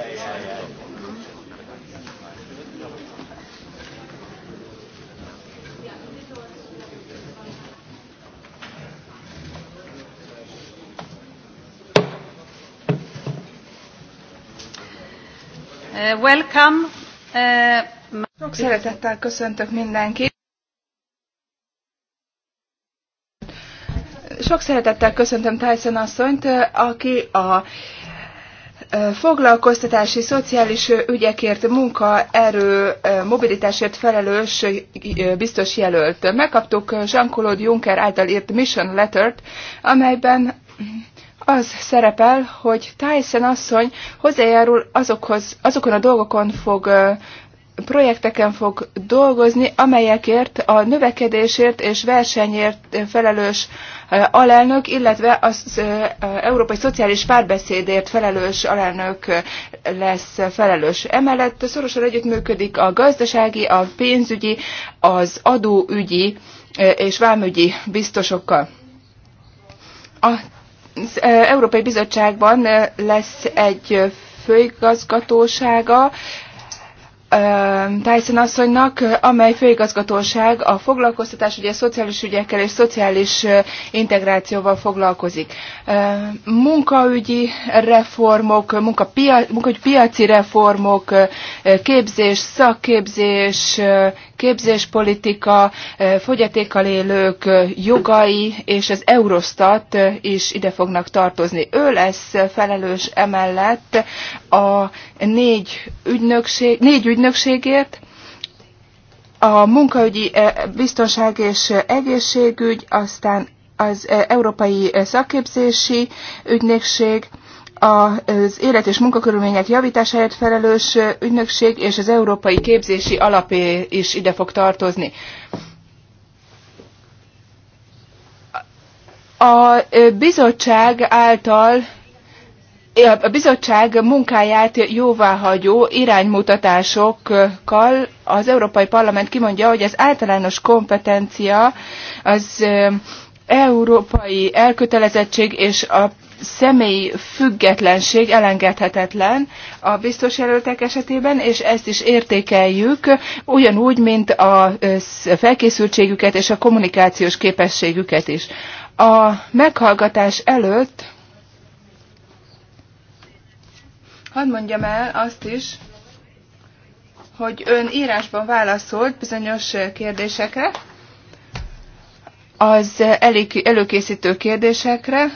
Uh, welcome. Uh, Sok szeretettel köszöntök mindenkit. Sok szeretettel köszöntöm Tyson asszonyt, aki a foglalkoztatási, szociális ügyekért, munkaerő, mobilitásért felelős biztos jelölt. Megkaptuk Jean-Claude Juncker által írt Mission Lettert, amelyben az szerepel, hogy Tyson asszony hozzájárul azokhoz, azokon a dolgokon fog projekteken fog dolgozni, amelyekért a növekedésért és versenyért felelős alelnök, illetve az Európai Szociális Párbeszédért felelős alelnök lesz felelős. Emellett szorosan együttműködik a gazdasági, a pénzügyi, az adóügyi és vámügyi biztosokkal. Az Európai Bizottságban lesz egy főigazgatósága, Tyson asszonynak, amely főigazgatóság a foglalkoztatás, ugye a szociális ügyekkel és szociális integrációval foglalkozik. Munkaügyi reformok, munkapiaci reformok, képzés, szakképzés, képzéspolitika, fogyatékkal élők jogai és az Eurostat is ide fognak tartozni. Ő lesz felelős emellett a négy, ügynökség, négy ügynökségért, a munkaügyi biztonság és egészségügy, aztán az Európai Szakképzési Ügynökség, az élet és munkakörülmények javításáért felelős ügynökség és az Európai Képzési Alapé is ide fog tartozni. A bizottság által a bizottság munkáját jóváhagyó iránymutatásokkal az Európai Parlament kimondja, hogy az általános kompetencia az európai elkötelezettség és a személyi függetlenség elengedhetetlen a biztos jelöltek esetében, és ezt is értékeljük, ugyanúgy, mint a felkészültségüket és a kommunikációs képességüket is. A meghallgatás előtt hadd mondjam el azt is, hogy ön írásban válaszolt bizonyos kérdésekre, az előkészítő kérdésekre,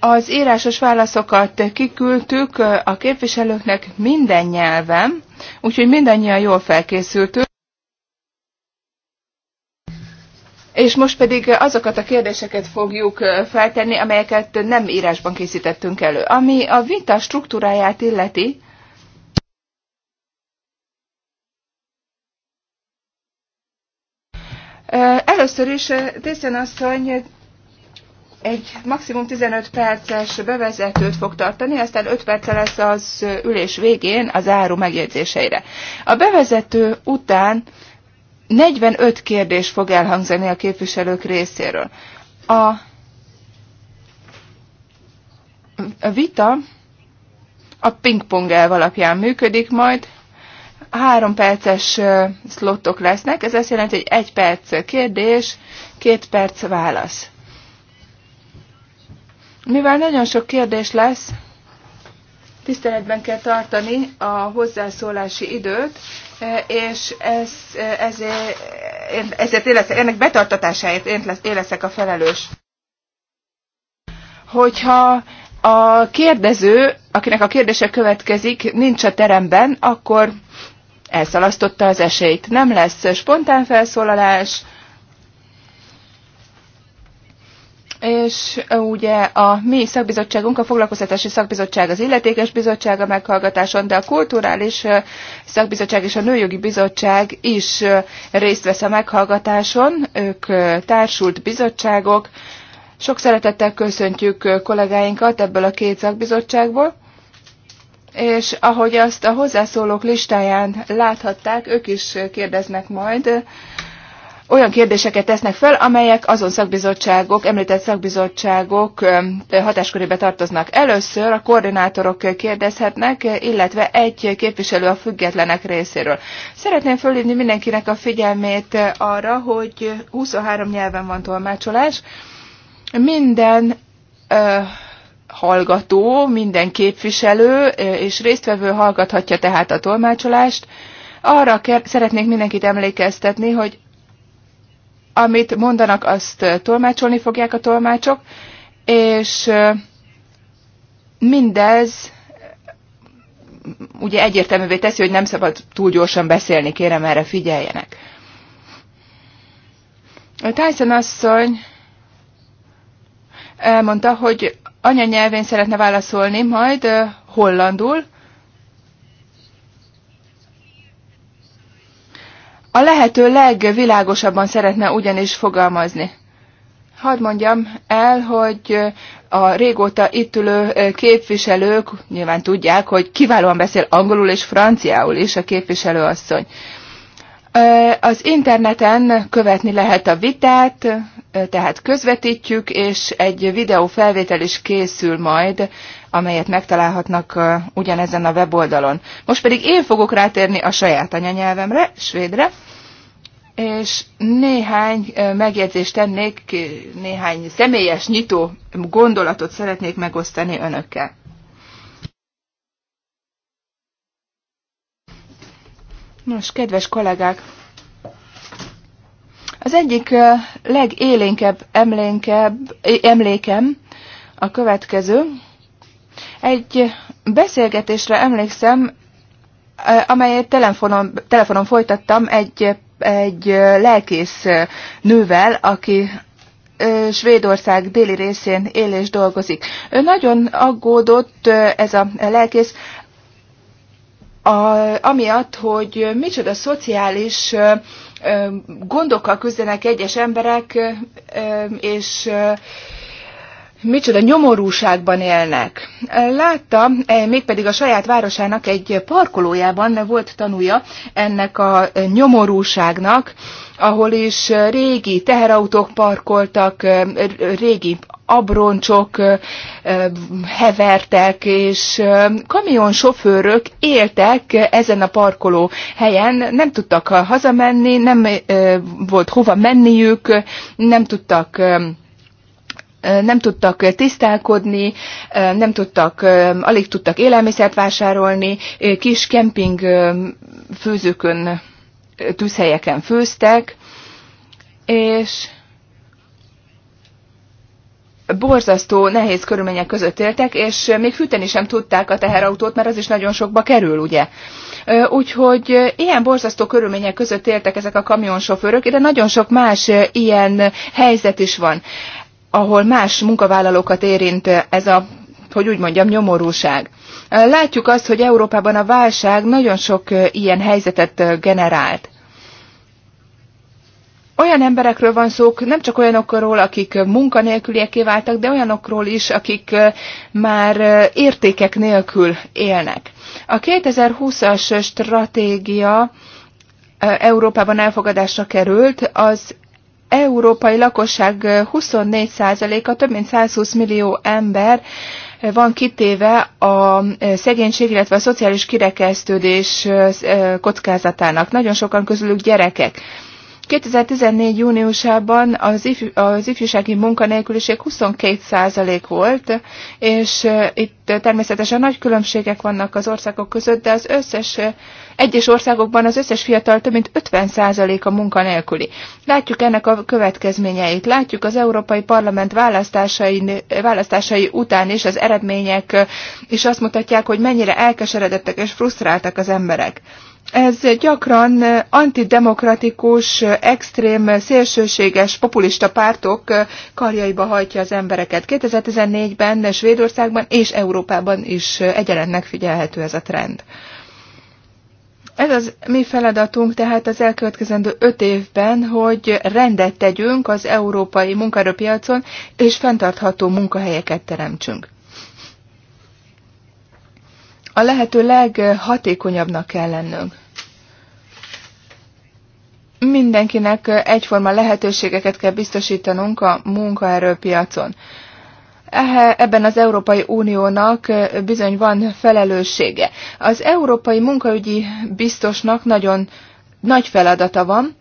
az írásos válaszokat kiküldtük a képviselőknek minden nyelven, úgyhogy mindannyian jól felkészültünk. És most pedig azokat a kérdéseket fogjuk feltenni, amelyeket nem írásban készítettünk elő. Ami a vita struktúráját illeti, Először is Tészen asszony egy maximum 15 perces bevezetőt fog tartani, aztán 5 perce lesz az ülés végén az áru megjegyzéseire. A bevezető után 45 kérdés fog elhangzani a képviselők részéről. A vita a pingpong elv alapján működik majd, három perces szlottok lesznek, ez azt jelenti, hogy egy perc kérdés, két perc válasz. Mivel nagyon sok kérdés lesz, tiszteletben kell tartani a hozzászólási időt, e, és ez, e, ezért, ezért éleszek, ennek betartatásáért én leszek a felelős. Hogyha a kérdező, akinek a kérdése következik, nincs a teremben, akkor elszalasztotta az esélyt. Nem lesz spontán felszólalás, és ugye a mi szakbizottságunk, a foglalkoztatási szakbizottság az illetékes bizottság a meghallgatáson, de a kulturális szakbizottság és a nőjogi bizottság is részt vesz a meghallgatáson, ők társult bizottságok. Sok szeretettel köszöntjük kollégáinkat ebből a két szakbizottságból. És ahogy azt a hozzászólók listáján láthatták, ők is kérdeznek majd olyan kérdéseket tesznek fel, amelyek azon szakbizottságok, említett szakbizottságok hatáskörébe tartoznak. Először a koordinátorok kérdezhetnek, illetve egy képviselő a függetlenek részéről. Szeretném fölhívni mindenkinek a figyelmét arra, hogy 23 nyelven van tolmácsolás. Minden ö, hallgató, minden képviselő és résztvevő hallgathatja tehát a tolmácsolást. Arra kell, szeretnék mindenkit emlékeztetni, hogy amit mondanak, azt eh, tolmácsolni fogják a tolmácsok, és eh, mindez eh, ugye egyértelművé teszi, hogy nem szabad túl gyorsan beszélni, kérem erre figyeljenek. A Tyson asszony elmondta, hogy anyanyelvén szeretne válaszolni majd hollandul, A lehető legvilágosabban szeretne ugyanis fogalmazni. Hadd mondjam el, hogy a régóta itt ülő képviselők nyilván tudják, hogy kiválóan beszél angolul és franciául is a képviselőasszony. Az interneten követni lehet a vitát, tehát közvetítjük, és egy videó felvétel is készül majd, amelyet megtalálhatnak ugyanezen a weboldalon. Most pedig én fogok rátérni a saját anyanyelvemre, svédre és néhány megjegyzést tennék, néhány személyes nyitó gondolatot szeretnék megosztani önökkel. Nos, kedves kollégák! Az egyik legélénkebb emlékem a következő. Egy beszélgetésre emlékszem, amelyet telefonon, telefonon folytattam egy egy lelkész nővel, aki Svédország déli részén él és dolgozik. Ő nagyon aggódott ez a lelkész, a, amiatt, hogy micsoda szociális gondokkal küzdenek egyes emberek, és micsoda nyomorúságban élnek. Látta, eh, mégpedig a saját városának egy parkolójában volt tanúja ennek a nyomorúságnak, ahol is régi teherautók parkoltak, régi abroncsok eh, hevertek, és eh, kamionsofőrök éltek ezen a parkoló helyen, nem tudtak hazamenni, nem volt hova menniük, nem tudtak nem tudtak tisztálkodni, nem tudtak, alig tudtak élelmiszert vásárolni, kis kemping főzőkön, tűzhelyeken főztek, és borzasztó nehéz körülmények között éltek, és még fűteni sem tudták a teherautót, mert az is nagyon sokba kerül, ugye. Úgyhogy ilyen borzasztó körülmények között éltek ezek a kamionsofőrök, de nagyon sok más ilyen helyzet is van ahol más munkavállalókat érint ez a, hogy úgy mondjam, nyomorúság. Látjuk azt, hogy Európában a válság nagyon sok ilyen helyzetet generált. Olyan emberekről van szó, nem csak olyanokról, akik munkanélkülieké váltak, de olyanokról is, akik már értékek nélkül élnek. A 2020-as stratégia Európában elfogadásra került, az európai lakosság 24%-a, több mint 120 millió ember van kitéve a szegénység, illetve a szociális kirekesztődés kockázatának. Nagyon sokan közülük gyerekek. 2014. júniusában az, ifj, az ifjúsági munkanélküliség 22% volt, és itt természetesen nagy különbségek vannak az országok között, de az összes egyes országokban az összes fiatal több mint 50% a munkanélküli. Látjuk ennek a következményeit. Látjuk az Európai Parlament választásai, választásai után is az eredmények is azt mutatják, hogy mennyire elkeseredettek és frusztráltak az emberek. Ez gyakran antidemokratikus, extrém, szélsőséges, populista pártok karjaiba hajtja az embereket. 2014-ben Svédországban és Európában is egyaránt megfigyelhető ez a trend. Ez az mi feladatunk tehát az elkövetkezendő öt évben, hogy rendet tegyünk az európai munkaerőpiacon, és fenntartható munkahelyeket teremtsünk. A lehető leghatékonyabbnak kell lennünk. Mindenkinek egyforma lehetőségeket kell biztosítanunk a munkaerőpiacon ebben az Európai Uniónak bizony van felelőssége. Az Európai Munkaügyi Biztosnak nagyon nagy feladata van.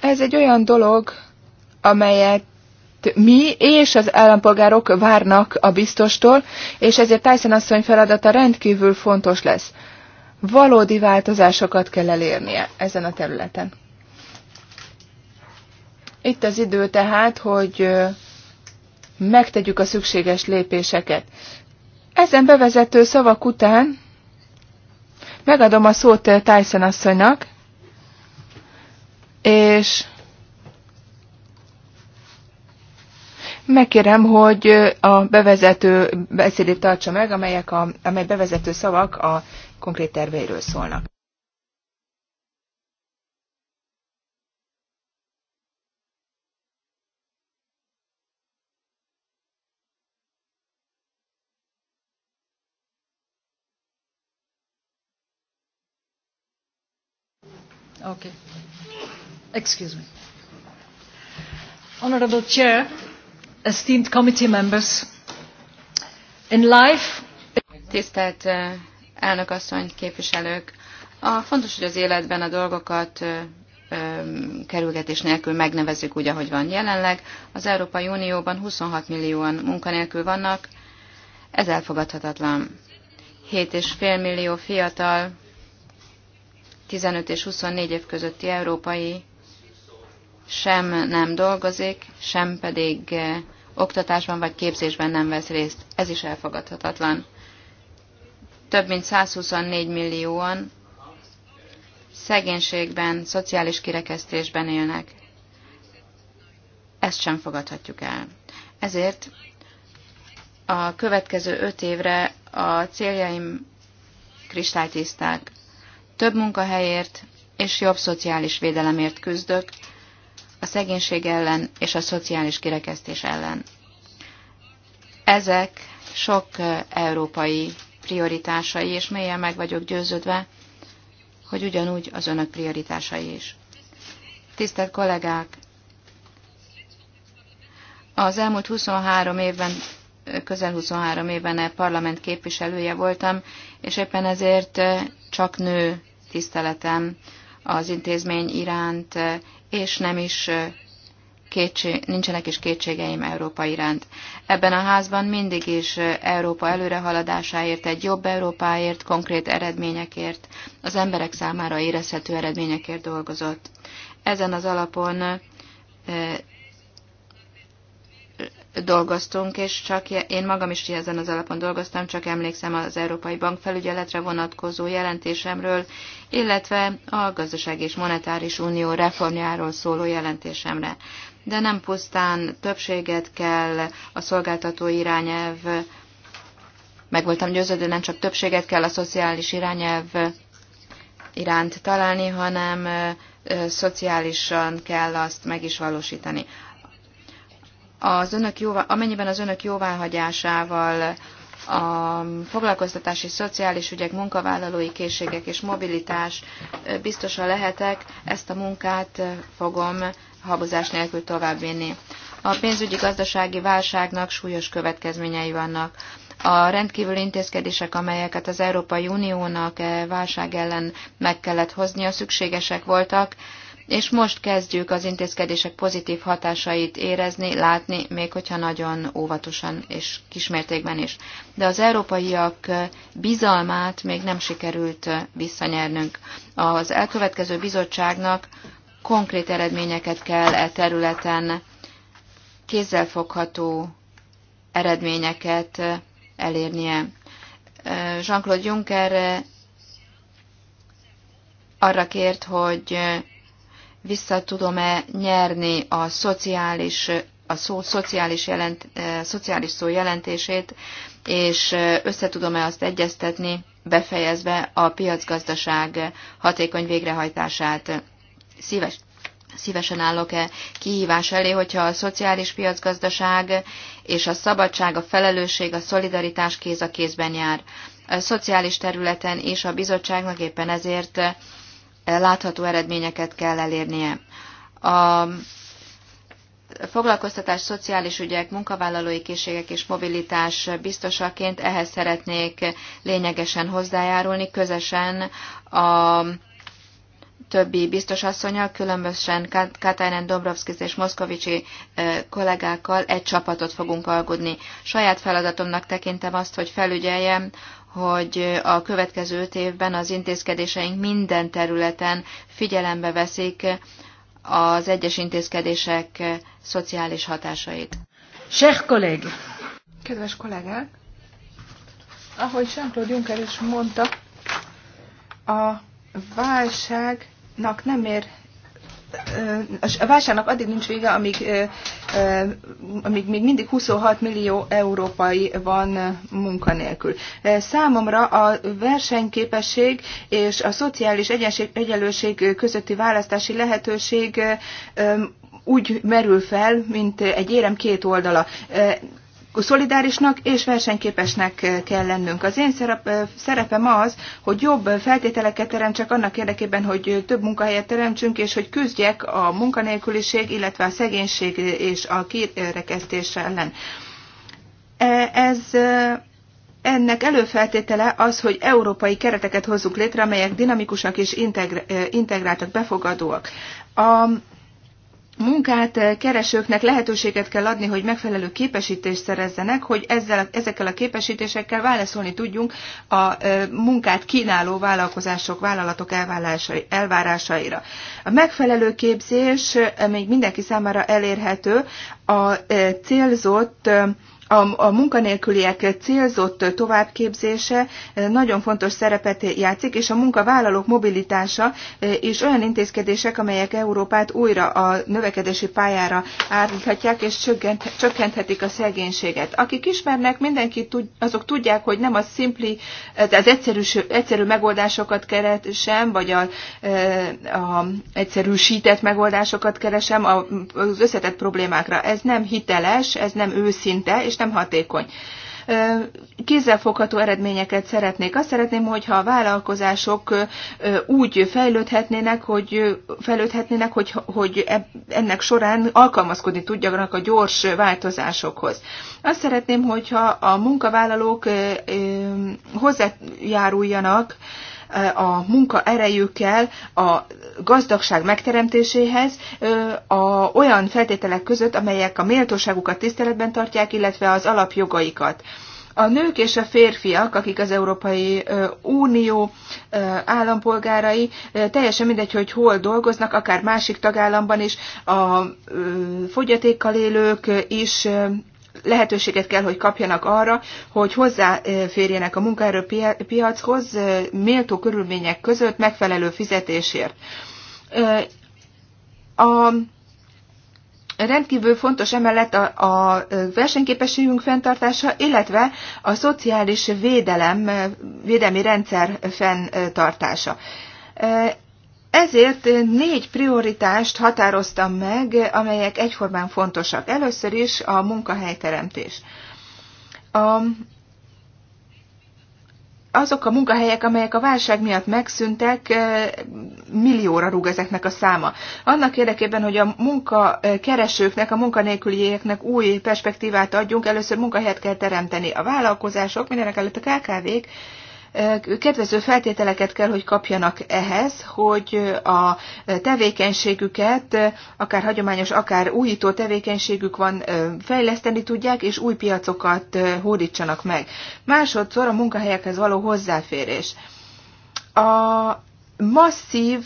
Ez egy olyan dolog, amelyet mi és az állampolgárok várnak a biztostól, és ezért Tyson asszony feladata rendkívül fontos lesz. Valódi változásokat kell elérnie ezen a területen. Itt az idő tehát, hogy megtegyük a szükséges lépéseket. Ezen bevezető szavak után megadom a szót eh, Tyson asszonynak, és megkérem, hogy eh, a bevezető beszédét tartsa meg, amelyek a, amely bevezető szavak a konkrét terveiről szólnak. Okay. Excuse me. Honorable Chair, esteemed committee members, in life... Tisztelt eh, elnökasszony, képviselők, a fontos, hogy az életben a dolgokat eh, kerülgetés nélkül megnevezzük úgy, ahogy van jelenleg. Az Európai Unióban 26 millióan munkanélkül vannak, ez elfogadhatatlan. 7,5 millió fiatal 15 és 24 év közötti európai sem nem dolgozik, sem pedig eh, oktatásban vagy képzésben nem vesz részt. Ez is elfogadhatatlan. Több mint 124 millióan szegénységben, szociális kirekesztésben élnek. Ezt sem fogadhatjuk el. Ezért a következő öt évre a céljaim kristálytiszták. Több munkahelyért és jobb szociális védelemért küzdök, a szegénység ellen és a szociális kirekesztés ellen. Ezek sok európai prioritásai, és mélyen meg vagyok győződve, hogy ugyanúgy az önök prioritásai is. Tisztelt kollégák! Az elmúlt 23 évben, közel 23 évben a parlament képviselője voltam, és éppen ezért csak nő tiszteletem az intézmény iránt, és nem is kétség, nincsenek is kétségeim Európa iránt. Ebben a házban mindig is Európa előrehaladásáért, egy jobb Európáért, konkrét eredményekért, az emberek számára érezhető eredményekért dolgozott. Ezen az alapon dolgoztunk, és csak én magam is ezen az alapon dolgoztam, csak emlékszem az Európai Bank felügyeletre vonatkozó jelentésemről, illetve a Gazdaság és Monetáris Unió reformjáról szóló jelentésemre. De nem pusztán többséget kell a szolgáltató irányelv, meg voltam győződő, nem csak többséget kell a szociális irányelv iránt találni, hanem szociálisan kell azt meg is valósítani az önök jóvá, amennyiben az önök jóváhagyásával a foglalkoztatási, szociális ügyek, munkavállalói készségek és mobilitás biztosan lehetek, ezt a munkát fogom habozás nélkül továbbvinni. A pénzügyi gazdasági válságnak súlyos következményei vannak. A rendkívül intézkedések, amelyeket az Európai Uniónak e, válság ellen meg kellett hoznia, szükségesek voltak, és most kezdjük az intézkedések pozitív hatásait érezni, látni, még hogyha nagyon óvatosan és kismértékben is. De az európaiak bizalmát még nem sikerült visszanyernünk. Az elkövetkező bizottságnak konkrét eredményeket kell e területen, kézzelfogható eredményeket elérnie. Jean-Claude Juncker arra kért, hogy vissza tudom-e nyerni a szociális, a szó, szociális, jelent, eh, szociális szó jelentését, és eh, össze tudom-e azt egyeztetni, befejezve a piacgazdaság hatékony végrehajtását. Szíves, szívesen állok-e kihívás elé, hogyha a szociális piacgazdaság és a szabadság, a felelősség, a szolidaritás kéz a kézben jár. A szociális területen és a bizottságnak éppen ezért látható eredményeket kell elérnie. A foglalkoztatás, szociális ügyek, munkavállalói készségek és mobilitás biztosaként ehhez szeretnék lényegesen hozzájárulni, közösen a többi biztos asszonyal, különbözően Katainen Dombrovskis és Moszkovicsi kollégákkal egy csapatot fogunk alkudni. Saját feladatomnak tekintem azt, hogy felügyeljem, hogy a következő öt évben az intézkedéseink minden területen figyelembe veszik az egyes intézkedések szociális hatásait. Sech kollég! Kedves kollégák! Ahogy Jean-Claude Juncker is mondta, a válságnak nem ér a vásárnak addig nincs vége, amíg, amíg még mindig 26 millió európai van munkanélkül. Számomra a versenyképesség és a szociális egyenség, egyenlőség közötti választási lehetőség úgy merül fel, mint egy érem két oldala szolidárisnak és versenyképesnek kell lennünk. Az én szerep, szerepem az, hogy jobb feltételeket teremtsek annak érdekében, hogy több munkahelyet teremtsünk, és hogy küzdjek a munkanélküliség, illetve a szegénység és a kirekesztés ellen. E, ez e, ennek előfeltétele az, hogy európai kereteket hozzuk létre, amelyek dinamikusak és e, integráltak, befogadóak. A munkát eh, keresőknek lehetőséget kell adni, hogy megfelelő képesítést szerezzenek, hogy ezzel, ezekkel a képesítésekkel válaszolni tudjunk a eh, munkát kínáló vállalkozások, vállalatok elvárásaira. A megfelelő képzés eh, még mindenki számára elérhető, a célzott a, a munkanélküliek célzott továbbképzése eh, nagyon fontos szerepet játszik, és a munkavállalók mobilitása eh, és olyan intézkedések, amelyek Európát újra a növekedési pályára állíthatják, és csökkent, csökkenthetik a szegénységet. Akik ismernek, mindenki tud, azok tudják, hogy nem a szimpli, eh, az egyszerű, egyszerű megoldásokat keresem, vagy a, a egyszerűsített megoldásokat keresem az összetett problémákra. Ez nem hiteles, ez nem őszinte, és nem hatékony. Kézzelfogható eredményeket szeretnék. Azt szeretném, hogyha a vállalkozások úgy fejlődhetnének, hogy, fejlődhetnének, hogy, hogy ennek során alkalmazkodni tudjanak a gyors változásokhoz. Azt szeretném, hogyha a munkavállalók hozzájáruljanak, a munkaerejükkel a gazdagság megteremtéséhez a olyan feltételek között, amelyek a méltóságukat tiszteletben tartják, illetve az alapjogaikat. A nők és a férfiak, akik az Európai Unió állampolgárai, teljesen mindegy, hogy hol dolgoznak, akár másik tagállamban is, a fogyatékkal élők is lehetőséget kell, hogy kapjanak arra, hogy hozzáférjenek a munkaerőpiachoz méltó körülmények között megfelelő fizetésért. A rendkívül fontos emellett a, a versenyképességünk fenntartása, illetve a szociális védelem, védelmi rendszer fenntartása. Ezért négy prioritást határoztam meg, amelyek egyformán fontosak. Először is a munkahelyteremtés. A, azok a munkahelyek, amelyek a válság miatt megszűntek, eh, millióra rúg ezeknek a száma. Annak érdekében, hogy a munkakeresőknek, a munkanélkülieknek új perspektívát adjunk, először munkahelyet kell teremteni. A vállalkozások, mindenek előtt a KKV-k kedvező feltételeket kell, hogy kapjanak ehhez, hogy a tevékenységüket, akár hagyományos, akár újító tevékenységük van, fejleszteni tudják, és új piacokat hódítsanak meg. Másodszor a munkahelyekhez való hozzáférés. A masszív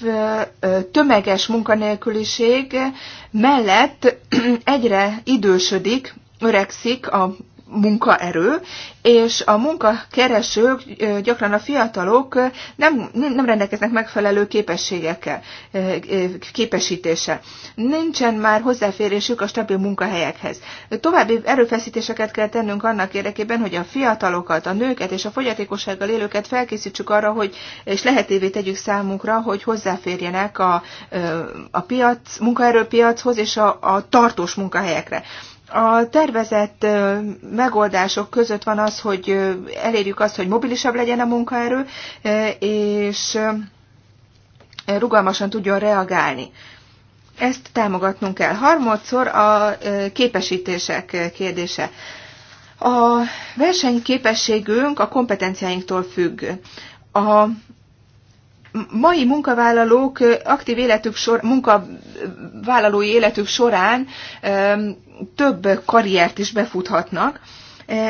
tömeges munkanélküliség mellett egyre idősödik, öregszik a munkaerő, és a munkakeresők, gyakran a fiatalok nem, nem rendelkeznek megfelelő képességekkel, képesítése. Nincsen már hozzáférésük a stabil munkahelyekhez. További erőfeszítéseket kell tennünk annak érdekében, hogy a fiatalokat, a nőket és a fogyatékossággal élőket felkészítsük arra, hogy és lehetővé tegyük számunkra, hogy hozzáférjenek a, a piac, munkaerőpiachoz és a, a tartós munkahelyekre. A tervezett megoldások között van az, hogy elérjük azt, hogy mobilisabb legyen a munkaerő, és rugalmasan tudjon reagálni. Ezt támogatnunk kell. Harmadszor a képesítések kérdése. A versenyképességünk a kompetenciáinktól függ. A mai munkavállalók aktív életük sor, munkavállalói életük során több karriert is befuthatnak,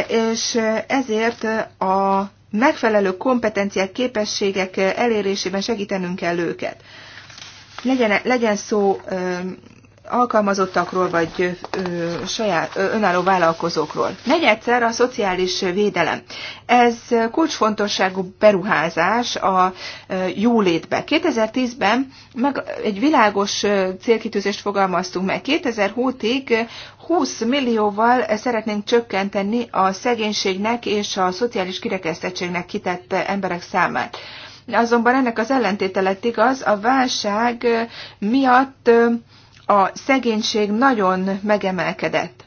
és ezért a megfelelő kompetenciák, képességek elérésében segítenünk kell őket. Legyen, legyen szó alkalmazottakról vagy ö, saját ö, önálló vállalkozókról. Negyedszer a szociális védelem. Ez kulcsfontosságú beruházás a ö, jólétbe. 2010-ben meg egy világos célkitűzést fogalmaztunk meg. 2020-ig 20 millióval szeretnénk csökkenteni a szegénységnek és a szociális kirekesztettségnek kitett emberek számát. Azonban ennek az ellentéte lett igaz, a válság miatt a szegénység nagyon megemelkedett.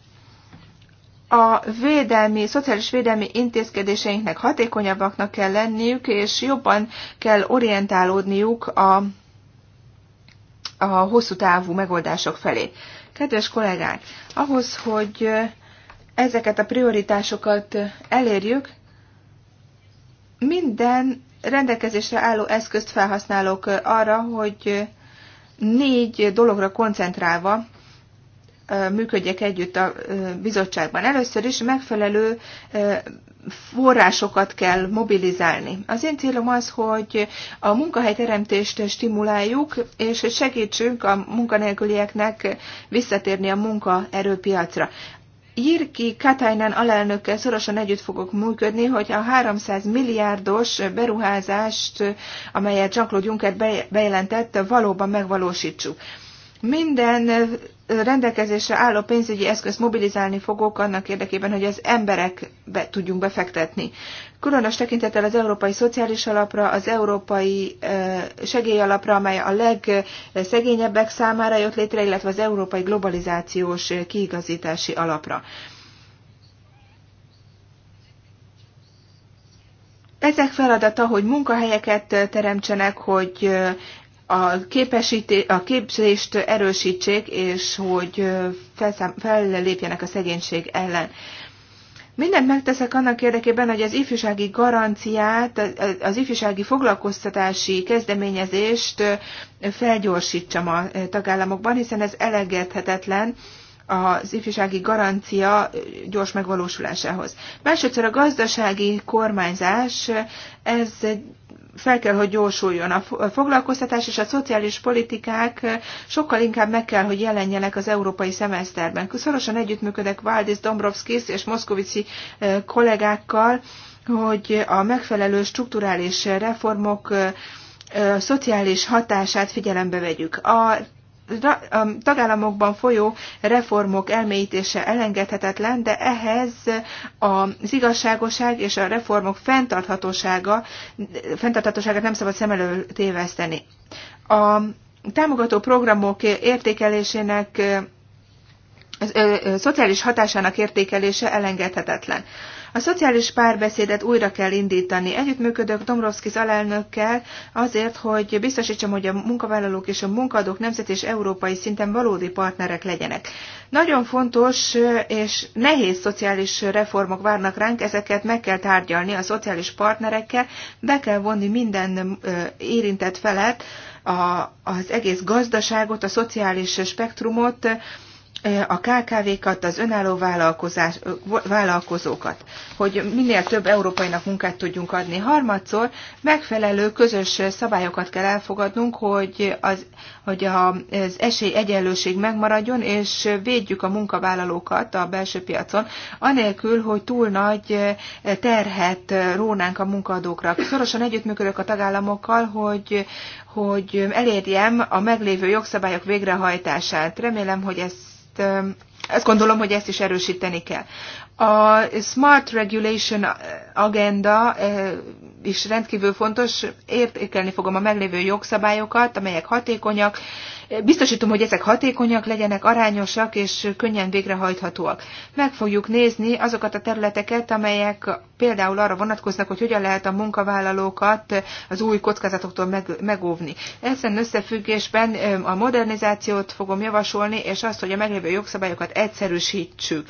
A védelmi, szociális védelmi intézkedéseinknek hatékonyabbaknak kell lenniük, és jobban kell orientálódniuk a, a hosszú távú megoldások felé. Kedves kollégák, ahhoz, hogy ezeket a prioritásokat elérjük, minden rendelkezésre álló eszközt felhasználok arra, hogy négy dologra koncentrálva működjek együtt a bizottságban. Először is megfelelő forrásokat kell mobilizálni. Az én célom az, hogy a munkahelyteremtést stimuláljuk, és segítsünk a munkanélkülieknek visszatérni a munkaerőpiacra. Jirki Katainen alelnökkel szorosan együtt fogok működni, hogy a 300 milliárdos beruházást, amelyet Jean-Claude Juncker bejelentett, valóban megvalósítsuk. Minden rendelkezésre álló pénzügyi eszközt mobilizálni fogok annak érdekében, hogy az emberekbe tudjunk befektetni különös tekintettel az Európai Szociális Alapra, az Európai Segélyalapra, amely a legszegényebbek számára jött létre, illetve az Európai Globalizációs Kiigazítási Alapra. Ezek feladata, hogy munkahelyeket teremtsenek, hogy a, képesíté, a képzést erősítsék, és hogy fellépjenek a szegénység ellen. Mindent megteszek annak érdekében, hogy az ifjúsági garanciát, az ifjúsági foglalkoztatási kezdeményezést felgyorsítsam a tagállamokban, hiszen ez elegedhetetlen az ifjúsági garancia gyors megvalósulásához. Másodszor a gazdasági kormányzás, ez fel kell, hogy gyorsuljon. A foglalkoztatás és a szociális politikák sokkal inkább meg kell, hogy jelenjenek az európai szemeszterben. Szorosan együttműködek Valdis, Dombrovskis és Moszkovici kollégákkal, hogy a megfelelő strukturális reformok szociális hatását figyelembe vegyük. A a tagállamokban folyó reformok elmélyítése elengedhetetlen, de ehhez az igazságoság és a reformok fenntarthatósága, fenntarthatóságát nem szabad szem elől téveszteni. A támogató programok értékelésének szociális hatásának értékelése elengedhetetlen. A szociális párbeszédet újra kell indítani. Együttműködök Domrovskis alelnökkel azért, hogy biztosítsam, hogy a munkavállalók és a munkadók nemzeti és európai szinten valódi partnerek legyenek. Nagyon fontos és nehéz szociális reformok várnak ránk, ezeket meg kell tárgyalni a szociális partnerekkel, be kell vonni minden érintett felet, a, az egész gazdaságot, a szociális spektrumot, a KKV-kat, az önálló vállalkozás, vállalkozókat, hogy minél több európainak munkát tudjunk adni. Harmadszor megfelelő közös szabályokat kell elfogadnunk, hogy az, hogy az esély egyenlőség megmaradjon, és védjük a munkavállalókat a belső piacon, anélkül, hogy túl nagy terhet rónánk a munkaadókra. Szorosan együttműködök a tagállamokkal, hogy, hogy elérjem a meglévő jogszabályok végrehajtását. Remélem, hogy ez ezt, gondolom, hogy ezt is erősíteni kell. A Smart Regulation agenda is rendkívül fontos, értékelni fogom a meglévő jogszabályokat, amelyek hatékonyak, biztosítom, hogy ezek hatékonyak legyenek, arányosak és könnyen végrehajthatóak. Meg fogjuk nézni azokat a területeket, amelyek például arra vonatkoznak, hogy hogyan lehet a munkavállalókat az új kockázatoktól meg, megóvni. Ezen összefüggésben a modernizációt fogom javasolni, és azt, hogy a meglévő jogszabályokat egyszerűsítsük,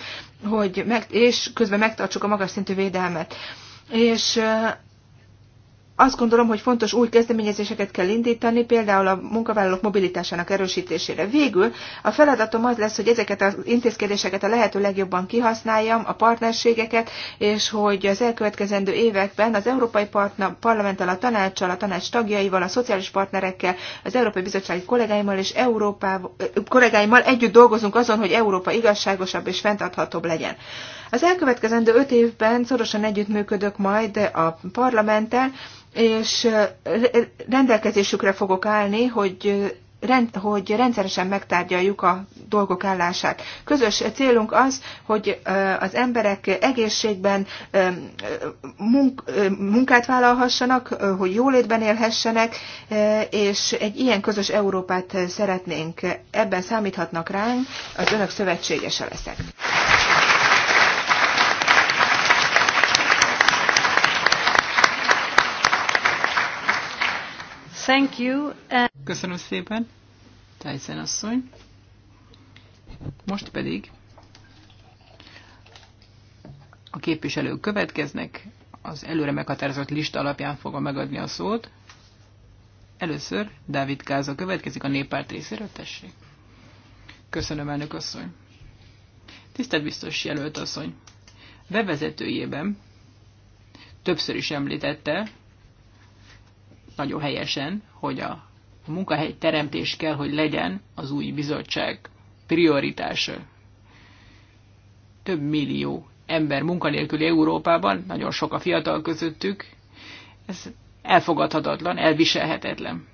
hogy meg, és közben megtartsuk a magas szintű védelmet. És azt gondolom, hogy fontos új kezdeményezéseket kell indítani, például a munkavállalók mobilitásának erősítésére. Végül a feladatom az lesz, hogy ezeket az intézkedéseket a lehető legjobban kihasználjam, a partnerségeket, és hogy az elkövetkezendő években az Európai Parlamenttel, a tanácssal, a tanács tagjaival, a szociális partnerekkel, az Európai Bizottsági kollégáimmal és Európa kollégáimmal együtt dolgozunk azon, hogy Európa igazságosabb és fenntarthatóbb legyen. Az elkövetkezendő öt évben szorosan együttműködök majd a parlamenttel, és rendelkezésükre fogok állni, hogy Rend, hogy rendszeresen megtárgyaljuk a dolgok állását. Közös célunk az, hogy az emberek egészségben munkát vállalhassanak, hogy jólétben élhessenek, és egy ilyen közös Európát szeretnénk. Ebben számíthatnak ránk, az önök szövetségese leszek. Thank you. Uh, Köszönöm szépen, Tyson asszony. Most pedig a képviselők következnek, az előre meghatározott lista alapján fogom megadni a szót. Először Dávid Káza következik a néppárt részéről, tessék. Köszönöm, elnök asszony. Tisztelt biztos jelölt asszony, bevezetőjében többször is említette, nagyon helyesen, hogy a munkahely teremtés kell, hogy legyen az új bizottság prioritása. Több millió ember munkanélküli Európában, nagyon sok a fiatal közöttük. Ez elfogadhatatlan, elviselhetetlen.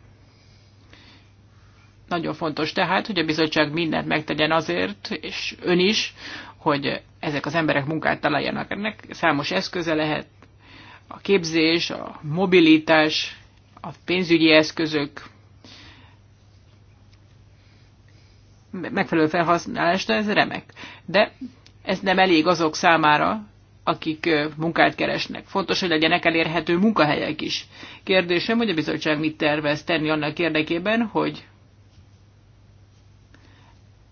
Nagyon fontos tehát, hogy a bizottság mindent megtegyen azért, és ön is, hogy ezek az emberek munkát találjanak. Ennek számos eszköze lehet, a képzés, a mobilitás, a pénzügyi eszközök megfelelő felhasználása ez remek. De ez nem elég azok számára, akik munkát keresnek. Fontos, hogy legyenek elérhető munkahelyek is. Kérdésem, hogy a bizottság mit tervez tenni annak érdekében, hogy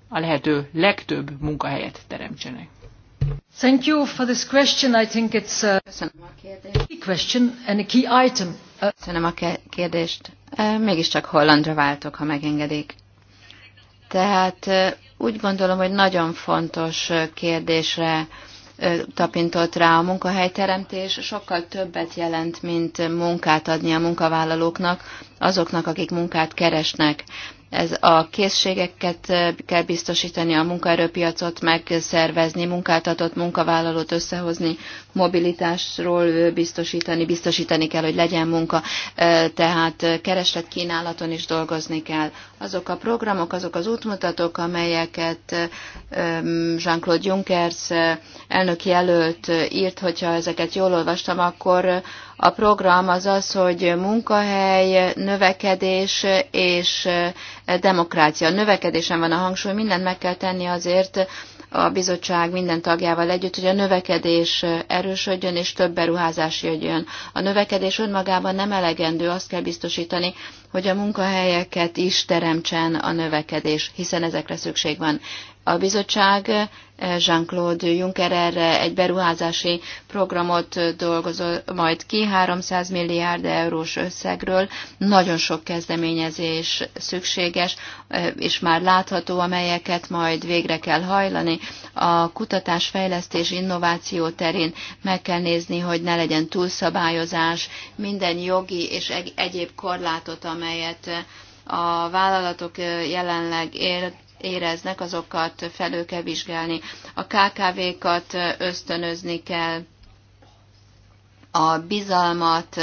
a lehető legtöbb munkahelyet teremtsenek. Thank you for this question. I think it's a, a question and a key item. Köszönöm a kérdést. Mégiscsak hollandra váltok, ha megengedik. Tehát úgy gondolom, hogy nagyon fontos kérdésre tapintott rá a munkahelyteremtés, sokkal többet jelent, mint munkát adni a munkavállalóknak, azoknak, akik munkát keresnek. Ez a készségeket eh, kell biztosítani, a munkaerőpiacot megszervezni, munkáltatott munkavállalót összehozni, mobilitásról eh, biztosítani, biztosítani kell, hogy legyen munka, eh, tehát keresletkínálaton is dolgozni kell. Azok a programok, azok az útmutatók, amelyeket Jean-Claude Junckers elnök jelölt írt, hogyha ezeket jól olvastam, akkor a program az az, hogy munkahely, növekedés és demokrácia. A növekedésen van a hangsúly, mindent meg kell tenni azért, a bizottság minden tagjával együtt, hogy a növekedés erősödjön és több beruházás jöjjön. A növekedés önmagában nem elegendő, azt kell biztosítani, hogy a munkahelyeket is teremtsen a növekedés, hiszen ezekre szükség van. A bizottság eh, Jean-Claude Juncker erre egy beruházási programot dolgozol majd ki, 300 milliárd eurós összegről. Nagyon sok kezdeményezés szükséges, eh, és már látható, amelyeket majd végre kell hajlani. A kutatás, fejlesztés, innováció terén meg kell nézni, hogy ne legyen túlszabályozás, minden jogi és egyéb korlátot, amelyet eh, a vállalatok jelenleg ért, éreznek, azokat felül kell vizsgálni. A KKV-kat ösztönözni kell, a bizalmat,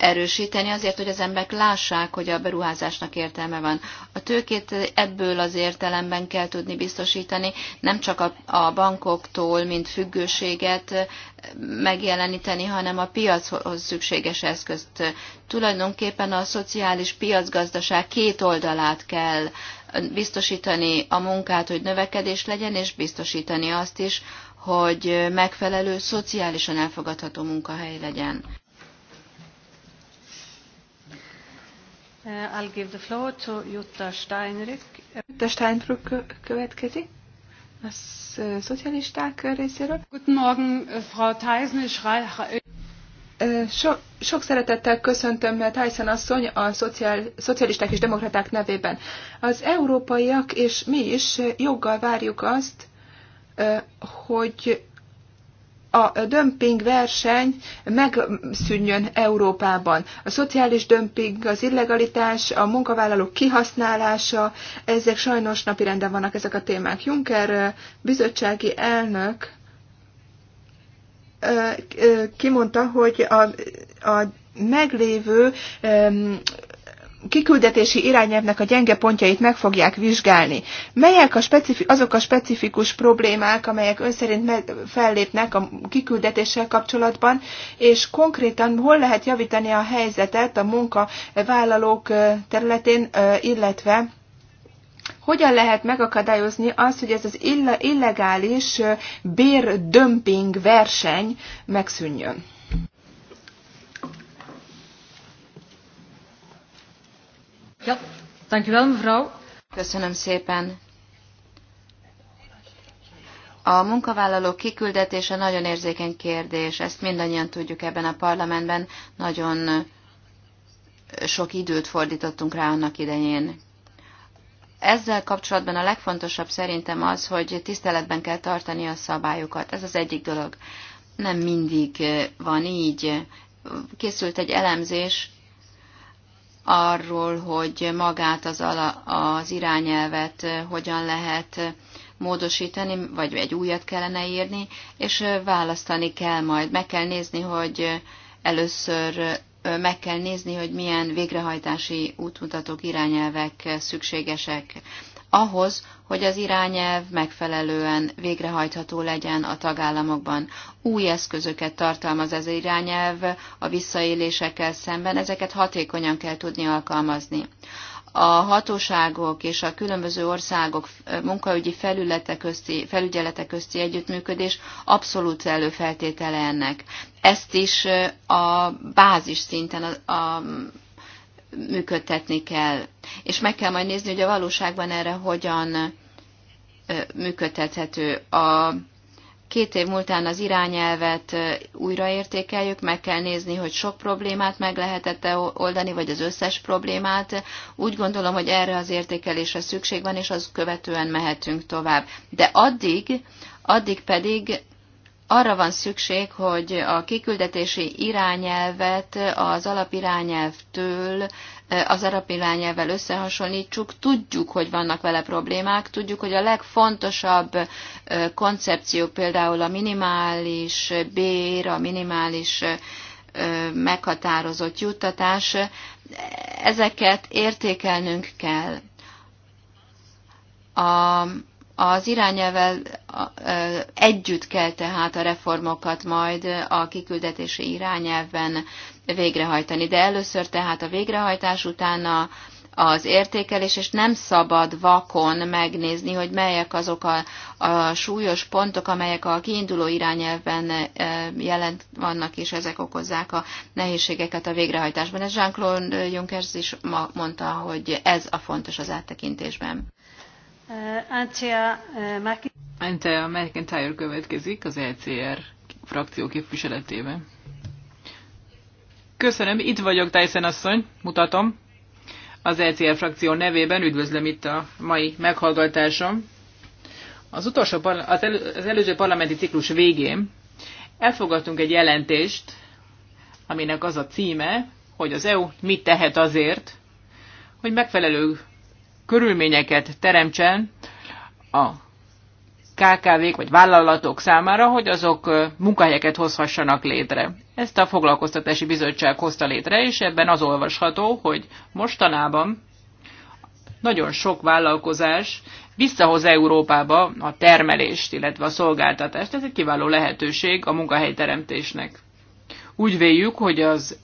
erősíteni azért, hogy az emberek lássák, hogy a beruházásnak értelme van. A tőkét ebből az értelemben kell tudni biztosítani, nem csak a, a bankoktól, mint függőséget megjeleníteni, hanem a piachoz szükséges eszközt. Tulajdonképpen a szociális piacgazdaság két oldalát kell biztosítani a munkát, hogy növekedés legyen, és biztosítani azt is, hogy megfelelő, szociálisan elfogadható munkahely legyen. Uh, I'll give the floor to Jutta Steinrück. Jutta Steinrück következik. A szocialisták részéről. Guten Morgen, äh, Frau Theisen. Äh, sok szeretettel köszöntöm äh, Tyson asszony a szociál, szocialisták és demokraták nevében. Az európaiak és mi is joggal várjuk azt, hogy a dömping verseny megszűnjön Európában. A szociális dömping, az illegalitás, a munkavállalók kihasználása, ezek sajnos napirenden vannak ezek a témák. Juncker bizottsági elnök kimondta, hogy a, a meglévő kiküldetési irányelvnek a gyenge pontjait meg fogják vizsgálni. Melyek a specifi- azok a specifikus problémák, amelyek ön szerint fellépnek a kiküldetéssel kapcsolatban, és konkrétan hol lehet javítani a helyzetet a munkavállalók területén, illetve hogyan lehet megakadályozni azt, hogy ez az illegális bérdömping verseny megszűnjön? Ja, mevrouw. Köszönöm szépen. A munkavállalók kiküldetése nagyon érzékeny kérdés, ezt mindannyian tudjuk ebben a parlamentben, nagyon sok időt fordítottunk rá annak idején. Ezzel kapcsolatban a legfontosabb szerintem az, hogy tiszteletben kell tartani a szabályokat. Ez az egyik dolog. Nem mindig van így. Készült egy elemzés arról, hogy magát az, ala, az irányelvet hogyan lehet módosítani, vagy egy újat kellene írni, és választani kell majd. Meg kell nézni, hogy először meg kell nézni, hogy milyen végrehajtási útmutatók, irányelvek szükségesek ahhoz, hogy az irányelv megfelelően végrehajtható legyen a tagállamokban. Új eszközöket tartalmaz ez az irányelv a visszaélésekkel szemben, ezeket hatékonyan kell tudni alkalmazni. A hatóságok és a különböző országok munkaügyi felülete közti, felügyelete közti együttműködés abszolút előfeltétele ennek. Ezt is a bázis szinten, a, a működtetni kell. És meg kell majd nézni, hogy a valóságban erre hogyan működtethető. A két év múltán az irányelvet újraértékeljük, meg kell nézni, hogy sok problémát meg lehetett-e oldani, vagy az összes problémát. Úgy gondolom, hogy erre az értékelésre szükség van, és az követően mehetünk tovább. De addig, addig pedig arra van szükség, hogy a kiküldetési irányelvet az alapirányelvtől az alapirányelvvel összehasonlítsuk. Tudjuk, hogy vannak vele problémák, tudjuk, hogy a legfontosabb koncepciók például a minimális bér, a minimális meghatározott juttatás, ezeket értékelnünk kell. A az irányelvel együtt kell tehát a reformokat majd a kiküldetési irányelven végrehajtani. De először tehát a végrehajtás utána az értékelés, és nem szabad vakon megnézni, hogy melyek azok a, a súlyos pontok, amelyek a kiinduló irányelven jelent vannak, és ezek okozzák a nehézségeket a végrehajtásban. Ez Jean-Claude Juncker is ma mondta, hogy ez a fontos az áttekintésben. Antia McIntyre következik az ECR frakció képviseletében. Köszönöm, itt vagyok, Tyson asszony, mutatom. Az ECR frakció nevében üdvözlöm itt a mai meghallgatásom. Az, utolsó, az, elő, az előző parlamenti ciklus végén elfogadtunk egy jelentést, aminek az a címe, hogy az EU mit tehet azért, hogy megfelelő körülményeket teremtsen a KKV-k vagy vállalatok számára, hogy azok munkahelyeket hozhassanak létre. Ezt a foglalkoztatási bizottság hozta létre, és ebben az olvasható, hogy mostanában nagyon sok vállalkozás visszahoz Európába a termelést, illetve a szolgáltatást. Ez egy kiváló lehetőség a munkahelyteremtésnek. Úgy véljük, hogy az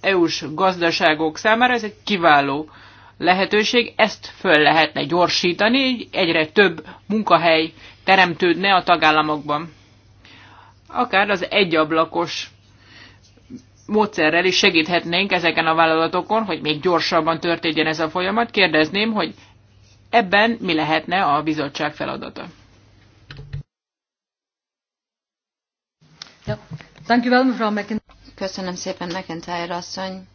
EU-s gazdaságok számára ez egy kiváló lehetőség, ezt föl lehetne gyorsítani, így egyre több munkahely teremtődne a tagállamokban. Akár az egyablakos módszerrel is segíthetnénk ezeken a vállalatokon, hogy még gyorsabban történjen ez a folyamat. Kérdezném, hogy ebben mi lehetne a bizottság feladata? Köszönöm szépen, McIntyre asszony.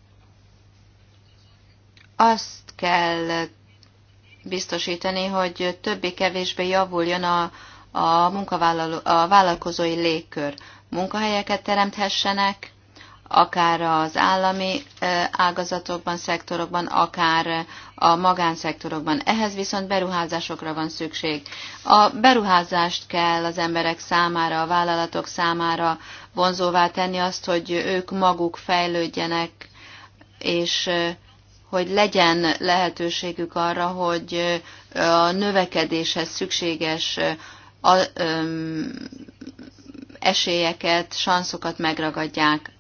Azt kell biztosítani, hogy többé-kevésbé javuljon a, a, munkavállaló, a vállalkozói légkör. Munkahelyeket teremthessenek, akár az állami ágazatokban, szektorokban, akár a magánszektorokban. Ehhez viszont beruházásokra van szükség. A beruházást kell az emberek számára, a vállalatok számára vonzóvá tenni azt, hogy ők maguk fejlődjenek, és hogy legyen lehetőségük arra, hogy a növekedéshez szükséges a, öm, esélyeket, sanszokat megragadják.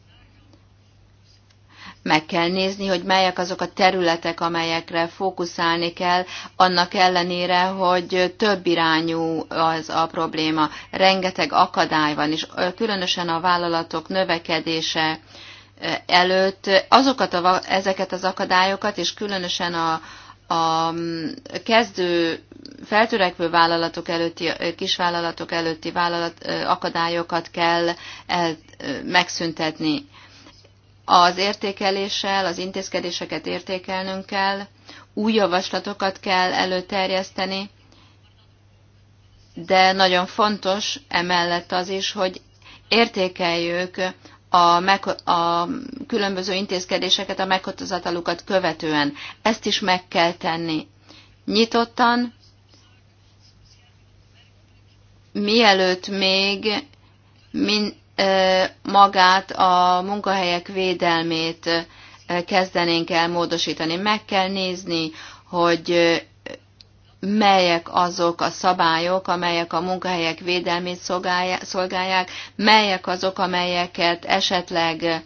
Meg kell nézni, hogy melyek azok a területek, amelyekre fókuszálni kell, annak ellenére, hogy több irányú az a probléma. Rengeteg akadály van, és különösen a vállalatok növekedése, előtt azokat a, ezeket az akadályokat, és különösen a, a kezdő feltörekvő vállalatok előtti, kisvállalatok előtti vállalat, akadályokat kell el, megszüntetni. Az értékeléssel, az intézkedéseket értékelnünk kell, új javaslatokat kell előterjeszteni, de nagyon fontos emellett az is, hogy értékeljük a, meg, a különböző intézkedéseket, a meghozatalukat követően. Ezt is meg kell tenni. Nyitottan, mielőtt még min, magát a munkahelyek védelmét kezdenénk el módosítani. Meg kell nézni, hogy melyek azok a szabályok, amelyek a munkahelyek védelmét szolgálják, melyek azok, amelyeket esetleg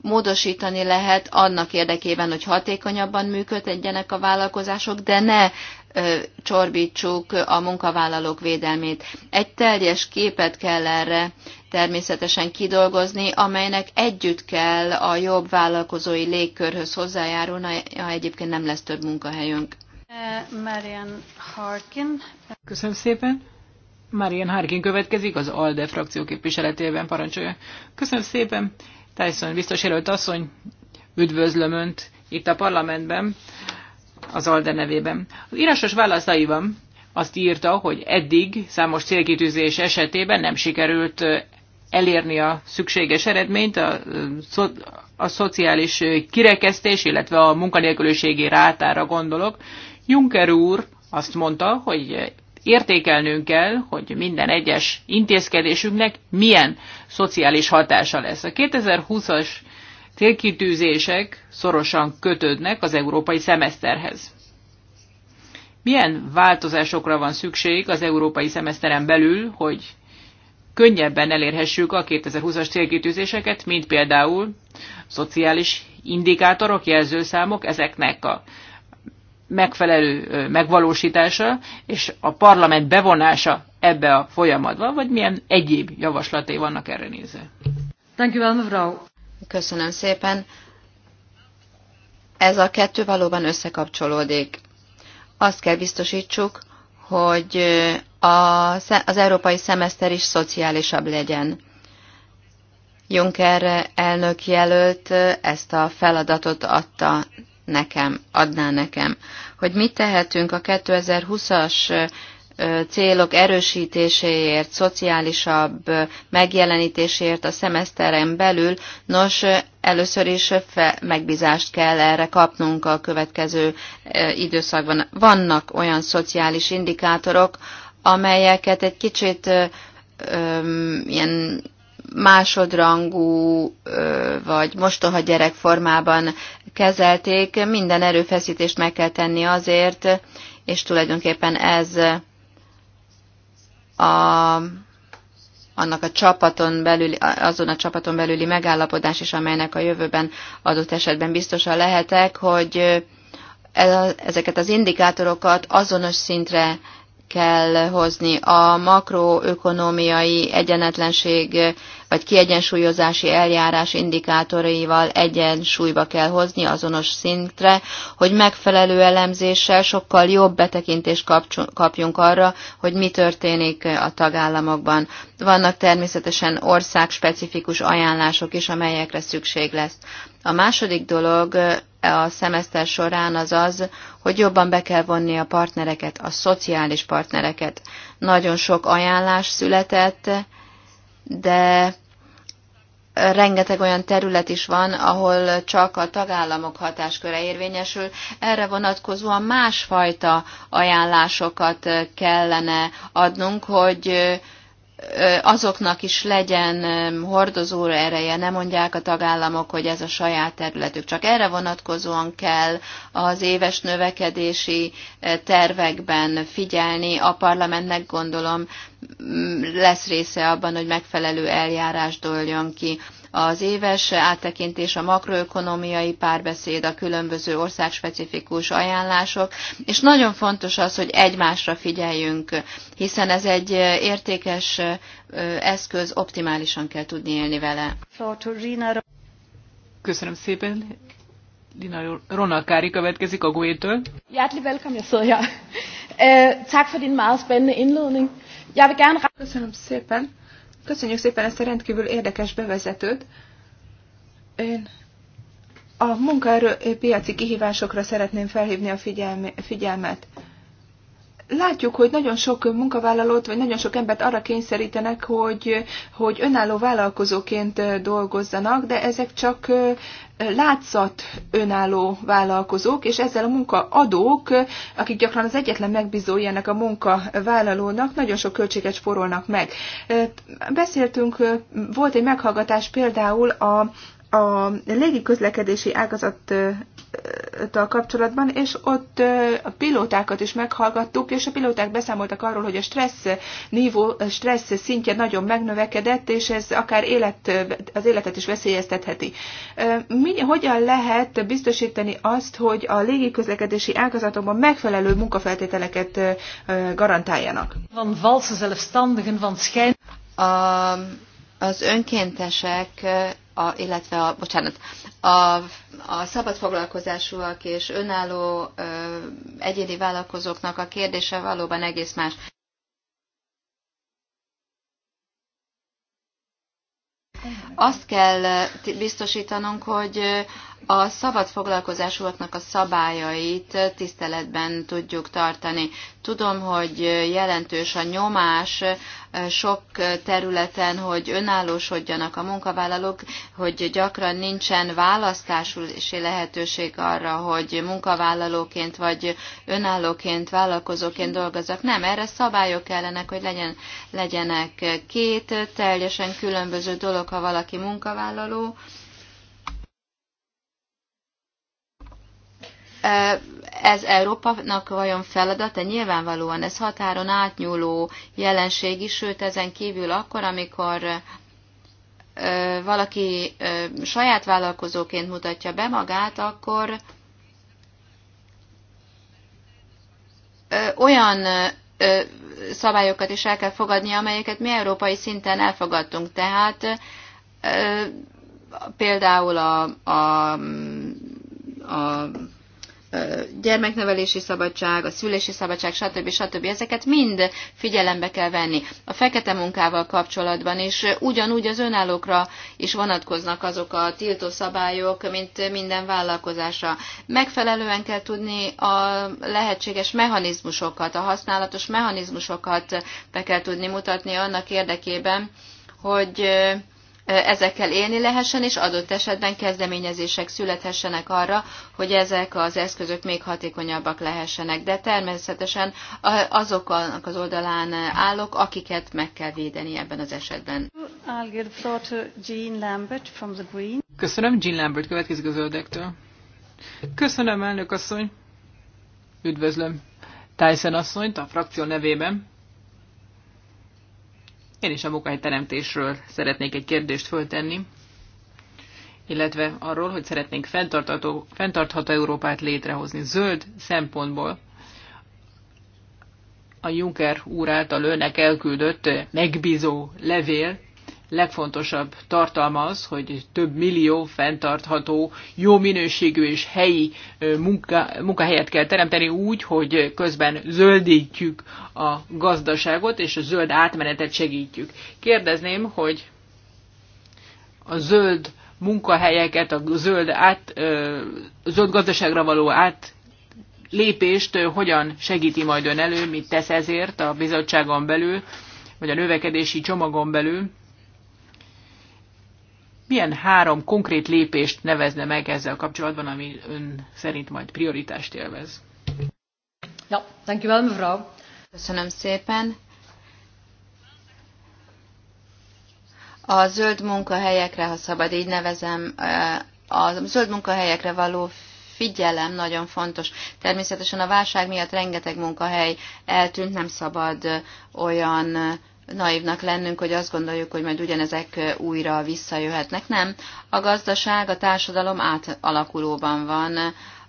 módosítani lehet annak érdekében, hogy hatékonyabban működjenek a vállalkozások, de ne ö, csorbítsuk a munkavállalók védelmét. Egy teljes képet kell erre természetesen kidolgozni, amelynek együtt kell a jobb vállalkozói légkörhöz hozzájárulni, ha egyébként nem lesz több munkahelyünk. Marian Harkin. Köszönöm szépen. Marian Harkin következik, az ALDE frakció képviseletében parancsolja. Köszönöm szépen. Tyson biztos jelölt asszony, üdvözlöm Önt itt a parlamentben, az ALDE nevében. Az írásos válaszaiban azt írta, hogy eddig számos célkitűzés esetében nem sikerült elérni a szükséges eredményt, a, szo a szociális kirekesztés, illetve a munkanélküliségi rátára gondolok. Juncker úr azt mondta, hogy értékelnünk kell, hogy minden egyes intézkedésünknek milyen szociális hatása lesz. A 2020-as célkitűzések szorosan kötődnek az európai szemeszterhez. Milyen változásokra van szükség az európai szemeszteren belül, hogy könnyebben elérhessük a 2020-as célkitűzéseket, mint például szociális indikátorok, jelzőszámok, ezeknek a megfelelő megvalósítása és a parlament bevonása ebbe a folyamatba, vagy milyen egyéb javaslaté vannak erre nézve? Köszönöm szépen. Ez a kettő valóban összekapcsolódik. Azt kell biztosítsuk, hogy az európai szemeszter is szociálisabb legyen. Juncker elnök jelölt ezt a feladatot adta nekem, adná nekem, hogy mit tehetünk a 2020-as célok erősítéséért, szociálisabb megjelenítéséért a szemeszteren belül. Nos, először is fe, megbízást kell erre kapnunk a következő időszakban. Vannak olyan szociális indikátorok, amelyeket egy kicsit ilyen másodrangú vagy mostoha gyerek formában kezelték, minden erőfeszítést meg kell tenni azért, és tulajdonképpen ez a, annak a csapaton belüli, azon a csapaton belüli megállapodás is, amelynek a jövőben adott esetben biztosan lehetek, hogy ezeket az indikátorokat azonos szintre kell hozni. A makroökonomiai egyenetlenség vagy kiegyensúlyozási eljárás indikátoraival egyensúlyba kell hozni azonos szintre, hogy megfelelő elemzéssel sokkal jobb betekintést kapjunk arra, hogy mi történik a tagállamokban. Vannak természetesen országspecifikus ajánlások is, amelyekre szükség lesz. A második dolog a szemeszter során az az, hogy jobban be kell vonni a partnereket, a szociális partnereket. Nagyon sok ajánlás született, de rengeteg olyan terület is van, ahol csak a tagállamok hatásköre érvényesül. Erre vonatkozóan másfajta ajánlásokat kellene adnunk, hogy azoknak is legyen hordozó ereje, ne mondják a tagállamok, hogy ez a saját területük. Csak erre vonatkozóan kell az éves növekedési tervekben figyelni. A parlamentnek gondolom lesz része abban, hogy megfelelő eljárás doljon ki az éves áttekintés, a makroökonomiai párbeszéd, a különböző országspecifikus ajánlások, és nagyon fontos az, hogy egymásra figyeljünk, hiszen ez egy értékes eszköz, optimálisan kell tudni élni vele. Köszönöm szépen. Dina Ronald Kári következik a GUE-től. Hjertelig velkommen, jeg sidder her. Uh, tak for din meget spændende indledning. Jeg vil gerne... Köszönöm szépen. Köszönjük szépen ezt a rendkívül érdekes bevezetőt. Én a munkaerőpiaci kihívásokra szeretném felhívni a figyelmet. Látjuk, hogy nagyon sok munkavállalót, vagy nagyon sok embert arra kényszerítenek, hogy, hogy önálló vállalkozóként dolgozzanak, de ezek csak látszat önálló vállalkozók, és ezzel a munkaadók, akik gyakran az egyetlen megbízói ennek a munkavállalónak, nagyon sok költséget sporolnak meg. Beszéltünk, volt egy meghallgatás például a, a légiközlekedési ágazat kapcsolatban, és ott a pilótákat is meghallgattuk, és a pilóták beszámoltak arról, hogy a stressz nívó, a stressz szintje nagyon megnövekedett, és ez akár élet, az életet is veszélyeztetheti. Mi, hogyan lehet biztosítani azt, hogy a légiközlekedési ágazatokban megfelelő munkafeltételeket garantáljanak? Van valsz van schijn... az önkéntesek, a, illetve a, bocsánat, a, a szabad foglalkozásúak és önálló ö, egyéni vállalkozóknak a kérdése valóban egész más. Azt kell biztosítanunk, hogy a szabad foglalkozásúaknak a szabályait tiszteletben tudjuk tartani. Tudom, hogy jelentős a nyomás sok területen, hogy önállósodjanak a munkavállalók, hogy gyakran nincsen választási lehetőség arra, hogy munkavállalóként vagy önállóként, vállalkozóként dolgozzak. Nem, erre szabályok kellenek, hogy legyen, legyenek két teljesen különböző dolog, ha valaki munkavállaló, ez Európának vajon feladata? Nyilvánvalóan ez határon átnyúló jelenség is, sőt ezen kívül akkor, amikor valaki saját vállalkozóként mutatja be magát, akkor olyan szabályokat is el kell fogadni, amelyeket mi európai szinten elfogadtunk. Tehát például a, a, a gyermeknevelési szabadság, a szülési szabadság, stb. stb. Ezeket mind figyelembe kell venni. A fekete munkával kapcsolatban is ugyanúgy az önállókra is vonatkoznak azok a tiltó szabályok, mint minden vállalkozásra. Megfelelően kell tudni a lehetséges mechanizmusokat, a használatos mechanizmusokat be kell tudni mutatni annak érdekében, hogy ezekkel élni lehessen, és adott esetben kezdeményezések születhessenek arra, hogy ezek az eszközök még hatékonyabbak lehessenek. De természetesen azoknak az oldalán állok, akiket meg kell védeni ebben az esetben. Köszönöm, Jean Lambert következik a zöldektől. Köszönöm, elnök asszony. Üdvözlöm Tyson asszonyt a frakció nevében. Én is a munkahelyteremtésről szeretnék egy kérdést föltenni, illetve arról, hogy szeretnénk fenntartható, fenntartható Európát létrehozni zöld szempontból. A Juncker úr által önnek elküldött megbízó levél legfontosabb tartalma az, hogy több millió fenntartható, jó minőségű és helyi munka, munkahelyet kell teremteni úgy, hogy közben zöldítjük a gazdaságot, és a zöld átmenetet segítjük. Kérdezném, hogy a zöld munkahelyeket, a zöld, át, zöld gazdaságra való át lépést hogyan segíti majd ön elő, mit tesz ezért a bizottságon belül, vagy a növekedési csomagon belül, milyen három konkrét lépést nevezne meg ezzel kapcsolatban, ami ön szerint majd prioritást élvez? Ja, thank you, mevrouw. Köszönöm szépen. A zöld munkahelyekre, ha szabad így nevezem, eh, a zöld munkahelyekre való figyelem nagyon fontos. Természetesen a válság miatt rengeteg munkahely eltűnt, nem szabad olyan eh, naívnak lennünk, hogy azt gondoljuk, hogy majd ugyanezek újra visszajöhetnek. Nem. A gazdaság, a társadalom átalakulóban van.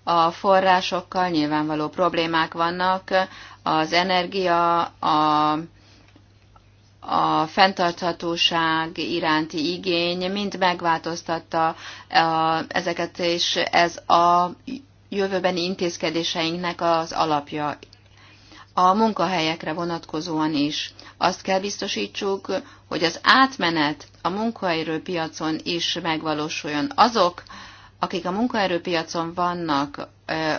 A forrásokkal nyilvánvaló problémák vannak. Az energia, a, a fenntarthatóság iránti igény mind megváltoztatta a, ezeket, és ez a jövőbeni intézkedéseinknek az alapja a munkahelyekre vonatkozóan is. Azt kell biztosítsuk, hogy az átmenet a munkahelyről piacon is megvalósuljon. Azok, akik a munkaerőpiacon vannak,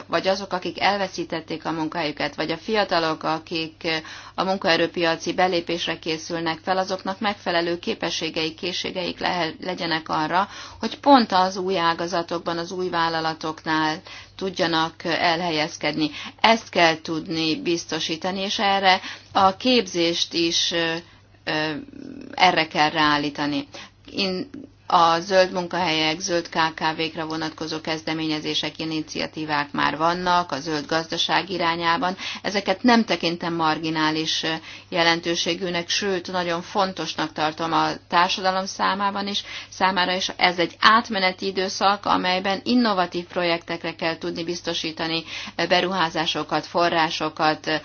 vagy azok, akik elveszítették a munkájukat, vagy a fiatalok, akik a munkaerőpiaci belépésre készülnek fel, azoknak megfelelő képességeik, készségeik le, legyenek arra, hogy pont az új ágazatokban, az új vállalatoknál tudjanak elhelyezkedni. Ezt kell tudni biztosítani, és erre a képzést is erre kell ráállítani a zöld munkahelyek, zöld KKV-kra vonatkozó kezdeményezések, iniciatívák már vannak a zöld gazdaság irányában. Ezeket nem tekintem marginális jelentőségűnek, sőt, nagyon fontosnak tartom a társadalom számában is, számára is. Ez egy átmeneti időszak, amelyben innovatív projektekre kell tudni biztosítani beruházásokat, forrásokat,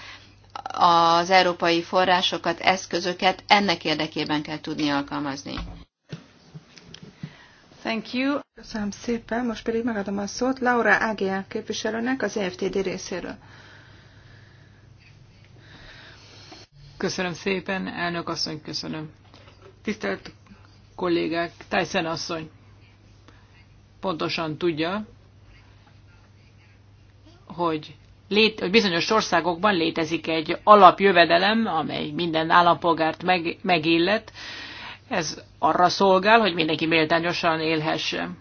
az európai forrásokat, eszközöket ennek érdekében kell tudni alkalmazni. Thank you. Köszönöm szépen, most pedig megadom a szót Laura Ágia képviselőnek az EFTD részéről. Köszönöm szépen, elnök asszony, köszönöm. Tisztelt kollégák, Tyson asszony pontosan tudja, hogy, lét, hogy bizonyos országokban létezik egy alapjövedelem, amely minden állampolgárt meg, megillet, ez arra szolgál, hogy mindenki méltányosan élhessen.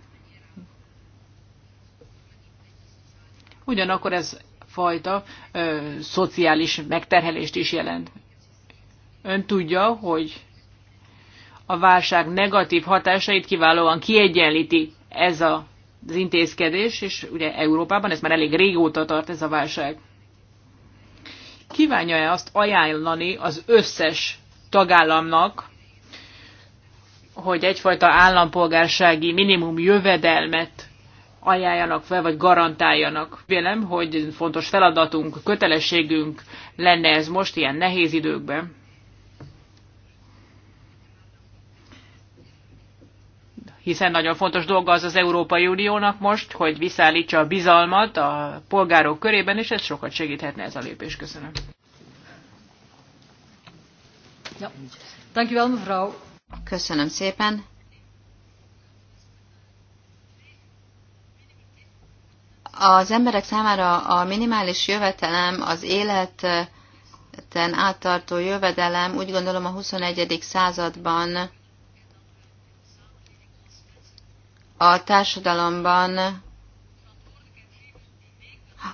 Ugyanakkor ez fajta ö, szociális megterhelést is jelent. Ön tudja, hogy a válság negatív hatásait kiválóan kiegyenlíti ez a, az intézkedés, és ugye Európában ez már elég régóta tart ez a válság. Kívánja-e azt ajánlani az összes tagállamnak, hogy egyfajta állampolgársági minimum jövedelmet ajánljanak fel, vagy garantáljanak. Vélem, hogy fontos feladatunk, kötelességünk lenne ez most ilyen nehéz időkben. hiszen nagyon fontos dolga az az Európai Uniónak most, hogy visszaállítsa a bizalmat a polgárok körében, és ez sokat segíthetne ez a lépés. Köszönöm. Ja. Dankjewel mevrouw Köszönöm szépen. Az emberek számára a minimális jövetelem, az életen áttartó jövedelem úgy gondolom a 21. században a társadalomban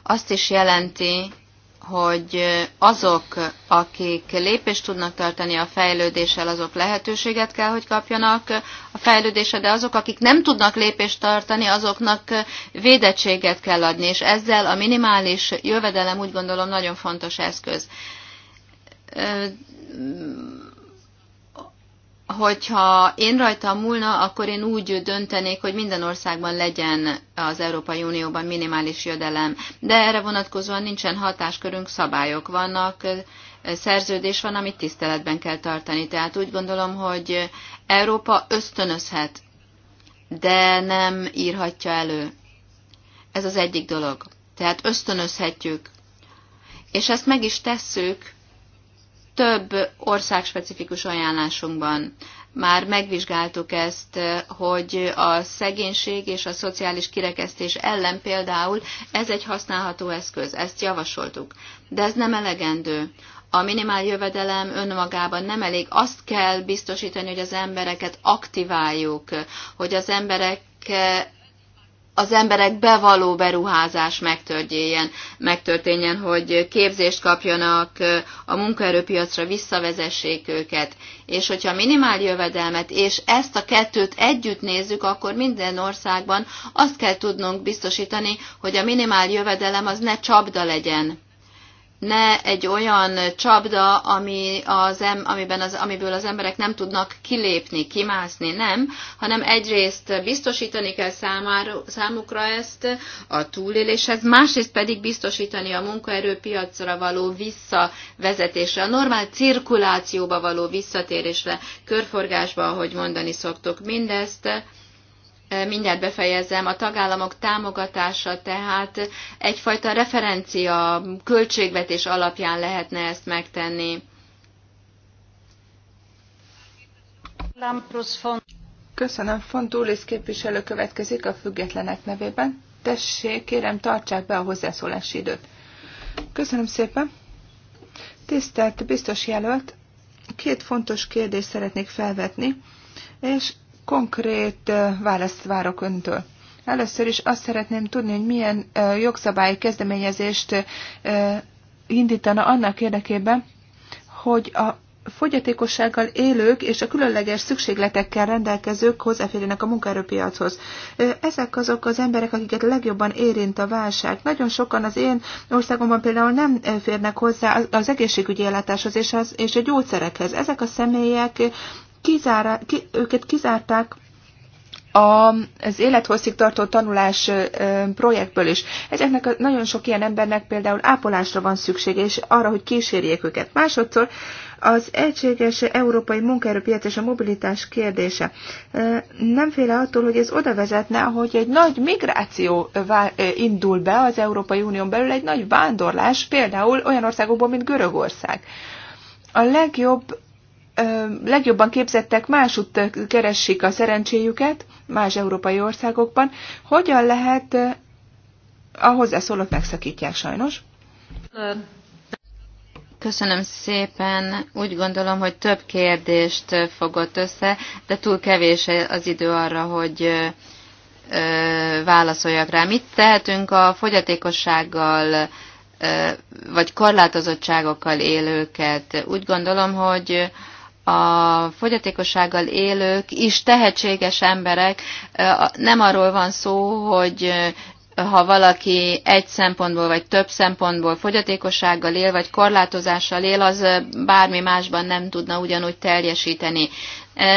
azt is jelenti, hogy azok, akik lépést tudnak tartani a fejlődéssel, azok lehetőséget kell, hogy kapjanak a fejlődésre, de azok, akik nem tudnak lépést tartani, azoknak védettséget kell adni, és ezzel a minimális jövedelem úgy gondolom nagyon fontos eszköz hogyha én rajta múlna, akkor én úgy döntenék, hogy minden országban legyen az Európai Unióban minimális jövedelem. De erre vonatkozóan nincsen hatáskörünk, szabályok vannak, szerződés van, amit tiszteletben kell tartani. Tehát úgy gondolom, hogy Európa ösztönözhet, de nem írhatja elő. Ez az egyik dolog. Tehát ösztönözhetjük. És ezt meg is tesszük több országspecifikus ajánlásunkban már megvizsgáltuk ezt, hogy a szegénység és a szociális kirekesztés ellen például ez egy használható eszköz, ezt javasoltuk. De ez nem elegendő. A minimál jövedelem önmagában nem elég. Azt kell biztosítani, hogy az embereket aktiváljuk, hogy az emberek az emberek bevaló beruházás megtörténjen, megtörténjen, hogy képzést kapjanak, a munkaerőpiacra visszavezessék őket. És hogyha minimál jövedelmet és ezt a kettőt együtt nézzük, akkor minden országban azt kell tudnunk biztosítani, hogy a minimál jövedelem az ne csapda legyen ne egy olyan csapda, ami az, em, amiben az, amiből az emberek nem tudnak kilépni, kimászni, nem, hanem egyrészt biztosítani kell számára, számukra ezt a túléléshez, másrészt pedig biztosítani a munkaerőpiacra való visszavezetésre, a normál cirkulációba való visszatérésre, körforgásba, ahogy mondani szoktuk mindezt, mindjárt befejezem, a tagállamok támogatása, tehát egyfajta referencia költségvetés alapján lehetne ezt megtenni. Köszönöm, Fontulis képviselő következik a függetlenek nevében. Tessék, kérem, tartsák be a hozzászólási időt. Köszönöm szépen. Tisztelt biztos jelölt, két fontos kérdést szeretnék felvetni, és Konkrét választ várok öntől. Először is azt szeretném tudni, hogy milyen jogszabályi kezdeményezést indítana annak érdekében, hogy a fogyatékossággal élők és a különleges szükségletekkel rendelkezők hozzáférjenek a munkaerőpiachoz. Ezek azok az emberek, akiket legjobban érint a válság. Nagyon sokan az én országomban például nem férnek hozzá az egészségügyi ellátáshoz és, az, és a gyógyszerekhez. Ezek a személyek kizára, ki, őket kizárták a, az élethosszig tartó tanulás projektből is. Ezeknek a, nagyon sok ilyen embernek például ápolásra van szüksége, és arra, hogy kísérjék őket. Másodszor az egységes európai munkaerőpiac és a mobilitás kérdése. Nem féle attól, hogy ez oda vezetne, hogy egy nagy migráció indul be az Európai Unión belül, egy nagy vándorlás, például olyan országokból, mint Görögország. A legjobb legjobban képzettek másutt keressék a szerencséjüket, más európai országokban. Hogyan lehet a hozzászólót megszakítják sajnos? Köszönöm szépen. Úgy gondolom, hogy több kérdést fogott össze, de túl kevés az idő arra, hogy válaszoljak rá. Mit tehetünk a fogyatékossággal vagy korlátozottságokkal élőket? Úgy gondolom, hogy a fogyatékossággal élők is tehetséges emberek. Nem arról van szó, hogy ha valaki egy szempontból vagy több szempontból fogyatékossággal él, vagy korlátozással él, az bármi másban nem tudna ugyanúgy teljesíteni.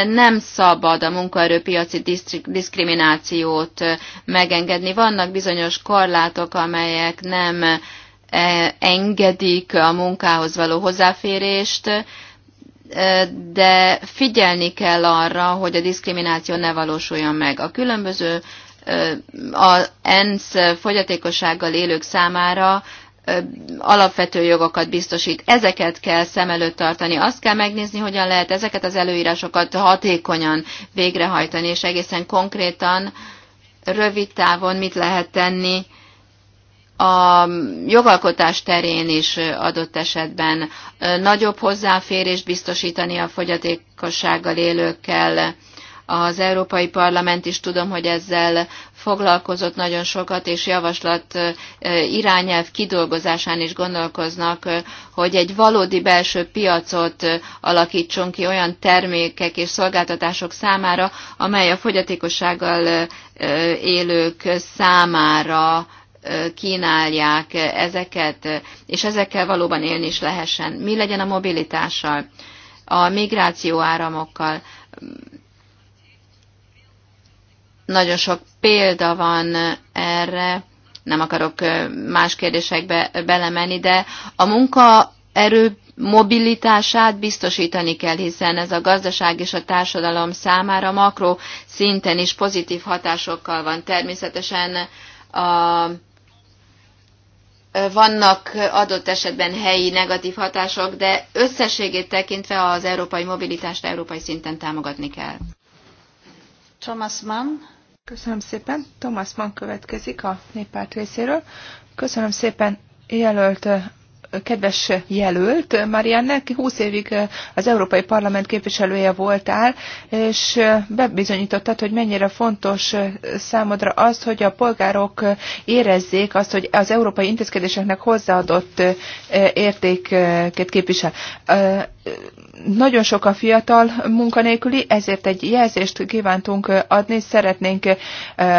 Nem szabad a munkaerőpiaci diszkriminációt megengedni. Vannak bizonyos korlátok, amelyek nem engedik a munkához való hozzáférést, de figyelni kell arra, hogy a diszkrimináció ne valósuljon meg. A különböző a ENSZ fogyatékossággal élők számára alapvető jogokat biztosít. Ezeket kell szem előtt tartani. Azt kell megnézni, hogyan lehet ezeket az előírásokat hatékonyan végrehajtani, és egészen konkrétan, rövid távon mit lehet tenni a jogalkotás terén is adott esetben nagyobb hozzáférést biztosítani a fogyatékossággal élőkkel. Az Európai Parlament is tudom, hogy ezzel foglalkozott nagyon sokat, és javaslat irányelv kidolgozásán is gondolkoznak, hogy egy valódi belső piacot alakítson ki olyan termékek és szolgáltatások számára, amely a fogyatékossággal élők számára kínálják ezeket, és ezekkel valóban élni is lehessen. Mi legyen a mobilitással, a migráció áramokkal? Nagyon sok példa van erre, nem akarok más kérdésekbe belemenni, de a munkaerő mobilitását biztosítani kell, hiszen ez a gazdaság és a társadalom számára makro szinten is pozitív hatásokkal van. Természetesen a vannak adott esetben helyi negatív hatások, de összességét tekintve az európai mobilitást európai szinten támogatni kell. Thomas Mann. Köszönöm szépen. Thomas Mann következik a néppárt részéről. Köszönöm szépen, jelölt kedves jelölt, Marianne, 20 évig eh, az Európai Parlament képviselője voltál, és eh, bebizonyítottad, hogy mennyire fontos eh, számodra az, hogy a polgárok érezzék azt, hogy az európai intézkedéseknek hozzáadott értéket képvisel nagyon sok a fiatal munkanélküli, ezért egy jelzést kívántunk adni, szeretnénk eh,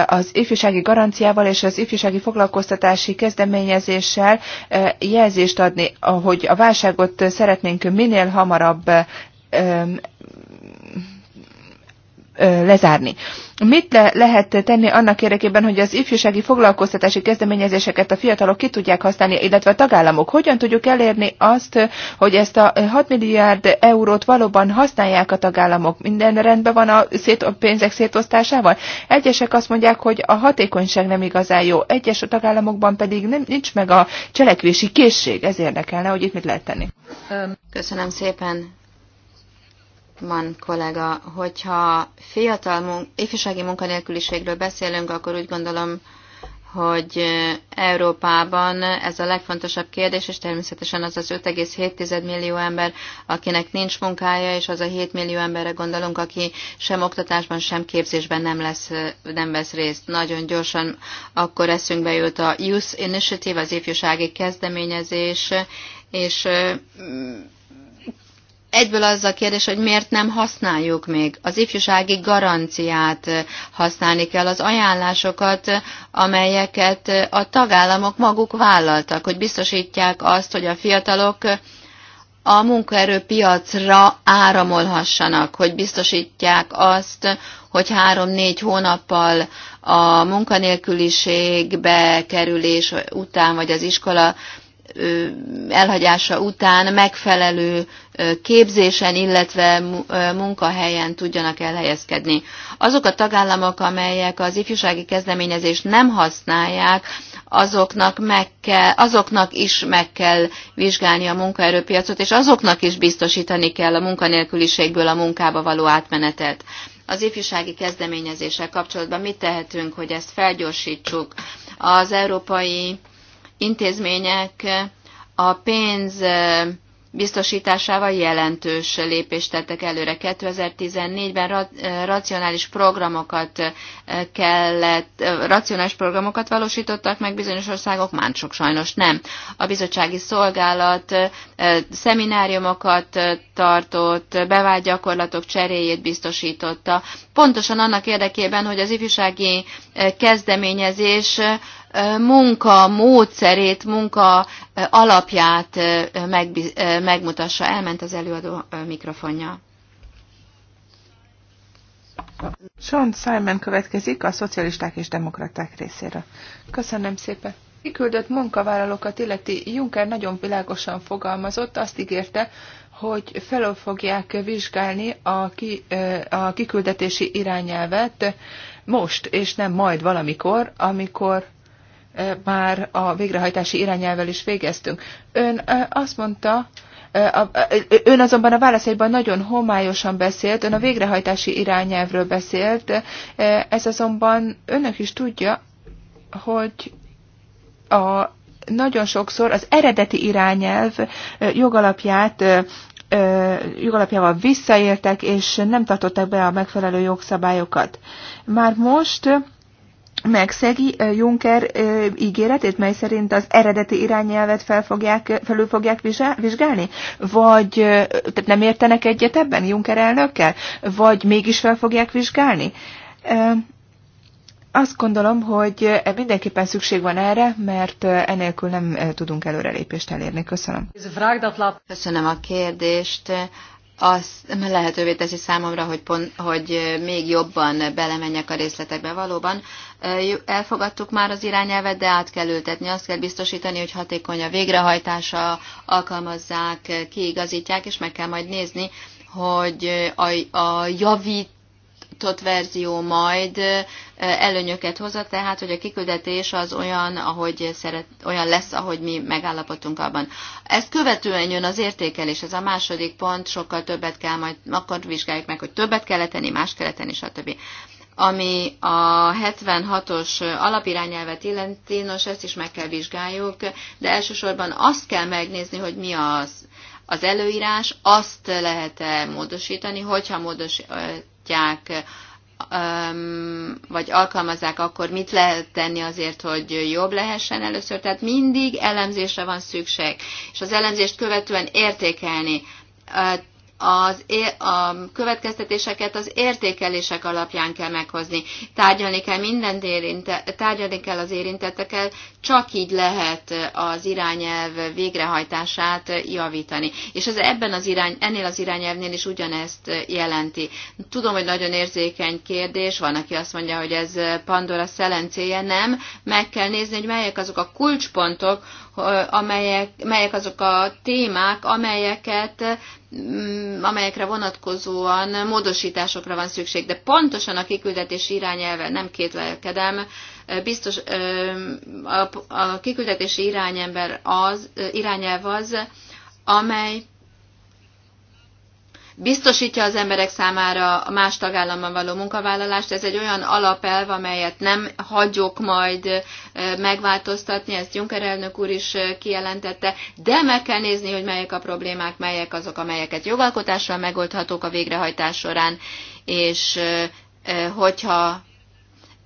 az ifjúsági garanciával és az ifjúsági foglalkoztatási kezdeményezéssel eh, jelzést adni, hogy a válságot szeretnénk minél hamarabb eh, lezárni. Mit le lehet tenni annak érdekében, hogy az ifjúsági foglalkoztatási kezdeményezéseket a fiatalok ki tudják használni, illetve a tagállamok? Hogyan tudjuk elérni azt, hogy ezt a 6 milliárd eurót valóban használják a tagállamok? Minden rendben van a, szét, a pénzek szétosztásával? Egyesek azt mondják, hogy a hatékonyság nem igazán jó, egyes a tagállamokban pedig nem, nincs meg a cselekvési készség. Ez érdekelne, hogy itt mit lehet tenni. Köszönöm szépen. Dorfman kollega, hogyha fiatal mun- ifjúsági munkanélküliségről beszélünk, akkor úgy gondolom, hogy Európában ez a legfontosabb kérdés, és természetesen az az 5,7 millió ember, akinek nincs munkája, és az a 7 millió emberre gondolunk, aki sem oktatásban, sem képzésben nem, lesz, nem vesz részt. Nagyon gyorsan akkor eszünkbe jut a Youth Initiative, az ifjúsági kezdeményezés, és mm, Egyből az a kérdés, hogy miért nem használjuk még. Az ifjúsági garanciát eh, használni kell, az ajánlásokat, eh, amelyeket eh, a tagállamok maguk vállaltak, hogy biztosítják azt, hogy a fiatalok a munkaerőpiacra áramolhassanak, hogy biztosítják azt, hogy három-négy hónappal a munkanélküliségbe kerülés után, vagy az iskola elhagyása után megfelelő képzésen, illetve munkahelyen tudjanak elhelyezkedni. Azok a tagállamok, amelyek az ifjúsági kezdeményezést nem használják, azoknak, meg kell, azoknak is meg kell vizsgálni a munkaerőpiacot, és azoknak is biztosítani kell a munkanélküliségből a munkába való átmenetet. Az ifjúsági kezdeményezéssel kapcsolatban mit tehetünk, hogy ezt felgyorsítsuk? Az európai intézmények a pénz biztosításával jelentős lépést tettek előre. 2014-ben racionális programokat eh, kellett, eh, racionális programokat valósítottak meg bizonyos országok, mások sajnos nem. A bizottsági szolgálat eh, szemináriumokat tartott, bevált gyakorlatok cseréjét biztosította, pontosan annak érdekében, hogy az ifjúsági kezdeményezés munka módszerét, munka alapját megmutassa. Elment az előadó mikrofonja. Sean Simon következik a szocialisták és demokraták részéről. Köszönöm szépen. Kiküldött munkavállalókat illeti Juncker nagyon világosan fogalmazott, azt ígérte, hogy fel fogják vizsgálni a, ki, a kiküldetési irányelvet most, és nem majd valamikor, amikor már a végrehajtási irányelvel is végeztünk. Ön azt mondta, Ön azonban a válaszaiban nagyon homályosan beszélt, ön a végrehajtási irányelvről beszélt, ez azonban önök is tudja, hogy a, nagyon sokszor az eredeti irányelv jogalapját jogalapjával visszaéltek, és nem tartottak be a megfelelő jogszabályokat. Már most megszegi Juncker ígéretét, mely szerint az eredeti irányelvet fel fogják, felül fogják vizsgálni? Vagy tehát nem értenek egyet ebben Juncker elnökkel? Vagy mégis fel fogják vizsgálni? Azt gondolom, hogy mindenképpen szükség van erre, mert enélkül nem tudunk előrelépést elérni. Köszönöm. Köszönöm a kérdést az lehetővé teszi számomra, hogy, pont, hogy még jobban belemenjek a részletekbe valóban. Elfogadtuk már az irányelvet, de át kell ültetni. Azt kell biztosítani, hogy hatékony a végrehajtása, alkalmazzák, kiigazítják, és meg kell majd nézni, hogy a, a javít tot verzió majd előnyöket hozza, tehát hogy a kiküldetés az olyan, ahogy szeret, olyan lesz, ahogy mi megállapodtunk abban. Ezt követően jön az értékelés, ez a második pont, sokkal többet kell majd, akkor vizsgáljuk meg, hogy többet kell tenni, más kell tenni, stb. Ami a 76-os alapirányelvet illeti, nos, ezt is meg kell vizsgáljuk, de elsősorban azt kell megnézni, hogy mi az az előírás, azt lehet-e módosítani, hogyha módos, alkalmazhatják, vagy alkalmazzák, akkor mit lehet tenni azért, hogy jobb lehessen először. Tehát mindig elemzésre van szükség, és az elemzést követően értékelni az, a következtetéseket az értékelések alapján kell meghozni. Tárgyalni kell mindent érinte, tárgyalni kell az érintettekkel, csak így lehet az irányelv végrehajtását javítani. És ez ebben az irány, ennél az irányelvnél is ugyanezt jelenti. Tudom, hogy nagyon érzékeny kérdés, van, aki azt mondja, hogy ez Pandora szelencéje, nem. Meg kell nézni, hogy melyek azok a kulcspontok, amelyek, melyek azok a témák, amelyeket, mm, amelyekre vonatkozóan módosításokra van szükség. De pontosan a kiküldetés irányelve nem kétlelkedem, biztos a kiküldetési irányember az, irányelv az, amely biztosítja az emberek számára a más tagállamban való munkavállalást. Ez egy olyan alapelv, amelyet nem hagyok majd megváltoztatni, ezt Juncker elnök úr is kijelentette, de meg kell nézni, hogy melyek a problémák, melyek azok, amelyeket jogalkotással megoldhatók a végrehajtás során, és hogyha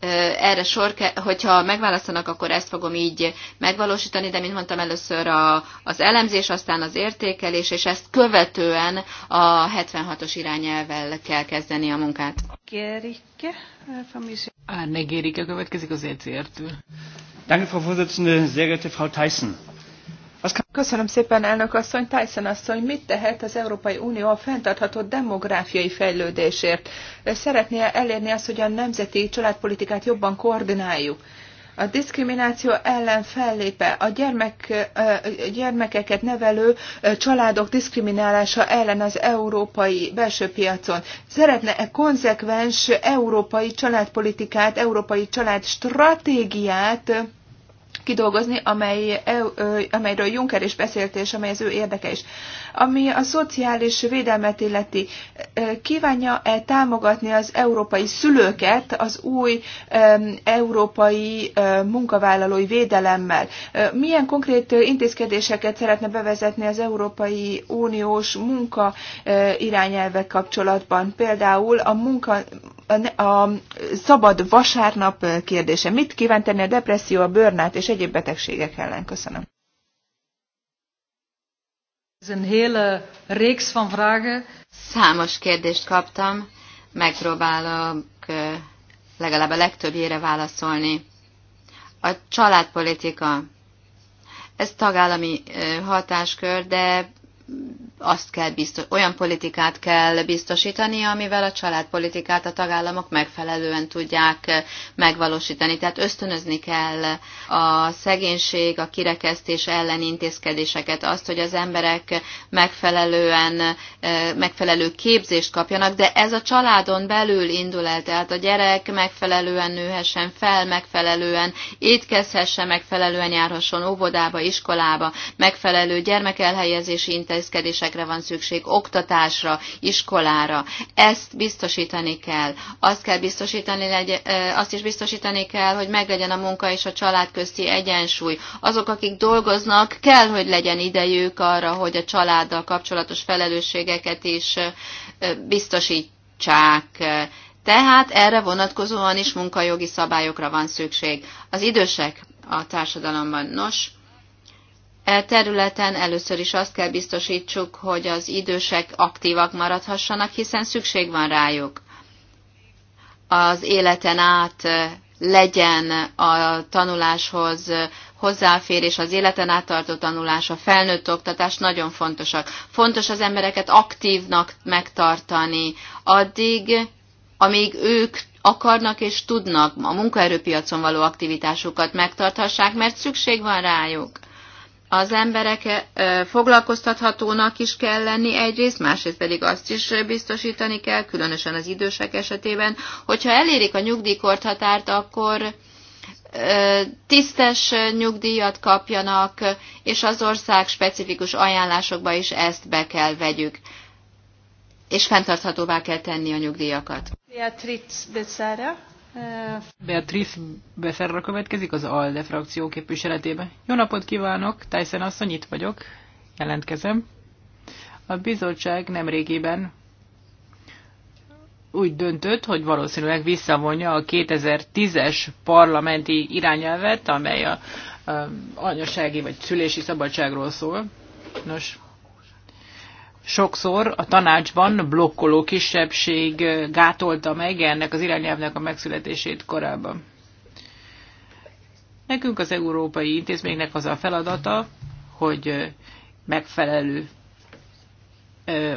erre sor, hogyha megválasztanak, akkor ezt fogom így megvalósítani, de mint mondtam, először a, az elemzés, aztán az értékelés, és ezt követően a 76-os irányelvel kell kezdeni a munkát. Gerike, eh, Ne Gerike következik az ECR-től. Danke, Frau Vorsitzende, sehr geehrte Frau Tyson. Köszönöm szépen, elnök asszony. Tyson asszony, mit tehet az Európai Unió a fenntartható demográfiai fejlődésért? Szeretné elérni azt, hogy a nemzeti családpolitikát jobban koordináljuk? a diszkrimináció ellen fellépe, a gyermek, gyermekeket nevelő családok diszkriminálása ellen az európai belső piacon. Szeretne -e konzekvens európai családpolitikát, európai stratégiát kidolgozni, amely, e, amelyről Juncker is beszélt, és amely az ő érdeke is. Ami a szociális védelmet illeti, e, kívánja-e támogatni az európai szülőket az új e, európai munkavállalói védelemmel? Milyen konkrét intézkedéseket szeretne bevezetni az Európai Uniós munka irányelvek kapcsolatban? Például a munka a szabad vasárnap kérdése. Mit kíván tenni a depresszió, a bőrnát és egyéb betegségek ellen? Köszönöm. Ez egy hele eh, reeks van vragen. Számos kérdést kaptam, megpróbálok eh, legalább a legtöbbjére válaszolni. A családpolitika, ez tagállami eh, hatáskör, de azt kell biztos, olyan politikát kell biztosítani, amivel a családpolitikát a tagállamok megfelelően tudják eh, megvalósítani. Tehát ösztönözni kell a szegénység, a kirekesztés ellen intézkedéseket, azt, hogy az emberek megfelelően, eh, megfelelő képzést kapjanak, de ez a családon belül indul el, tehát a gyerek megfelelően nőhessen fel, megfelelően étkezhessen, megfelelően járhasson óvodába, iskolába, megfelelő gyermekelhelyezési intézkedések képzésekre van szükség, oktatásra, iskolára. Ezt biztosítani kell. Azt, kell biztosítani legyen, azt is biztosítani kell, hogy meglegyen a munka és a család közti egyensúly. Azok, akik dolgoznak, kell, hogy legyen idejük arra, hogy a családdal kapcsolatos felelősségeket is biztosítsák. Tehát erre vonatkozóan is munkajogi szabályokra van szükség. Az idősek a társadalomban. Nos, E területen először is azt kell biztosítsuk, hogy az idősek aktívak maradhassanak, hiszen szükség van rájuk. Az életen át legyen a tanuláshoz hozzáférés, az életen át tartó tanulás, a felnőtt oktatás nagyon fontosak. Fontos az embereket aktívnak megtartani addig, amíg ők akarnak és tudnak a munkaerőpiacon való aktivitásukat megtarthassák, mert szükség van rájuk az emberek foglalkoztathatónak is kell lenni egyrészt, másrészt pedig azt is biztosítani kell, különösen az idősek esetében, hogyha elérik a nyugdíjkorthatárt, akkor tisztes nyugdíjat kapjanak, és az ország specifikus ajánlásokba is ezt be kell vegyük, és fenntarthatóvá kell tenni a nyugdíjakat. Beatriz Becerra következik az ALDE frakció képviseletében. Jó napot kívánok, Tyson asszony, itt vagyok, jelentkezem. A bizottság régiben úgy döntött, hogy valószínűleg visszavonja a 2010-es parlamenti irányelvet, amely a, a anyasági vagy szülési szabadságról szól. Nos, sokszor a tanácsban blokkoló kisebbség gátolta meg ennek az irányelvnek a megszületését korábban. Nekünk az európai intézménynek az a feladata, hogy megfelelő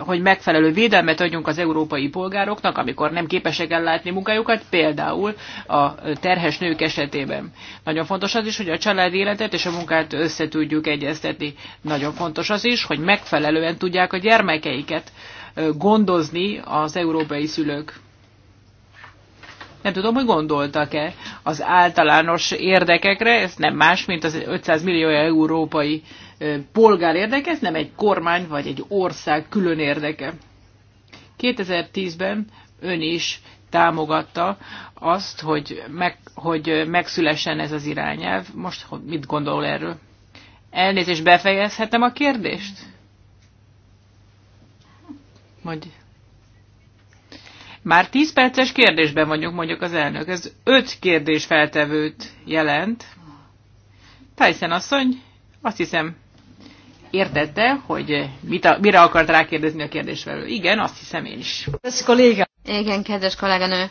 hogy megfelelő védelmet adjunk az európai polgároknak, amikor nem képesek ellátni munkájukat, például a terhes nők esetében. Nagyon fontos az is, hogy a család életet és a munkát összetudjuk egyeztetni. Nagyon fontos az is, hogy megfelelően tudják a gyermekeiket gondozni az európai szülők. Nem tudom, hogy gondoltak-e az általános érdekekre, ez nem más, mint az 500 millió európai polgár érdeke, ez nem egy kormány vagy egy ország külön érdeke. 2010-ben ön is támogatta azt, hogy, meg, hogy megszülessen ez az irányelv. Most mit gondol erről? Elnézést, befejezhetem a kérdést? Mondj. Már 10 perces kérdésben vagyunk, mondjuk az elnök. Ez 5 kérdés feltevőt jelent. Tyson asszony, azt hiszem, értette, hogy mit a, mire akart rákérdezni a kérdésvelő. Igen, azt hiszem én is. Kedves kolléga. Igen, kedves kolléganő.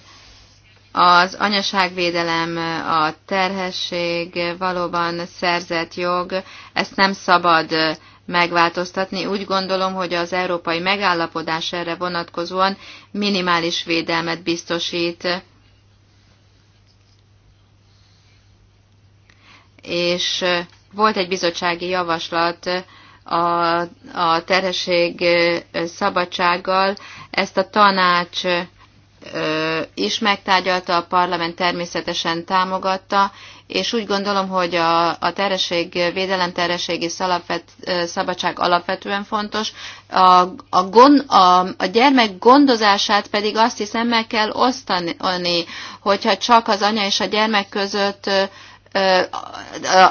Az anyaságvédelem, a terhesség valóban szerzett jog, ezt nem szabad megváltoztatni. Úgy gondolom, hogy az európai megállapodás erre vonatkozóan minimális védelmet biztosít. És volt egy bizottsági javaslat, a, a terhesség szabadsággal. Ezt a tanács is megtárgyalta, a parlament természetesen támogatta, és úgy gondolom, hogy a, a terhesség, védelem terhesség és szabadság alapvetően fontos. A, a, gond, a, a gyermek gondozását pedig azt hiszem meg kell osztani, hogyha csak az anya és a gyermek között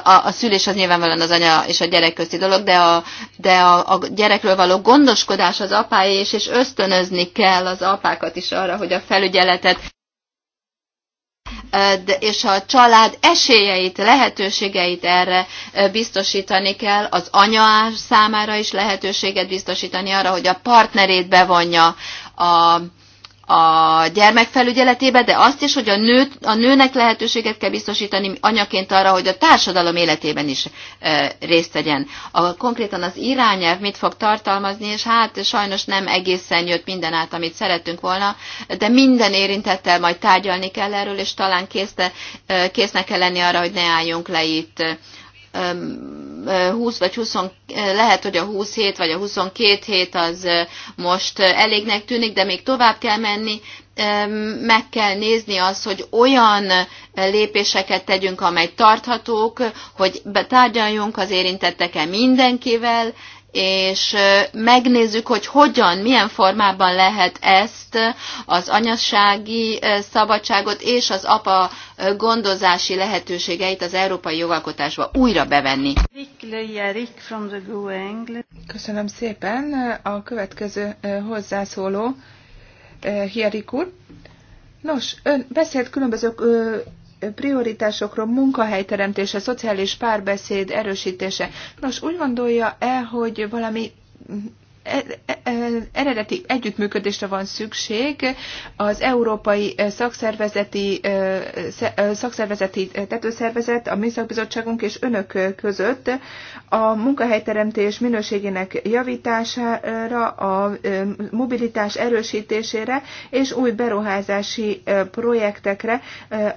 a, a szülés az nyilvánvalóan az anya és a gyerek közti dolog, de a, de a, a gyerekről való gondoskodás az apáé, és, és ösztönözni kell az apákat is arra, hogy a felügyeletet de, és a család esélyeit, lehetőségeit erre biztosítani kell, az anya számára is lehetőséget biztosítani arra, hogy a partnerét bevonja a, a gyermekfelügyeletébe, de azt is, hogy a, nőt, a nőnek lehetőséget kell biztosítani anyaként arra, hogy a társadalom életében is e, részt vegyen. A, konkrétan az irányelv mit fog tartalmazni, és hát sajnos nem egészen jött minden át, amit szeretünk volna, de minden érintettel majd tárgyalni kell erről, és talán e, késznek kell lenni arra, hogy ne álljunk le itt 20 vagy 20, lehet, hogy a 27 vagy a 22 hét az most elégnek tűnik, de még tovább kell menni, meg kell nézni azt, hogy olyan lépéseket tegyünk, amely tarthatók, hogy betárgyaljunk az érintettekkel mindenkivel, és megnézzük, hogy hogyan, milyen formában lehet ezt az anyassági szabadságot és az apa gondozási lehetőségeit az európai jogalkotásba újra bevenni. Köszönöm szépen. A következő hozzászóló Hierik úr. Nos, ön beszélt különböző prioritásokról, munkahelyteremtése, szociális párbeszéd erősítése. Nos, úgy gondolja-e, hogy valami eredeti együttműködésre van szükség az Európai eh, Szakszervezeti, eh, eh, szakszervezeti Tetőszervezet, a Műszakbizottságunk és önök között a munkahelyteremtés minőségének javítására, a mobilitás erősítésére és új beruházási projektekre,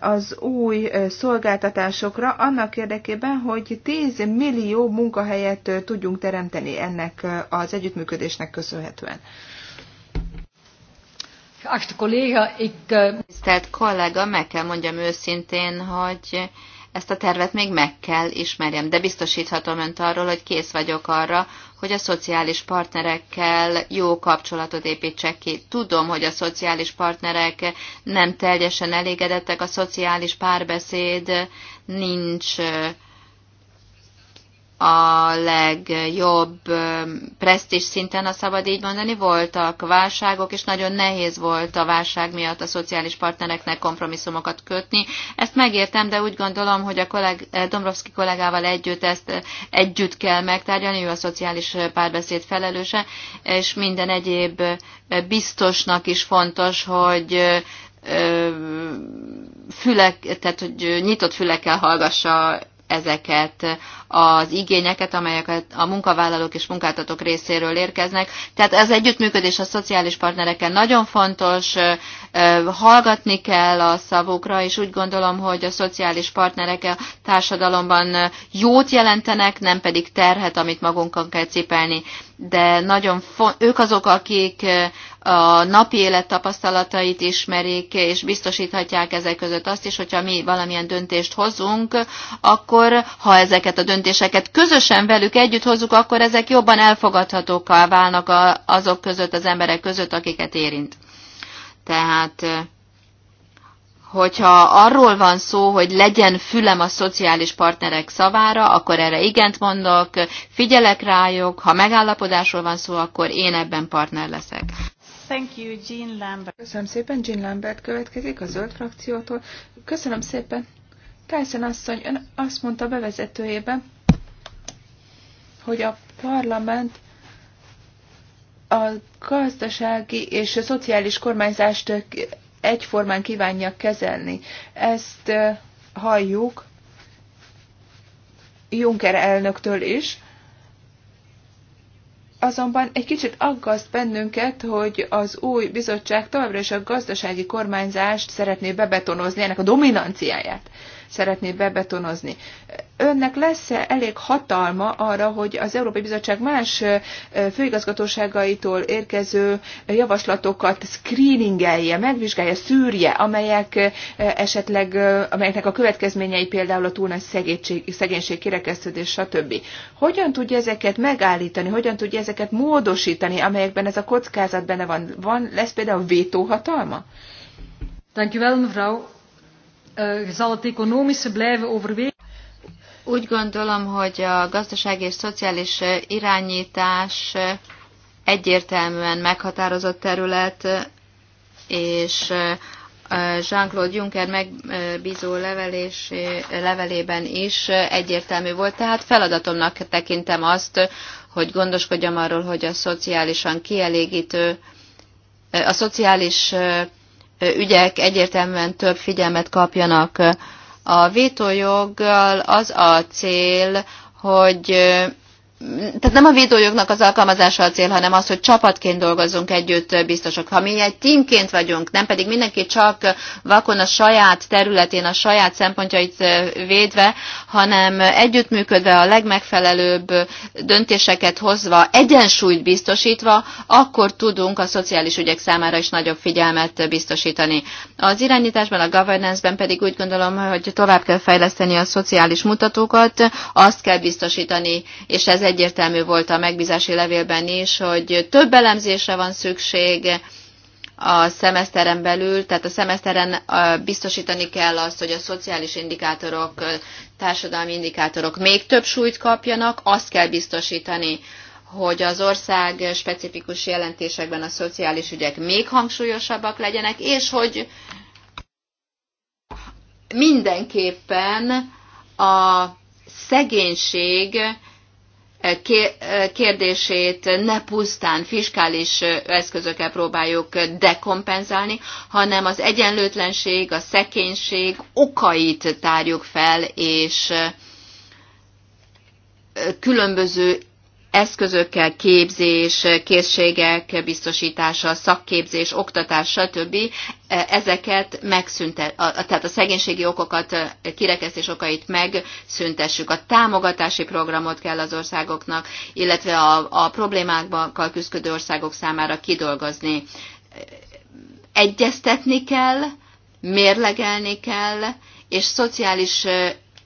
az új szolgáltatásokra, annak érdekében, hogy 10 millió munkahelyet tudjunk teremteni ennek az együttműködésre együttműködésnek köszönhetően. Achte kolléga, eh, Tisztelt kollega, meg kell mondjam őszintén, hogy ezt a tervet még meg kell ismerjem, de biztosíthatom önt arról, hogy kész vagyok arra, hogy a szociális partnerekkel jó kapcsolatot építsek ki. Tudom, hogy a szociális partnerek nem teljesen elégedettek, a szociális párbeszéd nincs eh, a legjobb presztis szinten, a szabad így mondani, voltak válságok, és nagyon nehéz volt a válság miatt a szociális partnereknek kompromisszumokat kötni. Ezt megértem, de úgy gondolom, hogy a kolleg, Dombrovski kollégával együtt ezt együtt kell megtárgyalni, ő a szociális párbeszéd felelőse, és minden egyéb biztosnak is fontos, hogy fülek, tehát hogy nyitott fülekkel hallgassa ezeket az igényeket, amelyeket a munkavállalók és munkáltatók részéről érkeznek. Tehát ez együttműködés a szociális partnerekkel nagyon fontos, hallgatni kell a szavukra, és úgy gondolom, hogy a szociális partnerek a társadalomban jót jelentenek, nem pedig terhet, amit magunkon kell cipelni. De nagyon ők azok, akik a napi élet tapasztalatait ismerik, és biztosíthatják ezek között azt is, hogyha mi valamilyen döntést hozunk, akkor ha ezeket a döntéseket közösen velük együtt hozzuk, akkor ezek jobban elfogadhatóká válnak azok között, az emberek között, akiket érint. Tehát hogyha arról van szó, hogy legyen fülem a szociális partnerek szavára, akkor erre igent mondok, figyelek rájuk, ha megállapodásról van szó, akkor én ebben partner leszek. Thank you, Jean Lambert. Köszönöm szépen, Jean Lambert következik a zöld frakciótól. Köszönöm szépen. Tyson asszony, ön azt mondta bevezetőjében, hogy a parlament a gazdasági és a szociális kormányzást egyformán kívánja kezelni. Ezt halljuk Juncker elnöktől is, Azonban egy kicsit aggaszt bennünket, hogy az új bizottság továbbra is a gazdasági kormányzást szeretné bebetonozni, ennek a dominanciáját szeretné bebetonozni. Önnek lesz-e elég hatalma arra, hogy az Európai Bizottság más főigazgatóságaitól érkező javaslatokat screeningelje, megvizsgálja, szűrje, amelyek esetleg, amelyeknek a következményei például a túl nagy szegénység, kirekesztődés, stb. Hogyan tudja ezeket megállítani, hogyan tudja ezeket módosítani, amelyekben ez a kockázat benne van? van lesz például vétóhatalma? Dankjewel mevrouw. Eh, zal het economische blijven overwegen. Úgy gondolom, hogy a gazdasági és szociális eh, irányítás eh, egyértelműen meghatározott terület, és Jean-Claude Juncker megbízó levelés, levelében is egyértelmű volt, tehát feladatomnak tekintem azt, hogy gondoskodjam arról, hogy a szociálisan kielégítő, a szociális ügyek egyértelműen több figyelmet kapjanak. A vétójoggal az a cél, hogy tehát nem a védőjognak az alkalmazása a cél, hanem az, hogy csapatként dolgozzunk együtt biztosok. Ha mi egy teamként vagyunk, nem pedig mindenki csak vakon a saját területén, a saját szempontjait védve, hanem együttműködve a legmegfelelőbb döntéseket hozva, egyensúlyt biztosítva, akkor tudunk a szociális ügyek számára is nagyobb figyelmet biztosítani. Az irányításban, a governance-ben pedig úgy gondolom, hogy tovább kell fejleszteni a szociális mutatókat, azt kell biztosítani, és ez egyértelmű volt a megbízási levélben is, hogy több elemzésre van szükség a szemeszteren belül, tehát a szemeszteren biztosítani kell azt, hogy a szociális indikátorok, társadalmi indikátorok még több súlyt kapjanak, azt kell biztosítani, hogy az ország specifikus jelentésekben a szociális ügyek még hangsúlyosabbak legyenek, és hogy mindenképpen a szegénység kérdését ne pusztán fiskális eszközökkel próbáljuk dekompenzálni, hanem az egyenlőtlenség, a szekénység okait tárjuk fel, és különböző eszközökkel, képzés, készségek biztosítása, szakképzés, oktatás, stb. ezeket megszüntet, tehát a szegénységi okokat, kirekesztés okait megszüntessük. A támogatási programot kell az országoknak, illetve a, a problémákkal küzdő országok számára kidolgozni. Egyeztetni kell, mérlegelni kell, és szociális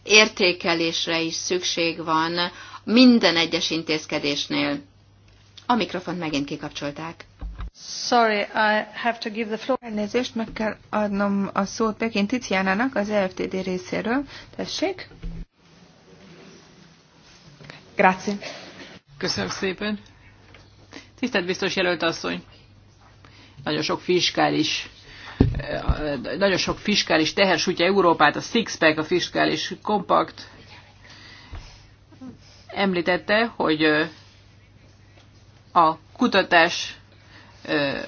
értékelésre is szükség van minden egyes intézkedésnél. A mikrofont megint kikapcsolták. Sorry, I have to give the floor. Elnézést, meg kell adnom a szót Pekin Tiziánának az EFTD részéről. Tessék. Grazie. Köszönöm szépen. Tisztelt biztos jelölt asszony, nagyon sok fiskális eh, nagyon sok fiskális tehersútja Európát, a Sixpack, a fiskális kompakt, Említette, hogy a kutatás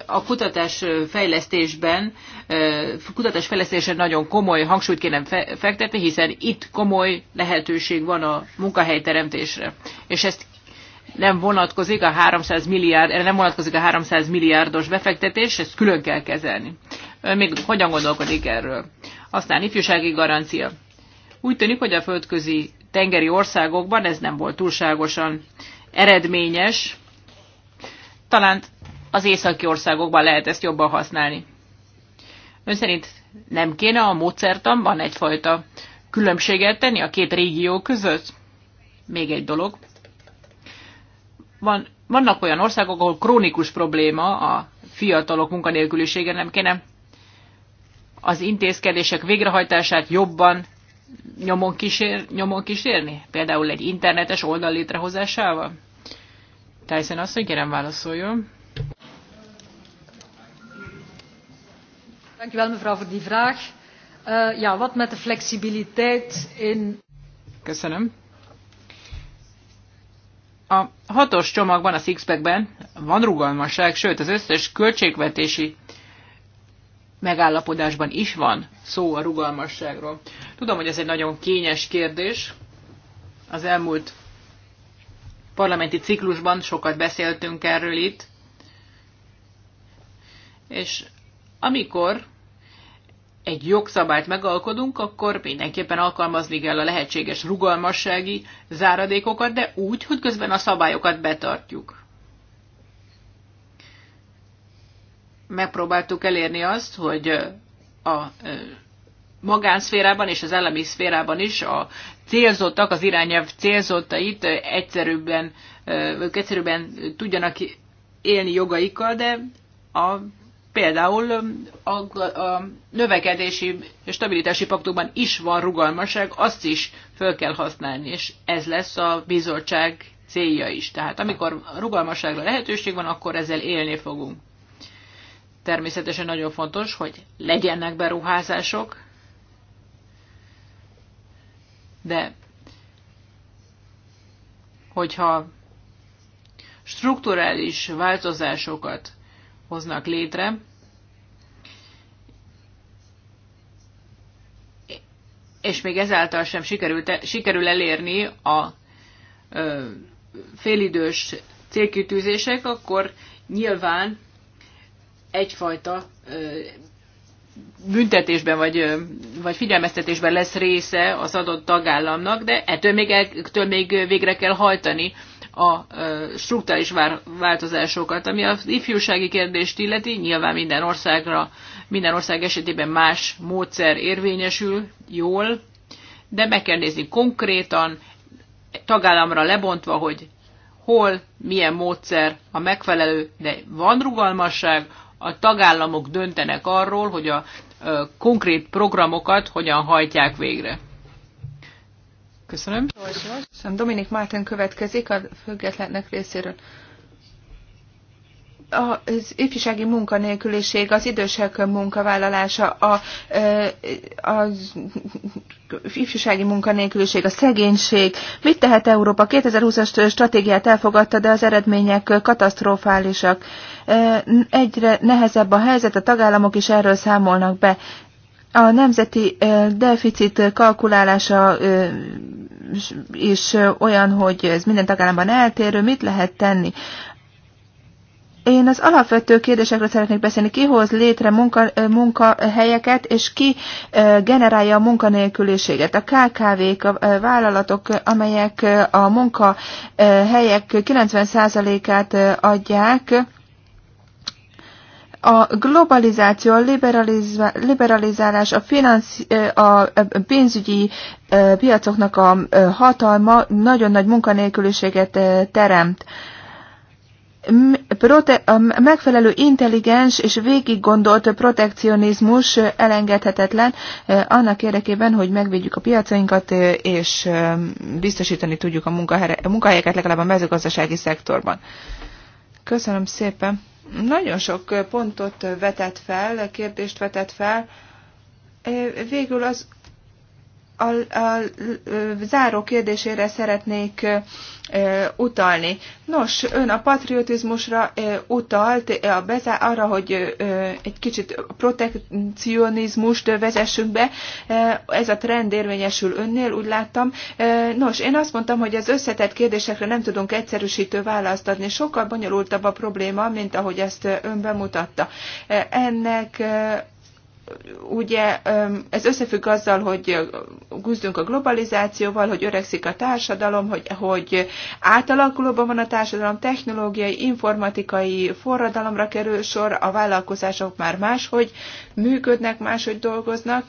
a kutatás fejlesztésben, kutatás fejlesztésen nagyon komoly hangsúlyt kéne fektetni, hiszen itt komoly lehetőség van a munkahelyteremtésre. És ezt nem vonatkozik a 300 milliárd, erre nem vonatkozik a 300 milliárdos befektetés, ezt külön kell kezelni. Ön még hogyan gondolkodik erről? Aztán ifjúsági garancia. Úgy tűnik, hogy a földközi tengeri országokban ez nem volt túlságosan eredményes. Talán az északi országokban lehet ezt jobban használni. Ön szerint nem kéne a módszertanban egyfajta különbséget tenni a két régió között? Még egy dolog. Van, vannak olyan országok, ahol krónikus probléma a fiatalok munkanélkülisége, nem kéne az intézkedések végrehajtását jobban nyomon, kísér, nyomon kísérni? Például egy internetes oldal létrehozásával? Tyson azt mondja, kérem válaszoljon. Dankjewel mevrouw voor die vraag. Uh, ja, wat met de flexibiliteit in... Köszönöm. A hatos csomagban, a sixpackben van rugalmasság, sőt az összes költségvetési megállapodásban is van szó a rugalmasságról. Tudom, hogy ez egy nagyon kényes kérdés. Az elmúlt parlamenti ciklusban sokat beszéltünk erről itt, és amikor egy jogszabályt megalkodunk, akkor mindenképpen alkalmazni kell a lehetséges rugalmassági záradékokat, de úgy, hogy közben a szabályokat betartjuk. megpróbáltuk elérni azt, hogy a magánszférában és az állami szférában is a célzottak, az irányelv célzottait egyszerűbben, ők egyszerűbben tudjanak élni jogaikkal, de a, például a, a növekedési stabilitási paktumban is van rugalmaság, azt is föl kell használni, és ez lesz a bizottság célja is. Tehát amikor rugalmasságra lehetőség van, akkor ezzel élni fogunk természetesen nagyon fontos, hogy legyenek beruházások, de hogyha strukturális változásokat hoznak létre, és még ezáltal sem sikerült, sikerül elérni a félidős célkitűzések, akkor nyilván egyfajta büntetésben vagy, vagy figyelmeztetésben lesz része az adott tagállamnak, de ettől még, ettől még végre kell hajtani a struktúrális változásokat. Ami az ifjúsági kérdést illeti, nyilván minden országra, minden ország esetében más módszer érvényesül jól, de meg kell nézni konkrétan, tagállamra lebontva, hogy hol, milyen módszer a megfelelő, de van rugalmasság, a tagállamok döntenek arról, hogy a konkrét programokat hogyan hajtják végre. Köszönöm. Köszönöm. Dominik Márten következik a függetlenek részéről az ifjúsági munkanélküliség, az idősek munkavállalása, a, az ifjúsági munkanélküliség, a szegénység. Mit tehet Európa? 2020-as stratégiát elfogadta, de az eredmények katasztrofálisak. Egyre nehezebb a helyzet, a tagállamok is erről számolnak be. A nemzeti deficit kalkulálása is olyan, hogy ez minden tagállamban eltérő. Mit lehet tenni? Én az alapvető kérdésekről szeretnék beszélni. Ki hoz létre munka, munkahelyeket, és ki generálja a munkanélküliséget? A KKV-k, a vállalatok, amelyek a munkahelyek 90%-át adják, a globalizáció, a liberalizálás, a, finanszi, a pénzügyi piacoknak a hatalma nagyon nagy munkanélküliséget teremt prote- megfelelő intelligens és gondolt protekcionizmus elengedhetetlen annak érdekében, hogy megvédjük a piacainkat, és biztosítani tudjuk a munkahelyeket legalább a mezőgazdasági szektorban. Köszönöm szépen. Nagyon sok pontot vetett fel, kérdést vetett fel. Végül az a, a, a záró kérdésére szeretnék utalni. Nos, ön a patriotizmusra utalt, a bezá, arra, hogy egy kicsit protekcionizmust vezessünk be, ez a trend érvényesül önnél, úgy láttam. Nos, én azt mondtam, hogy az összetett kérdésekre nem tudunk egyszerűsítő választ adni, sokkal bonyolultabb a probléma, mint ahogy ezt ön bemutatta. Ennek ugye ez összefügg azzal, hogy guzdunk a globalizációval, hogy öregszik a társadalom, hogy, hogy átalakulóban van a társadalom, technológiai, informatikai forradalomra kerül sor, a vállalkozások már máshogy működnek, máshogy dolgoznak.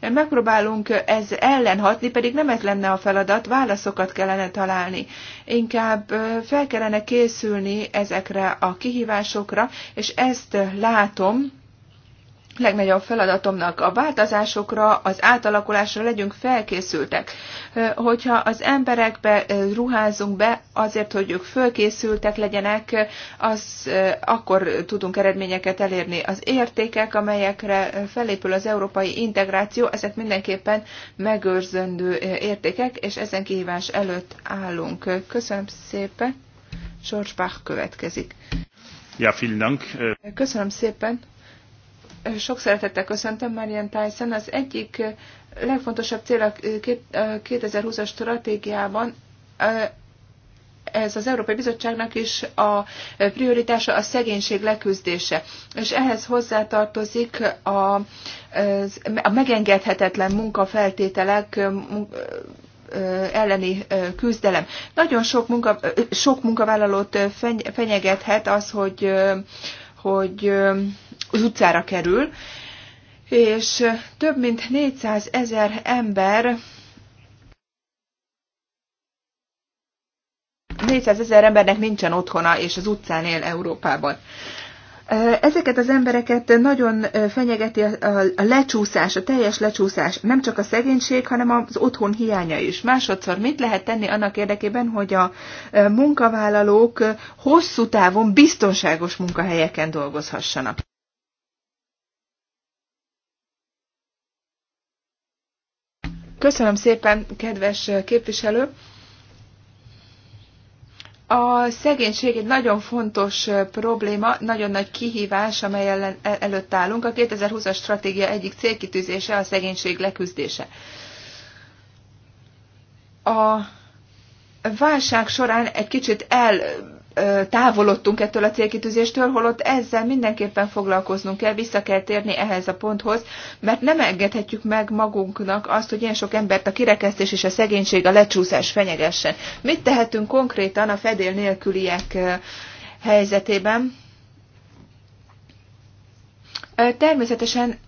Megpróbálunk ez ellen hatni, pedig nem ez lenne a feladat, válaszokat kellene találni. Inkább fel kellene készülni ezekre a kihívásokra, és ezt látom, legnagyobb feladatomnak a változásokra, az átalakulásra legyünk felkészültek. Hogyha az emberekbe ruházunk be azért, hogy ők fölkészültek legyenek, az akkor tudunk eredményeket elérni. Az értékek, amelyekre felépül az európai integráció, ezek mindenképpen megőrzendő értékek, és ezen kihívás előtt állunk. Köszönöm szépen. George Bach következik. Ja, vielen Dank. Köszönöm szépen. Sok szeretettel köszöntöm Marian Tyson. Az egyik legfontosabb cél a 2020-as stratégiában ez az Európai Bizottságnak is a prioritása a szegénység leküzdése, és ehhez hozzátartozik a, a megengedhetetlen munkafeltételek elleni küzdelem. Nagyon sok, munka, sok munkavállalót fenyegethet az, hogy, hogy az utcára kerül, és több mint 400 ezer ember 400 ezer embernek nincsen otthona, és az utcán él Európában. Ezeket az embereket nagyon fenyegeti a, lecsúszás, a teljes lecsúszás, nem csak a szegénység, hanem az otthon hiánya is. Másodszor mit lehet tenni annak érdekében, hogy a munkavállalók hosszú távon biztonságos munkahelyeken dolgozhassanak? Köszönöm szépen, kedves képviselő! A szegénység egy nagyon fontos probléma, nagyon nagy kihívás, amely ellen, e, előtt állunk. A 2020-as stratégia egyik célkitűzése a szegénység leküzdése. A válság során egy kicsit el távolodtunk ettől a célkitűzéstől, holott ezzel mindenképpen foglalkoznunk kell, vissza kell térni ehhez a ponthoz, mert nem engedhetjük meg magunknak azt, hogy ilyen sok embert a kirekesztés és a szegénység, a lecsúszás fenyegessen. Mit tehetünk konkrétan a fedél nélküliek helyzetében? Természetesen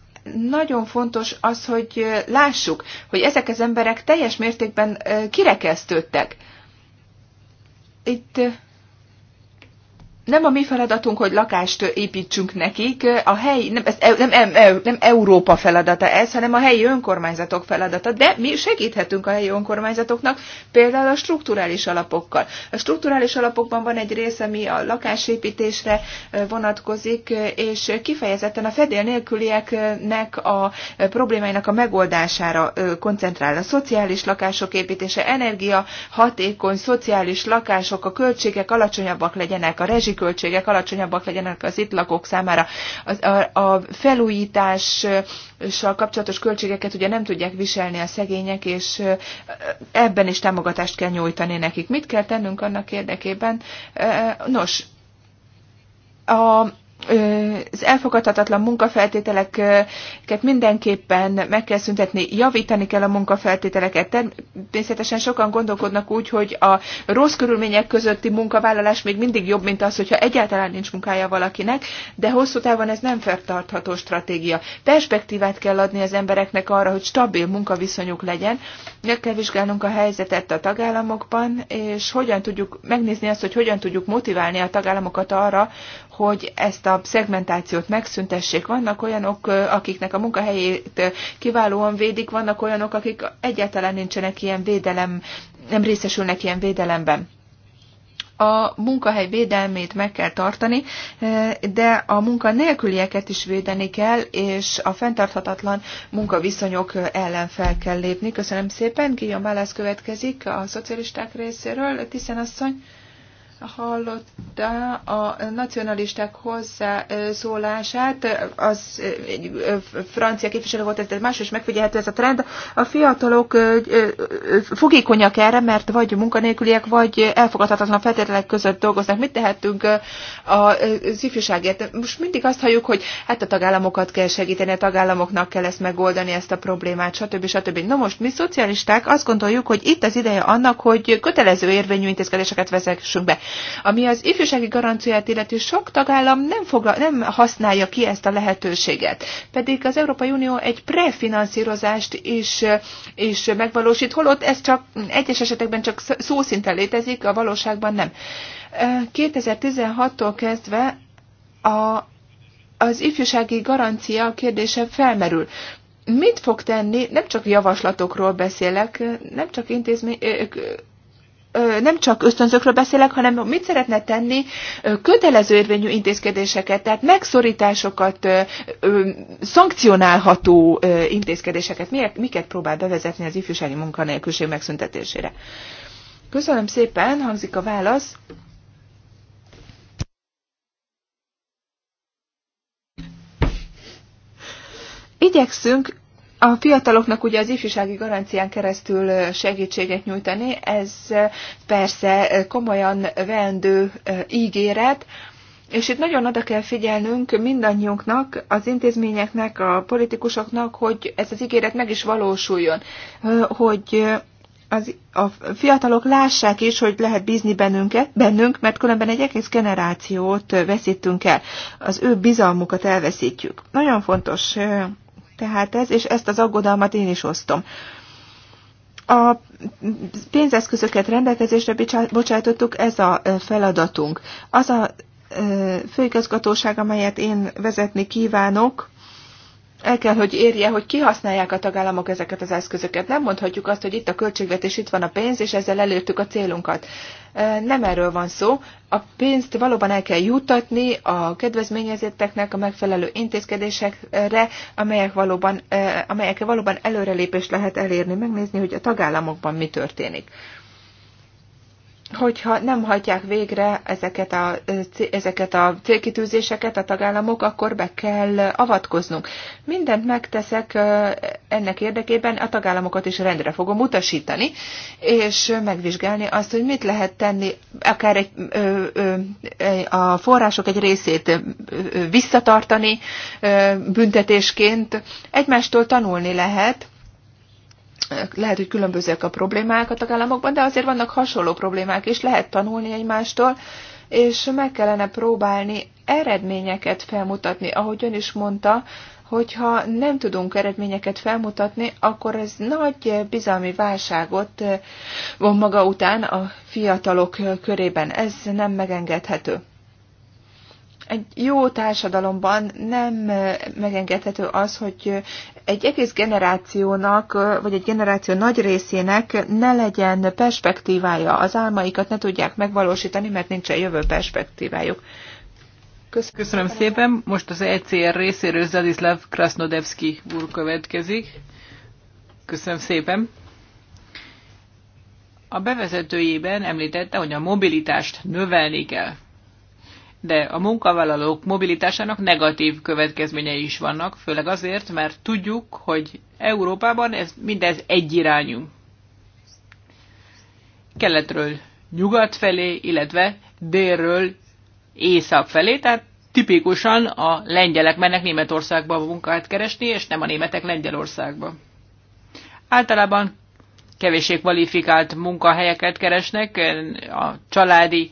nagyon fontos az, hogy lássuk, hogy ezek az emberek teljes mértékben kirekesztődtek. Itt nem a mi feladatunk, hogy lakást építsünk nekik, a helyi, nem, ez, nem, nem, nem Európa feladata ez, hanem a helyi önkormányzatok feladata, de mi segíthetünk a helyi önkormányzatoknak, például a strukturális alapokkal. A strukturális alapokban van egy része, ami a lakásépítésre vonatkozik, és kifejezetten a fedél nélkülieknek a problémáinak a megoldására koncentrál. A szociális lakások építése, energia, hatékony, szociális lakások, a költségek alacsonyabbak legyenek, a rezsik költségek alacsonyabbak legyenek az itt lakók számára. A, a, a felújítással kapcsolatos költségeket ugye nem tudják viselni a szegények, és ebben is támogatást kell nyújtani nekik. Mit kell tennünk annak érdekében? Nos, a az elfogadhatatlan munkafeltételeket mindenképpen meg kell szüntetni, javítani kell a munkafeltételeket. Természetesen sokan gondolkodnak úgy, hogy a rossz körülmények közötti munkavállalás még mindig jobb, mint az, hogyha egyáltalán nincs munkája valakinek, de hosszú távon ez nem fenntartható stratégia. Perspektívát kell adni az embereknek arra, hogy stabil munkaviszonyuk legyen. Meg kell vizsgálnunk a helyzetet a tagállamokban, és hogyan tudjuk megnézni azt, hogy hogyan tudjuk motiválni a tagállamokat arra, hogy ezt a szegmentációt megszüntessék. Vannak olyanok, akiknek a munkahelyét kiválóan védik, vannak olyanok, akik egyáltalán nincsenek ilyen védelem, nem részesülnek ilyen védelemben a munkahely védelmét meg kell tartani, de a munkanélkülieket is védeni kell, és a fenntarthatatlan munkaviszonyok ellen fel kell lépni. Köszönöm szépen, Guillaume Válasz következik a szocialisták részéről, Tiszen asszony hallotta a nacionalisták hozzászólását, az egy francia képviselő volt, de más is megfigyelhető ez a trend. A fiatalok fogékonyak erre, mert vagy munkanélküliek, vagy elfogadhatatlan feltételek között dolgoznak. Mit tehetünk a ifjúságért? Most mindig azt halljuk, hogy hát a tagállamokat kell segíteni, a tagállamoknak kell ezt megoldani, ezt a problémát, stb. stb. Na most mi szocialisták azt gondoljuk, hogy itt az ideje annak, hogy kötelező érvényű intézkedéseket vezessünk be. Ami az ifjúsági garanciát illeti, sok tagállam nem, fogla, nem használja ki ezt a lehetőséget. Pedig az Európai Unió egy prefinanszírozást is, is megvalósít, holott ez csak egyes esetekben csak szószinten létezik, a valóságban nem. 2016-tól kezdve a, az ifjúsági garancia kérdése felmerül mit fog tenni, nem csak javaslatokról beszélek, nem csak intézmény, nem csak ösztönzőkről beszélek, hanem mit szeretne tenni kötelező érvényű intézkedéseket, tehát megszorításokat, szankcionálható intézkedéseket, miket, miket próbál bevezetni az ifjúsági munkanélküliség megszüntetésére. Köszönöm szépen, hangzik a válasz. Igyekszünk a fiataloknak ugye az ifjúsági garancián keresztül segítséget nyújtani, ez persze komolyan vendő ígéret, és itt nagyon oda kell figyelnünk mindannyiunknak, az intézményeknek, a politikusoknak, hogy ez az ígéret meg is valósuljon, hogy az, a fiatalok lássák is, hogy lehet bízni bennünket, bennünk, mert különben egy egész generációt veszítünk el. Az ő bizalmukat elveszítjük. Nagyon fontos tehát ez, és ezt az aggodalmat én is osztom. A pénzeszközöket rendelkezésre bocsátottuk ez a feladatunk. Az a főigazgatóság, amelyet én vezetni kívánok, el kell, hogy érje, hogy kihasználják a tagállamok ezeket az eszközöket. Nem mondhatjuk azt, hogy itt a költségvetés, itt van a pénz, és ezzel elértük a célunkat. Nem erről van szó. A pénzt valóban el kell jutatni a kedvezményezetteknek a megfelelő intézkedésekre, amelyek valóban, amelyekkel valóban előrelépést lehet elérni, megnézni, hogy a tagállamokban mi történik hogyha nem hajtják végre ezeket a, ezeket a célkitűzéseket a tagállamok, akkor be kell avatkoznunk. Mindent megteszek ennek érdekében, a tagállamokat is rendre fogom utasítani, és megvizsgálni azt, hogy mit lehet tenni, akár egy, a források egy részét visszatartani büntetésként. Egymástól tanulni lehet, lehet, hogy különbözőek a problémák a tagállamokban, de azért vannak hasonló problémák is, lehet tanulni egymástól, és meg kellene próbálni eredményeket felmutatni, ahogy ön is mondta, hogyha nem tudunk eredményeket felmutatni, akkor ez nagy bizalmi válságot von maga után a fiatalok körében. Ez nem megengedhető. Egy jó társadalomban nem megengedhető az, hogy egy egész generációnak, vagy egy generáció nagy részének ne legyen perspektívája, az álmaikat ne tudják megvalósítani, mert nincsen jövő perspektívájuk. Köszönöm, Köszönöm szépen. Most az ECR részéről Zadislav Krasnodevski úr következik. Köszönöm szépen. A bevezetőjében említette, hogy a mobilitást növelni kell de a munkavállalók mobilitásának negatív következményei is vannak, főleg azért, mert tudjuk, hogy Európában ez mindez egyirányú. Keletről nyugat felé, illetve délről észak felé, tehát tipikusan a lengyelek mennek Németországba a munkát keresni, és nem a németek Lengyelországba. Általában kevéssé kvalifikált munkahelyeket keresnek, a családi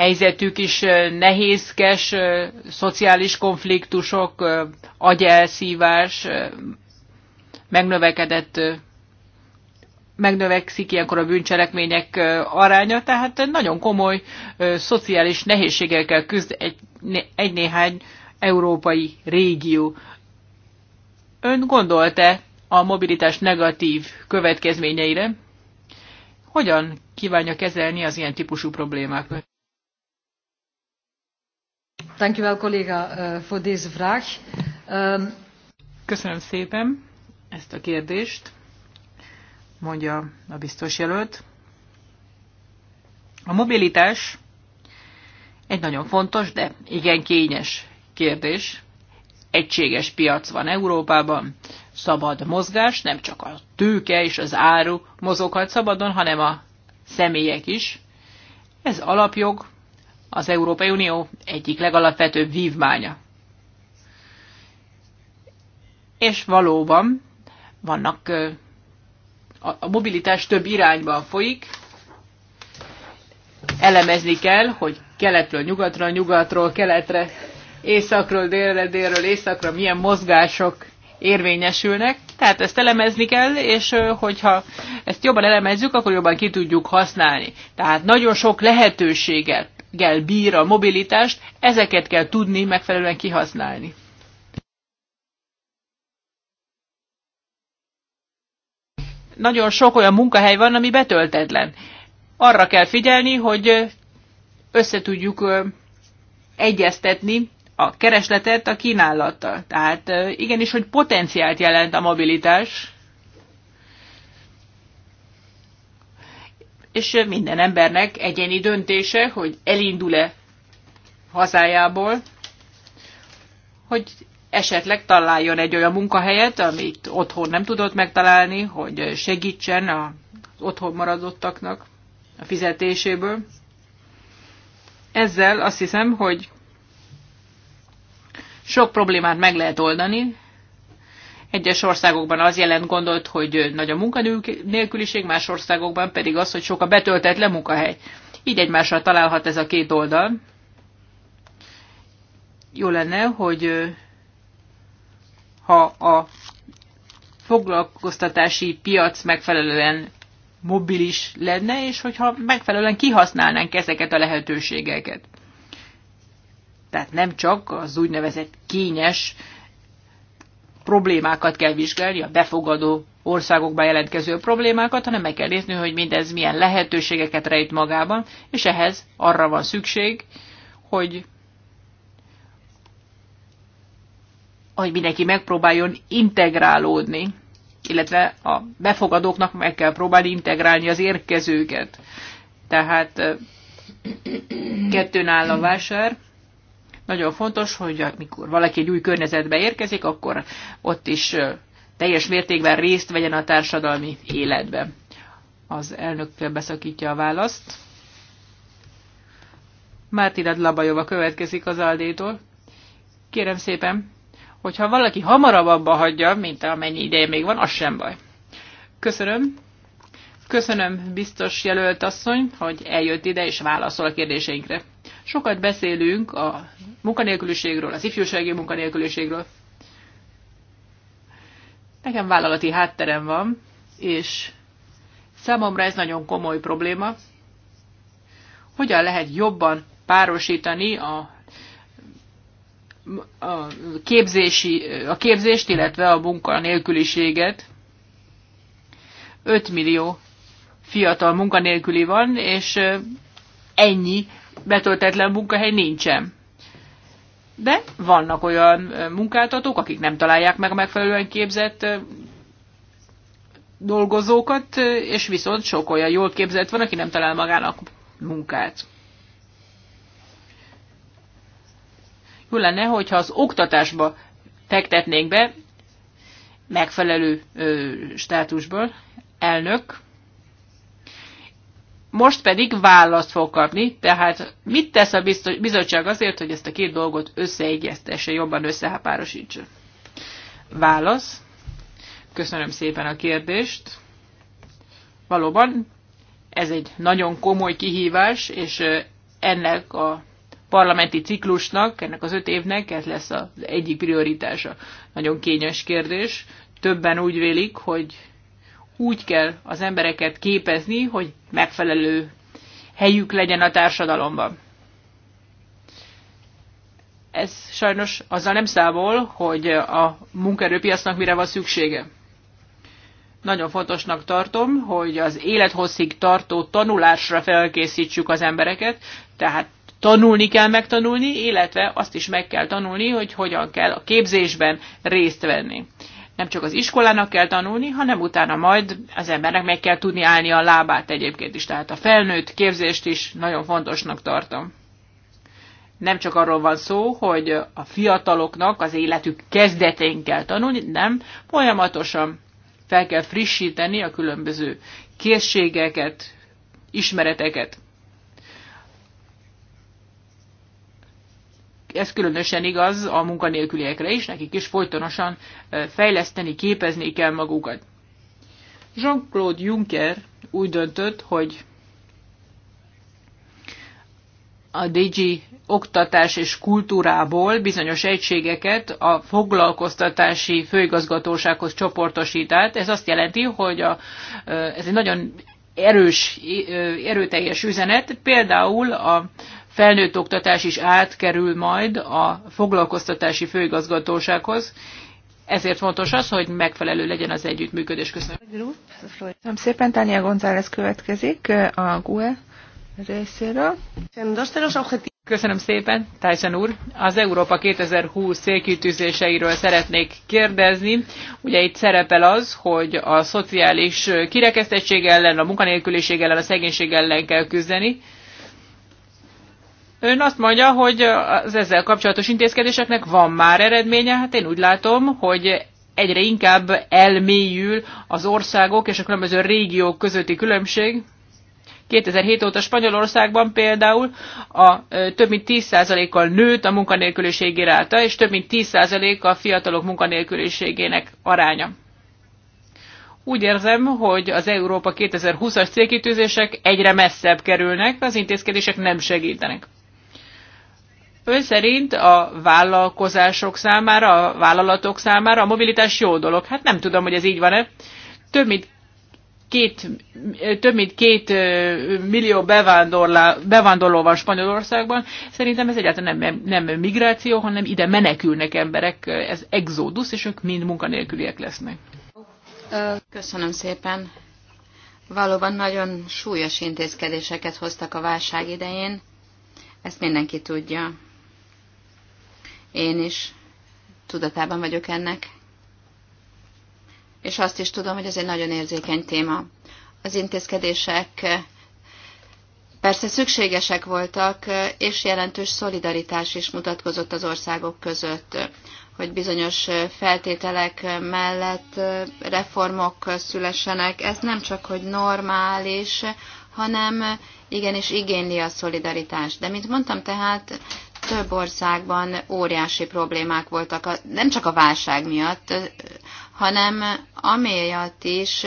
helyzetük is nehézkes, szociális konfliktusok, agyelszívás, megnövekedett megnövekszik ilyenkor a bűncselekmények aránya, tehát nagyon komoly szociális nehézségekkel küzd egy, egy néhány európai régió. Ön gondolta a mobilitás negatív következményeire? Hogyan kívánja kezelni az ilyen típusú problémákat? Dank u wel, collega, voor uh, deze vraag. Um... Köszönöm szépen ezt a kérdést, mondja a biztos jelölt. A mobilitás egy nagyon fontos, de igen kényes kérdés. Egységes piac van Európában, szabad mozgás, nem csak a tőke és az áru mozoghat szabadon, hanem a személyek is. Ez alapjog, az Európai Unió egyik legalapvetőbb vívmánya. És valóban vannak a mobilitás több irányban folyik, elemezni kell, hogy keletről nyugatra, nyugatról keletre, északról délre, délről északra milyen mozgások érvényesülnek. Tehát ezt elemezni kell, és hogyha ezt jobban elemezzük, akkor jobban ki tudjuk használni. Tehát nagyon sok lehetőséget gel bír a mobilitást, ezeket kell tudni megfelelően kihasználni. Nagyon sok olyan munkahely van, ami betöltetlen. Arra kell figyelni, hogy összetudjuk egyeztetni a keresletet a kínálattal. Tehát igenis, hogy potenciált jelent a mobilitás, és minden embernek egyéni döntése, hogy elindul-e hazájából, hogy esetleg találjon egy olyan munkahelyet, amit otthon nem tudott megtalálni, hogy segítsen az otthon maradottaknak a fizetéséből. Ezzel azt hiszem, hogy sok problémát meg lehet oldani, egyes országokban az jelent gondolt, hogy nagy a munkanélküliség, más országokban pedig az, hogy sok a betöltetlen munkahely. Így egymással találhat ez a két oldal. Jó lenne, hogy ha a foglalkoztatási piac megfelelően mobilis lenne, és hogyha megfelelően kihasználnánk ezeket a lehetőségeket. Tehát nem csak az úgynevezett kényes problémákat kell vizsgálni, a befogadó országokban jelentkező problémákat, hanem meg kell nézni, hogy mindez milyen lehetőségeket rejt magában, és ehhez arra van szükség, hogy, hogy mindenki megpróbáljon integrálódni, illetve a befogadóknak meg kell próbálni integrálni az érkezőket. Tehát kettőn áll a vásár, nagyon fontos, hogy amikor valaki egy új környezetbe érkezik, akkor ott is teljes mértékben részt vegyen a társadalmi életben. Az elnök beszakítja a választ. Mártirad Labajova következik az Aldétól. Kérem szépen, hogyha valaki hamarabb abba hagyja, mint amennyi ideje még van, az sem baj. Köszönöm. Köszönöm, biztos jelölt asszony, hogy eljött ide és válaszol a kérdéseinkre. Sokat beszélünk a munkanélküliségről, az ifjúsági munkanélküliségről. Nekem vállalati hátterem van, és számomra ez nagyon komoly probléma. Hogyan lehet jobban párosítani a a, képzési, a képzést, illetve a munkanélküliséget. 5 millió fiatal munkanélküli van, és ennyi betöltetlen munkahely nincsen. De vannak olyan munkáltatók, akik nem találják meg a megfelelően képzett dolgozókat, és viszont sok olyan jól képzett van, aki nem talál magának munkát. Jó lenne, hogyha az oktatásba fektetnénk be megfelelő ö, státusból elnök most pedig választ fog kapni, tehát mit tesz a bizottság azért, hogy ezt a két dolgot összeegyeztesse, jobban összehápárosítsa? Válasz. Köszönöm szépen a kérdést. Valóban ez egy nagyon komoly kihívás, és ennek a parlamenti ciklusnak, ennek az öt évnek ez lesz az egyik prioritása. Nagyon kényes kérdés. Többen úgy vélik, hogy úgy kell az embereket képezni, hogy megfelelő helyük legyen a társadalomban. Ez sajnos azzal nem számol, hogy a munkerőpiacnak mire van szüksége. Nagyon fontosnak tartom, hogy az élethosszig tartó tanulásra felkészítsük az embereket, tehát tanulni kell megtanulni, illetve azt is meg kell tanulni, hogy hogyan kell a képzésben részt venni nem csak az iskolának kell tanulni, hanem utána majd az embernek meg kell tudni állni a lábát egyébként is. Tehát a felnőtt képzést is nagyon fontosnak tartom. Nem csak arról van szó, hogy a fiataloknak az életük kezdetén kell tanulni, nem, folyamatosan fel kell frissíteni a különböző készségeket, ismereteket. ez különösen igaz a munkanélküliekre is, nekik is folytonosan fejleszteni, képezni kell magukat. Jean-Claude Juncker úgy döntött, hogy a DG oktatás és kultúrából bizonyos egységeket a foglalkoztatási főigazgatósághoz csoportosít át. Ez azt jelenti, hogy a, ez egy nagyon erős, erőteljes üzenet. Például a felnőtt oktatás is átkerül majd a foglalkoztatási főigazgatósághoz, ezért fontos az, hogy megfelelő legyen az együttműködés. Köszönöm. Köszönöm szépen, Tánia González következik eh, a GUE részéről. Köszönöm szépen, Tyson úr. Az Európa 2020 célkitűzéseiről szeretnék kérdezni. Ugye itt szerepel az, hogy a szociális kirekesztettség ellen, a munkanélküliség ellen, a szegénység ellen kell küzdeni. Ön azt mondja, hogy az ezzel kapcsolatos intézkedéseknek van már eredménye. Hát én úgy látom, hogy egyre inkább elmélyül az országok és a különböző régiók közötti különbség. 2007 óta Spanyolországban például a több mint 10%-kal nőtt a munkanélküliség iráta, és több mint 10% a fiatalok munkanélküliségének aránya. Úgy érzem, hogy az Európa 2020-as célkitűzések egyre messzebb kerülnek, az intézkedések nem segítenek. Ön szerint a vállalkozások számára, a vállalatok számára a mobilitás jó dolog. Hát nem tudom, hogy ez így van-e. Több mint két, több mint két millió bevándorló van Spanyolországban. Szerintem ez egyáltalán nem, nem migráció, hanem ide menekülnek emberek, ez exodus, és ők mind munkanélküliek lesznek. Köszönöm szépen. Valóban nagyon súlyos intézkedéseket hoztak a válság idején, ezt mindenki tudja. Én is tudatában vagyok ennek. És azt is tudom, hogy ez egy nagyon érzékeny téma. Az intézkedések eh, persze szükségesek voltak, eh, és jelentős szolidaritás is mutatkozott az országok között eh, hogy bizonyos feltételek mellett reformok szülessenek. Ez nem csak, hogy normális, hanem igenis igényli a szolidaritást. De mint mondtam, tehát több országban óriási problémák voltak, a, nem csak a válság miatt, hanem amiatt is,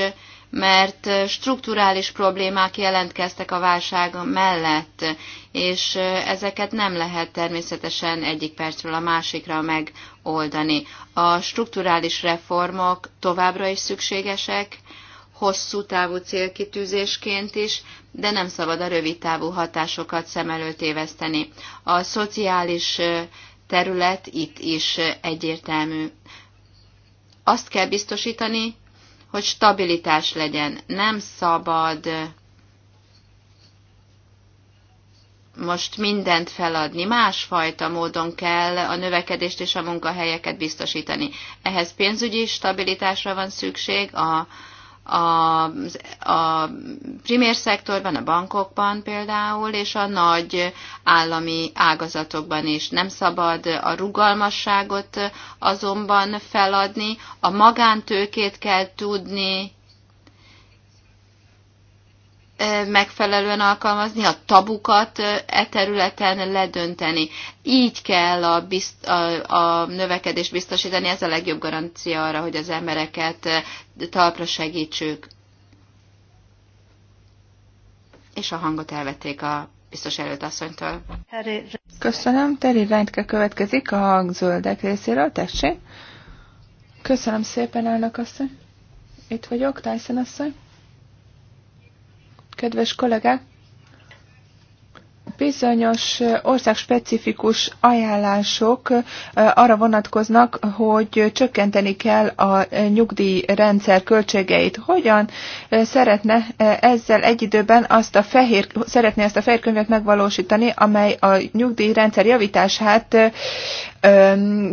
mert strukturális problémák jelentkeztek a válság mellett, és ezeket nem lehet természetesen egyik percről a másikra megoldani. A strukturális reformok továbbra is szükségesek, hosszú távú célkitűzésként is, de nem szabad a rövid távú hatásokat szem előtt éveszteni. A szociális terület itt is egyértelmű. Azt kell biztosítani, hogy stabilitás legyen. Nem szabad most mindent feladni, másfajta módon kell a növekedést és a munkahelyeket biztosítani. Ehhez pénzügyi stabilitásra van szükség, a, a, a primér szektorban, a bankokban például, és a nagy állami ágazatokban is. Nem szabad a rugalmasságot azonban feladni, a magántőkét kell tudni megfelelően alkalmazni, a tabukat e területen ledönteni. Így kell a, bizt, a, a növekedést biztosítani, ez a legjobb garancia arra, hogy az embereket talpra segítsük. És a hangot elvették a biztos előtt asszonytól. Köszönöm, Teri Reintke következik a zöldek részéről, tessék. Köszönöm szépen, elnök asszony. Itt vagyok, Tyson asszony kedves kollégák! Bizonyos országspecifikus ajánlások arra vonatkoznak, hogy csökkenteni kell a nyugdíjrendszer költségeit. Hogyan szeretne ezzel egy időben azt a fehér, szeretné ezt a fehér könyvet megvalósítani, amely a nyugdíjrendszer javítását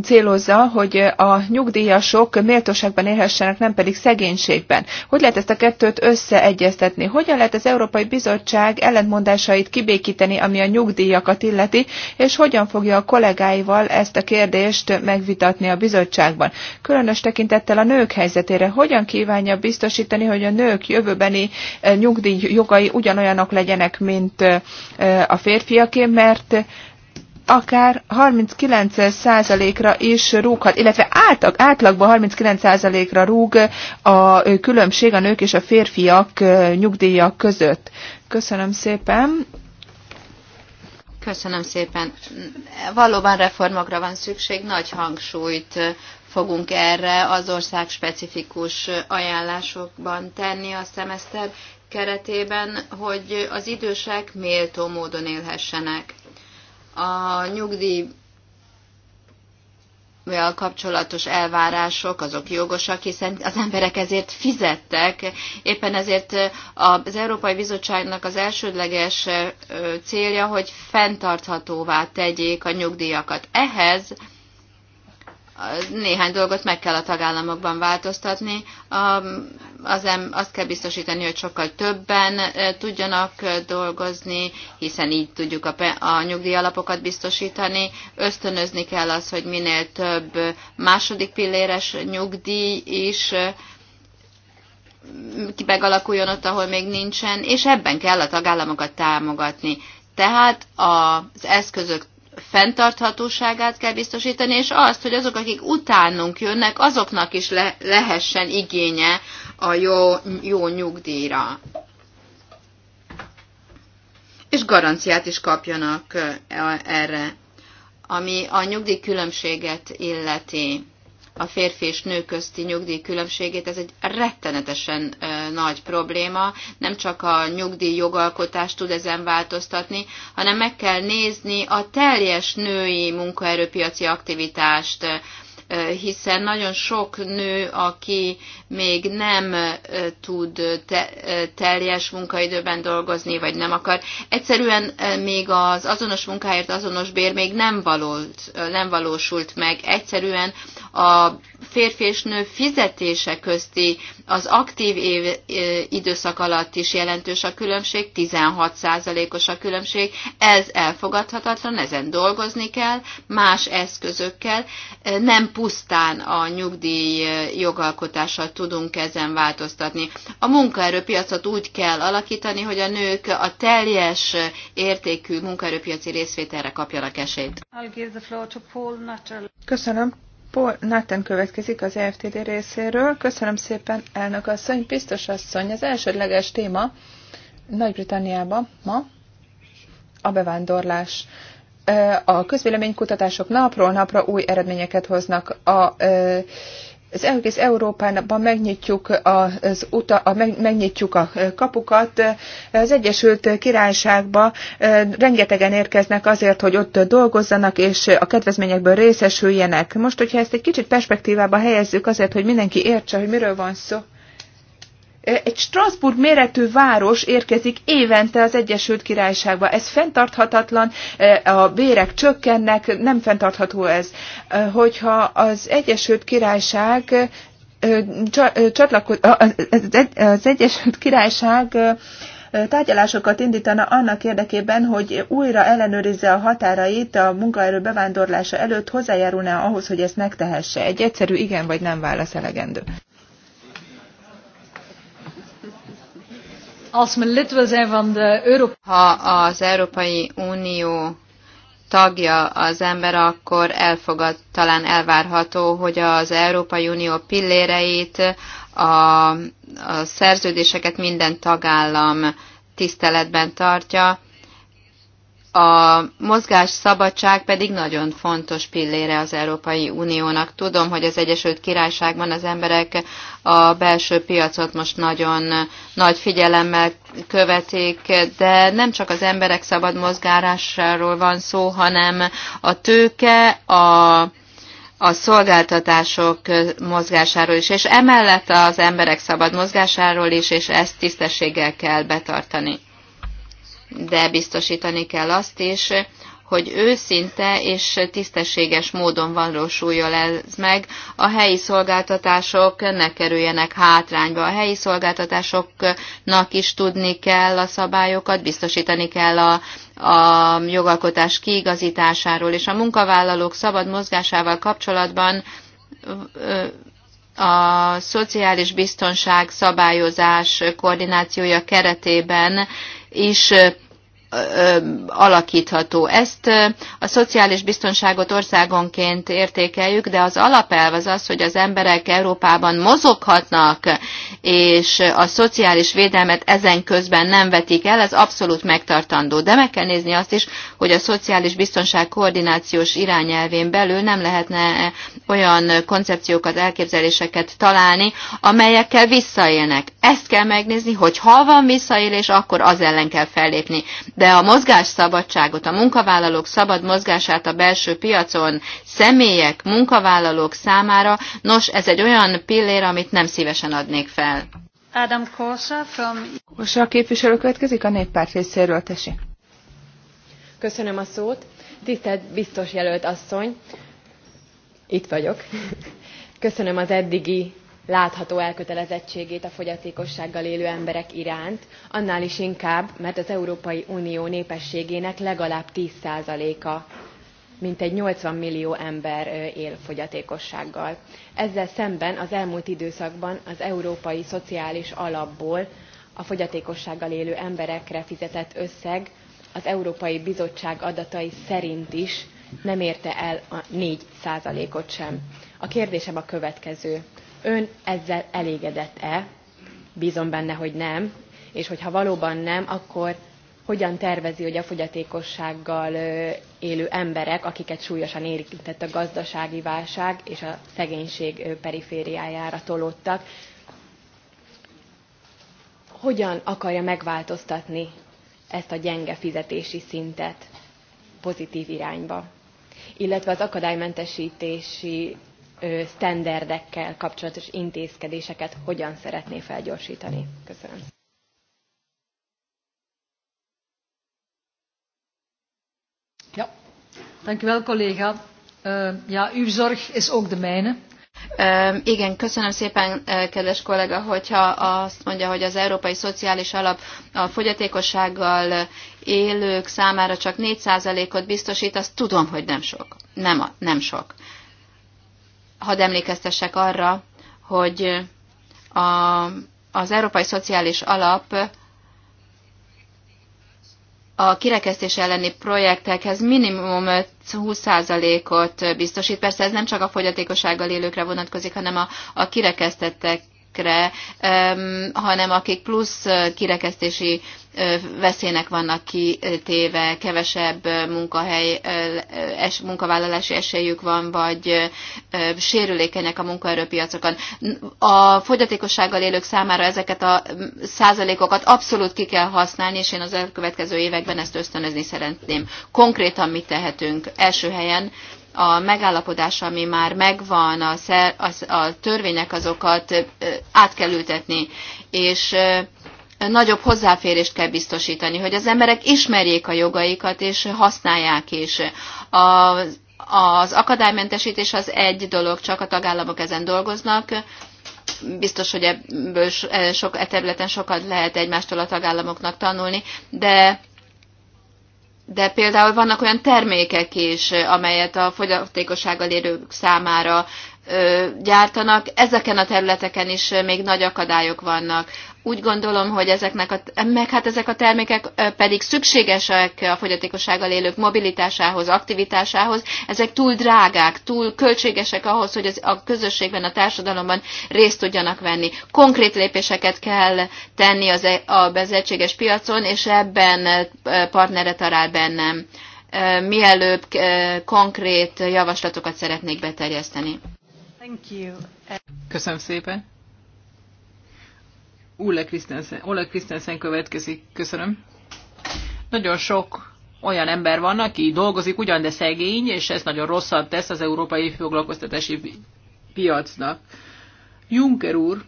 célozza, hogy a nyugdíjasok méltóságban élhessenek, nem pedig szegénységben. Hogy lehet ezt a kettőt összeegyeztetni? Hogyan lehet az Európai Bizottság ellentmondásait kibékíteni, ami a nyugdíjakat illeti, és hogyan fogja a kollégáival ezt a kérdést megvitatni a bizottságban? Különös tekintettel a nők helyzetére hogyan kívánja biztosítani, hogy a nők jövőbeni nyugdíj jogai ugyanolyanok legyenek, mint a férfiaké, mert akár 39%-ra is rúghat, illetve átlag, átlagban 39%-ra rúg a különbség a nők és a férfiak nyugdíjak között. Köszönöm szépen. Köszönöm szépen. Valóban reformokra van szükség, nagy hangsúlyt fogunk erre az ország specifikus ajánlásokban tenni a szemeszter keretében, hogy az idősek méltó módon élhessenek. A nyugdíj kapcsolatos elvárások, azok jogosak, hiszen az emberek ezért fizettek. Éppen ezért az Európai Bizottságnak az elsődleges célja, hogy fenntarthatóvá tegyék a nyugdíjakat. Ehhez néhány dolgot meg kell a tagállamokban változtatni. A az azt kell biztosítani, hogy sokkal többen tudjanak dolgozni, hiszen így tudjuk a, a nyugdíjalapokat biztosítani. Ösztönözni kell az, hogy minél több második pilléres nyugdíj is megalakuljon ott, ahol még nincsen, és ebben kell a tagállamokat támogatni. Tehát az eszközök fenntarthatóságát kell biztosítani, és azt, hogy azok, akik utánunk jönnek, azoknak is le- lehessen igénye a jó, jó nyugdíjra. És garanciát is kapjanak erre, ami a nyugdíj különbséget illeti a férfi és nő közti nyugdíj különbségét, ez egy rettenetesen nagy probléma. Nem csak a nyugdíj jogalkotást tud ezen változtatni, hanem meg kell nézni a teljes női munkaerőpiaci aktivitást, hiszen nagyon sok nő, aki még nem tud te, teljes munkaidőben dolgozni, vagy nem akar, egyszerűen még az azonos munkáért azonos bér még nem, valolt, nem valósult meg. Egyszerűen a férfi és nő fizetése közti az aktív év, időszak alatt is jelentős a különbség, 16%-os a különbség, ez elfogadhatatlan, ezen dolgozni kell, más eszközökkel, nem pusztán a nyugdíj eh, jogalkotással tudunk ezen változtatni. A munkaerőpiacot úgy kell alakítani, hogy a nők a teljes eh, értékű munkaerőpiaci részvételre kapjanak esélyt. Köszönöm. Paul Nathan következik az EFTD részéről. Köszönöm szépen, elnök asszony, biztos asszony. Az elsődleges téma nagy-Britanniában ma a bevándorlás a közvéleménykutatások napról napra új eredményeket hoznak. A, az egész Európában megnyitjuk, az uta, a, megnyitjuk a kapukat. Az Egyesült Királyságba rengetegen érkeznek azért, hogy ott dolgozzanak, és a kedvezményekből részesüljenek. Most, hogyha ezt egy kicsit perspektívába helyezzük azért, hogy mindenki értse, hogy miről van szó, egy Strasbourg méretű város érkezik évente az Egyesült Királyságba. Ez fenntarthatatlan, a bérek csökkennek, nem fenntartható ez. Hogyha az Egyesült Királyság az Egyesült Királyság tárgyalásokat indítana annak érdekében, hogy újra ellenőrizze a határait a munkaerő bevándorlása előtt, hozzájárulna ahhoz, hogy ezt megtehesse. Egy egyszerű igen vagy nem válasz elegendő. Als men lid wil zijn van de Europa. ha az Európai Unió tagja az ember, akkor elfogad, talán elvárható, hogy az Európai Unió pilléreit, a, a szerződéseket minden tagállam tiszteletben tartja, a mozgás szabadság pedig nagyon fontos pillére az Európai Uniónak. Tudom, hogy az Egyesült Királyságban az emberek a belső piacot most nagyon nagy figyelemmel követik, de nem csak az emberek szabad mozgásáról van szó, hanem a tőke, a a szolgáltatások mozgásáról is, és emellett az emberek szabad mozgásáról is, és ezt tisztességgel kell betartani de biztosítani kell azt is, hogy őszinte és tisztességes módon valósuljon ez meg, a helyi szolgáltatások ne kerüljenek hátrányba. A helyi szolgáltatásoknak is tudni kell a szabályokat, biztosítani kell a, a jogalkotás kiigazításáról, és a munkavállalók szabad mozgásával kapcsolatban a szociális biztonság szabályozás koordinációja keretében és alakítható. Ezt a szociális biztonságot országonként értékeljük, de az alapelv az az, hogy az emberek Európában mozoghatnak, és a szociális védelmet ezen közben nem vetik el, ez abszolút megtartandó. De meg kell nézni azt is, hogy a szociális biztonság koordinációs irányelvén belül nem lehetne olyan koncepciókat, elképzeléseket találni, amelyekkel visszaélnek. Ezt kell megnézni, hogy ha van visszaélés, akkor az ellen kell fellépni de a mozgásszabadságot, a munkavállalók szabad mozgását a belső piacon személyek, munkavállalók számára, nos, ez egy olyan pillér, amit nem szívesen adnék fel. Adam Korsa from... Korsa képviselő következik a néppárt részéről, tesi. Köszönöm a szót. Tisztelt biztos jelölt asszony, itt vagyok. Köszönöm az eddigi látható elkötelezettségét a fogyatékossággal élő emberek iránt, annál is inkább, mert az Európai Unió népességének legalább 10%-a mintegy 80 millió ember él fogyatékossággal. Ezzel szemben az elmúlt időszakban az Európai Szociális Alapból a fogyatékossággal élő emberekre fizetett összeg az Európai Bizottság adatai szerint is nem érte el a 4 ot sem. A kérdésem a következő Ön ezzel elégedett-e? Bízom benne, hogy nem. És hogyha valóban nem, akkor hogyan tervezi, hogy a fogyatékossággal élő emberek, akiket súlyosan érintett a gazdasági válság és a szegénység perifériájára tolódtak, hogyan akarja megváltoztatni ezt a gyenge fizetési szintet pozitív irányba? Illetve az akadálymentesítési sztenderdekkel kapcsolatos intézkedéseket hogyan szeretné felgyorsítani. Köszönöm. Ja, dankjewel collega. Uh, ja, uw zorg is ook de mijne. Eh, igen, köszönöm szépen, eh, kedves kollega, hogyha azt mondja, hogy az Európai Szociális Alap a fogyatékossággal élők számára csak 4%-ot biztosít, azt tudom, hogy nem sok. Nem, nem sok hadd emlékeztessek arra, hogy a, az Európai Szociális Alap a kirekesztés elleni projektekhez minimum 20%-ot biztosít. Persze ez nem csak a fogyatékossággal élőkre vonatkozik, hanem a, a kirekesztettek emberekre, hanem akik plusz kirekesztési veszélynek vannak kitéve, kevesebb munkahely, munkavállalási esélyük van, vagy sérülékenyek a munkaerőpiacokon. A fogyatékossággal élők számára ezeket a százalékokat abszolút ki kell használni, és én az elkövetkező években ezt ösztönözni szeretném. Konkrétan mit tehetünk? Első helyen a megállapodás, ami már megvan, a, szer, a, a törvények azokat át kell ültetni, és nagyobb hozzáférést kell biztosítani, hogy az emberek ismerjék a jogaikat, és használják is. Az, az akadálymentesítés az egy dolog, csak a tagállamok ezen dolgoznak, biztos, hogy ebből e, sok, e területen sokat lehet egymástól a tagállamoknak tanulni, de de például vannak olyan termékek is, amelyet a fogyatékossággal érők számára gyártanak. Ezeken a területeken is még nagy akadályok vannak úgy gondolom, hogy ezeknek a, meg hát ezek a termékek pedig szükségesek a fogyatékossággal élők mobilitásához, aktivitásához, ezek túl drágák, túl költségesek ahhoz, hogy az, a közösségben, a társadalomban részt tudjanak venni. Konkrét lépéseket kell tenni az, e, a bezettséges piacon, és ebben partnere talál bennem. Mielőbb konkrét javaslatokat szeretnék beterjeszteni. Köszönöm szépen. Ulle Christensen, Ulle Christensen következik. Köszönöm. Nagyon sok olyan ember van, aki dolgozik ugyan, de szegény, és ez nagyon rosszat tesz az európai foglalkoztatási piacnak. Juncker úr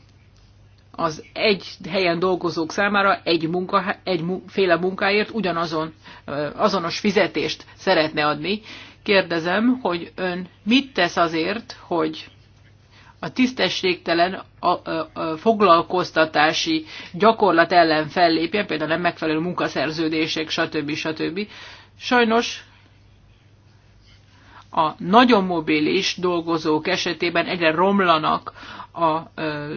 az egy helyen dolgozók számára egy, munka, egy féle munkáért ugyanazon azonos fizetést szeretne adni. Kérdezem, hogy ön mit tesz azért, hogy a tisztességtelen a, a, a foglalkoztatási gyakorlat ellen fellépjen, például nem megfelelő munkaszerződések, stb. stb. Sajnos a nagyon mobilis dolgozók esetében egyre romlanak a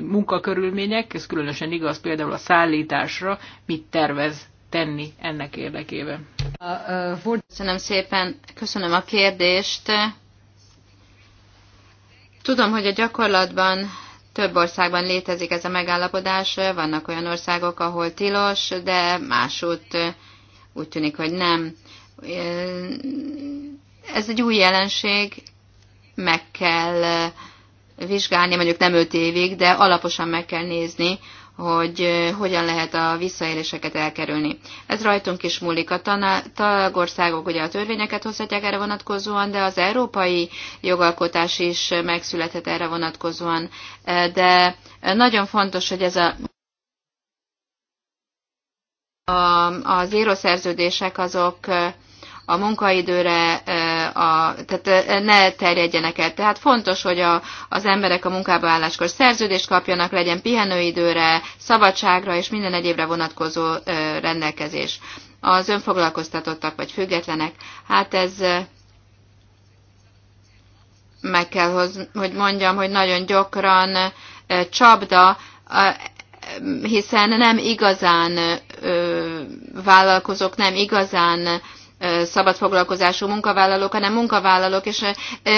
munkakörülmények, ez különösen igaz például a szállításra, mit tervez tenni ennek érdekében. Köszönöm szépen, köszönöm a kérdést. Tudom, hogy a gyakorlatban több országban létezik ez a megállapodás, vannak olyan országok, ahol tilos, de másút úgy tűnik, hogy nem. Ez egy új jelenség, meg kell vizsgálni, mondjuk nem öt évig, de alaposan meg kell nézni, hogy eh, hogyan lehet a visszaéléseket elkerülni. Ez rajtunk is múlik. A tagországok ugye a törvényeket hozhatják erre vonatkozóan, de az európai jogalkotás is megszülethet erre vonatkozóan. Eh, de eh, nagyon fontos, hogy ez a a, az írószerződések azok a munkaidőre, a, tehát ne terjedjenek el. Tehát fontos, hogy a, az emberek a munkába álláskor szerződést kapjanak, legyen pihenőidőre, szabadságra és minden egyébre vonatkozó rendelkezés. Az önfoglalkoztatottak vagy függetlenek, hát ez meg kell, hogy mondjam, hogy nagyon gyakran csapda, hiszen nem igazán vállalkozók, nem igazán szabadfoglalkozású munkavállalók, hanem munkavállalók, és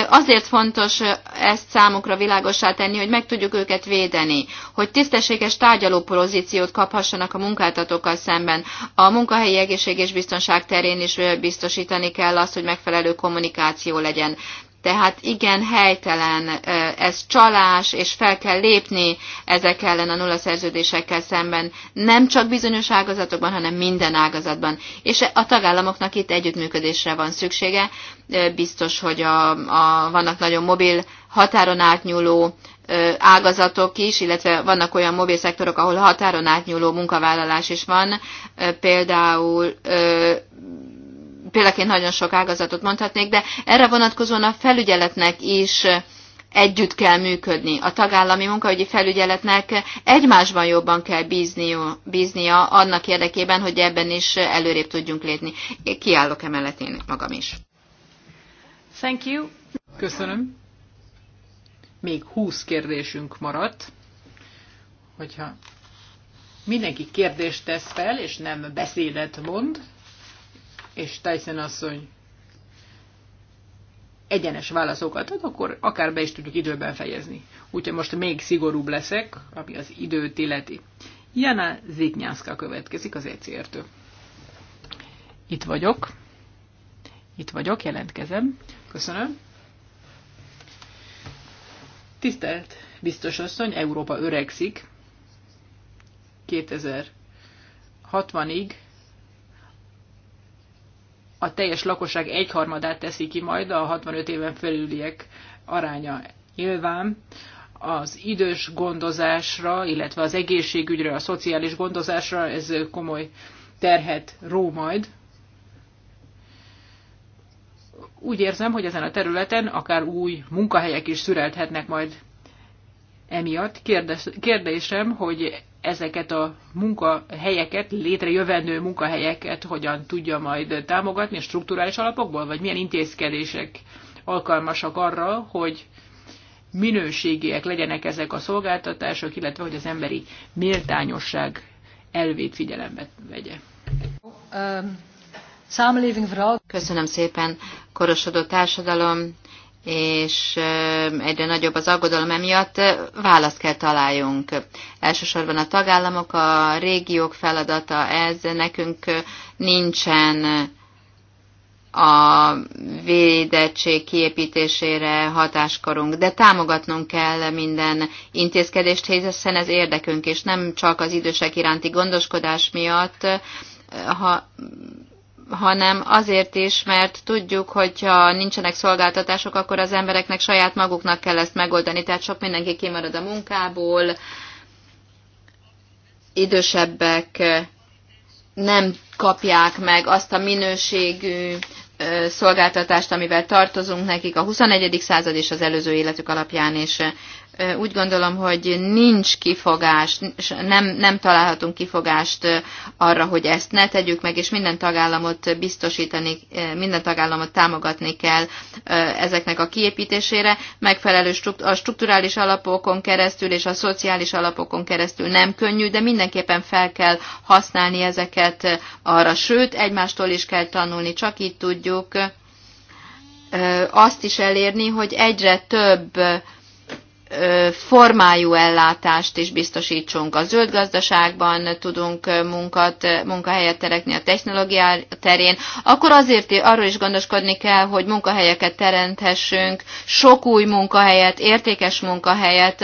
azért fontos ezt számukra világossá tenni, hogy meg tudjuk őket védeni, hogy tisztességes tárgyaló pozíciót kaphassanak a munkáltatókkal szemben. A munkahelyi egészség és biztonság terén is biztosítani kell azt, hogy megfelelő kommunikáció legyen. Tehát igen, helytelen, ez csalás, és fel kell lépni ezek ellen a nulla szerződésekkel szemben, nem csak bizonyos ágazatokban, hanem minden ágazatban. És a tagállamoknak itt együttműködésre van szüksége. Biztos, hogy a, a, vannak nagyon mobil, határon átnyúló ágazatok is, illetve vannak olyan mobil szektorok, ahol határon átnyúló munkavállalás is van, például én nagyon sok ágazatot mondhatnék, de erre vonatkozóan a felügyeletnek is együtt kell működni. A tagállami munkaügyi felügyeletnek egymásban jobban kell bíznia, bíznia annak érdekében, hogy ebben is előrébb tudjunk lépni. Kiállok emellett én magam is. Thank you. Köszönöm. Még 20 kérdésünk maradt. Hogyha mindenki kérdést tesz fel, és nem beszédet mond, és Tyson asszony egyenes válaszokat ad, akkor akár be is tudjuk időben fejezni. Úgyhogy most még szigorúbb leszek, ami az időt illeti. Jana Zignyászka következik az ECR-től. Itt vagyok. Itt vagyok, jelentkezem. Köszönöm. Tisztelt biztos asszony, Európa öregszik. 2060-ig a teljes lakosság egyharmadát teszi ki majd a 65 éven felüliek aránya. Nyilván az idős gondozásra, illetve az egészségügyre, a szociális gondozásra ez komoly terhet ró majd. Úgy érzem, hogy ezen a területen akár új munkahelyek is szürelthetnek majd emiatt. Kérdés, kérdésem, hogy ezeket a munkahelyeket, létrejövendő munkahelyeket hogyan tudja majd támogatni a strukturális alapokból, vagy milyen intézkedések alkalmasak arra, hogy minőségiek legyenek ezek a szolgáltatások, illetve hogy az emberi méltányosság elvét figyelembe vegye. Um, Köszönöm szépen. Korosodó társadalom, és egyre nagyobb az aggodalom emiatt, választ kell találjunk. Elsősorban a tagállamok, a régiók feladata ez, nekünk nincsen a védettség kiépítésére hatáskorunk, de támogatnunk kell minden intézkedést, hiszen ez érdekünk, és nem csak az idősek iránti gondoskodás miatt, ha hanem azért is, mert tudjuk, hogyha nincsenek szolgáltatások, akkor az embereknek saját maguknak kell ezt megoldani, tehát sok mindenki kimarad a munkából, idősebbek nem kapják meg azt a minőségű szolgáltatást, amivel tartozunk nekik a 21. század és az előző életük alapján is úgy gondolom, hogy nincs kifogás, nem, nem találhatunk kifogást arra, hogy ezt ne tegyük meg, és minden tagállamot biztosítani, minden tagállamot támogatni kell ezeknek a kiépítésére. Megfelelő a strukturális alapokon keresztül és a szociális alapokon keresztül nem könnyű, de mindenképpen fel kell használni ezeket arra, sőt, egymástól is kell tanulni, csak így tudjuk azt is elérni, hogy egyre több formájú ellátást is biztosítsunk. A zöld gazdaságban tudunk munkat, munkahelyet teremteni a technológia terén, akkor azért arról is gondoskodni kell, hogy munkahelyeket teremthessünk, sok új munkahelyet, értékes munkahelyet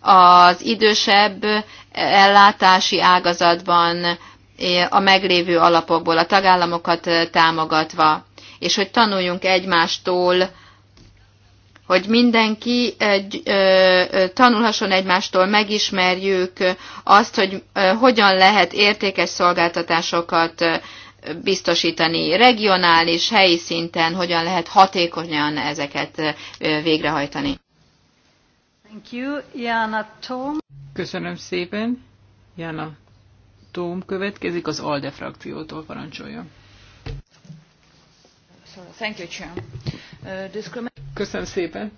az idősebb ellátási ágazatban a meglévő alapokból, a tagállamokat támogatva, és hogy tanuljunk egymástól, hogy mindenki egy, tanulhasson egymástól, megismerjük azt, hogy hogyan lehet értékes szolgáltatásokat biztosítani regionális, helyi szinten, hogyan lehet hatékonyan ezeket végrehajtani. Thank you, Jana Tom. Köszönöm szépen. Jana Tom következik, az ALDE frakciótól parancsolja. Thank you, Chair. Köszönöm szépen.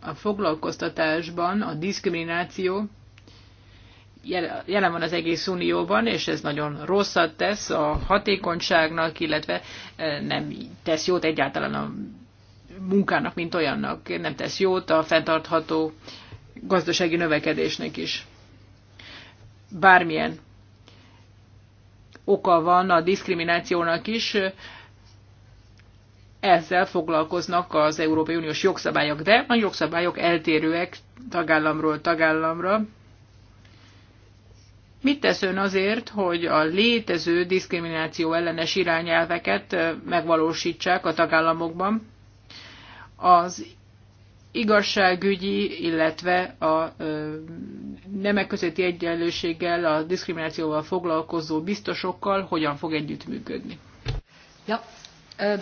A foglalkoztatásban a diszkrimináció jelen van az egész unióban, és ez nagyon rosszat tesz a hatékonyságnak, illetve e, nem tesz jót egyáltalán a munkának, mint olyannak. Nem tesz jót a fenntartható gazdasági növekedésnek is. Bármilyen oka van a diszkriminációnak is, ezzel foglalkoznak az Európai Uniós jogszabályok, de a jogszabályok eltérőek tagállamról tagállamra. Mit tesz ön azért, hogy a létező diszkrimináció ellenes irányelveket megvalósítsák a tagállamokban? Az igazságügyi, illetve a nemek közötti egyenlőséggel, a diszkriminációval foglalkozó biztosokkal hogyan fog együttműködni? Ja, Eh,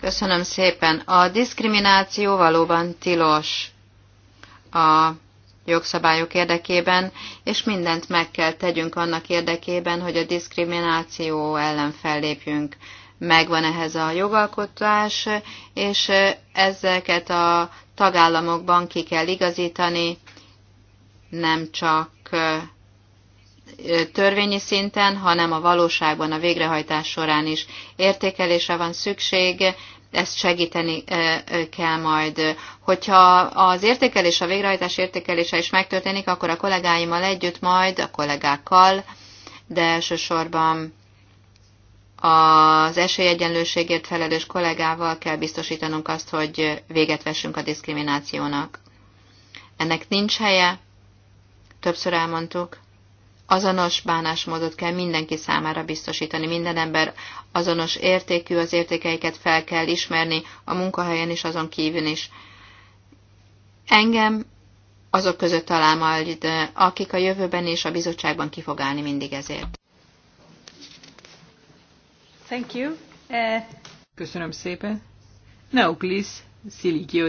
Köszönöm szépen. A diszkrimináció valóban tilos a jogszabályok érdekében, és mindent meg kell tegyünk annak érdekében, hogy a diszkrimináció ellen fellépjünk. Megvan ehhez a jogalkotás, és ezeket a tagállamokban ki kell igazítani, nem csak eh, törvényi szinten, hanem a valóságban, a végrehajtás során is értékelése van szükség, ezt segíteni kell majd. Hogyha az értékelés, a végrehajtás értékelése is megtörténik, akkor a kollégáimmal együtt majd, a kollégákkal, de elsősorban az esélyegyenlőségért felelős kollégával kell biztosítanunk azt, hogy véget vessünk a diszkriminációnak. Ennek nincs helye, többször elmondtuk, azonos bánásmódot kell mindenki számára biztosítani. Minden ember azonos értékű, az értékeiket fel kell ismerni a munkahelyen is, azon kívül is. Engem azok között talál majd, akik a jövőben és a bizottságban ki fog állni mindig ezért. Thank you. Uh... Köszönöm szépen. Neoklis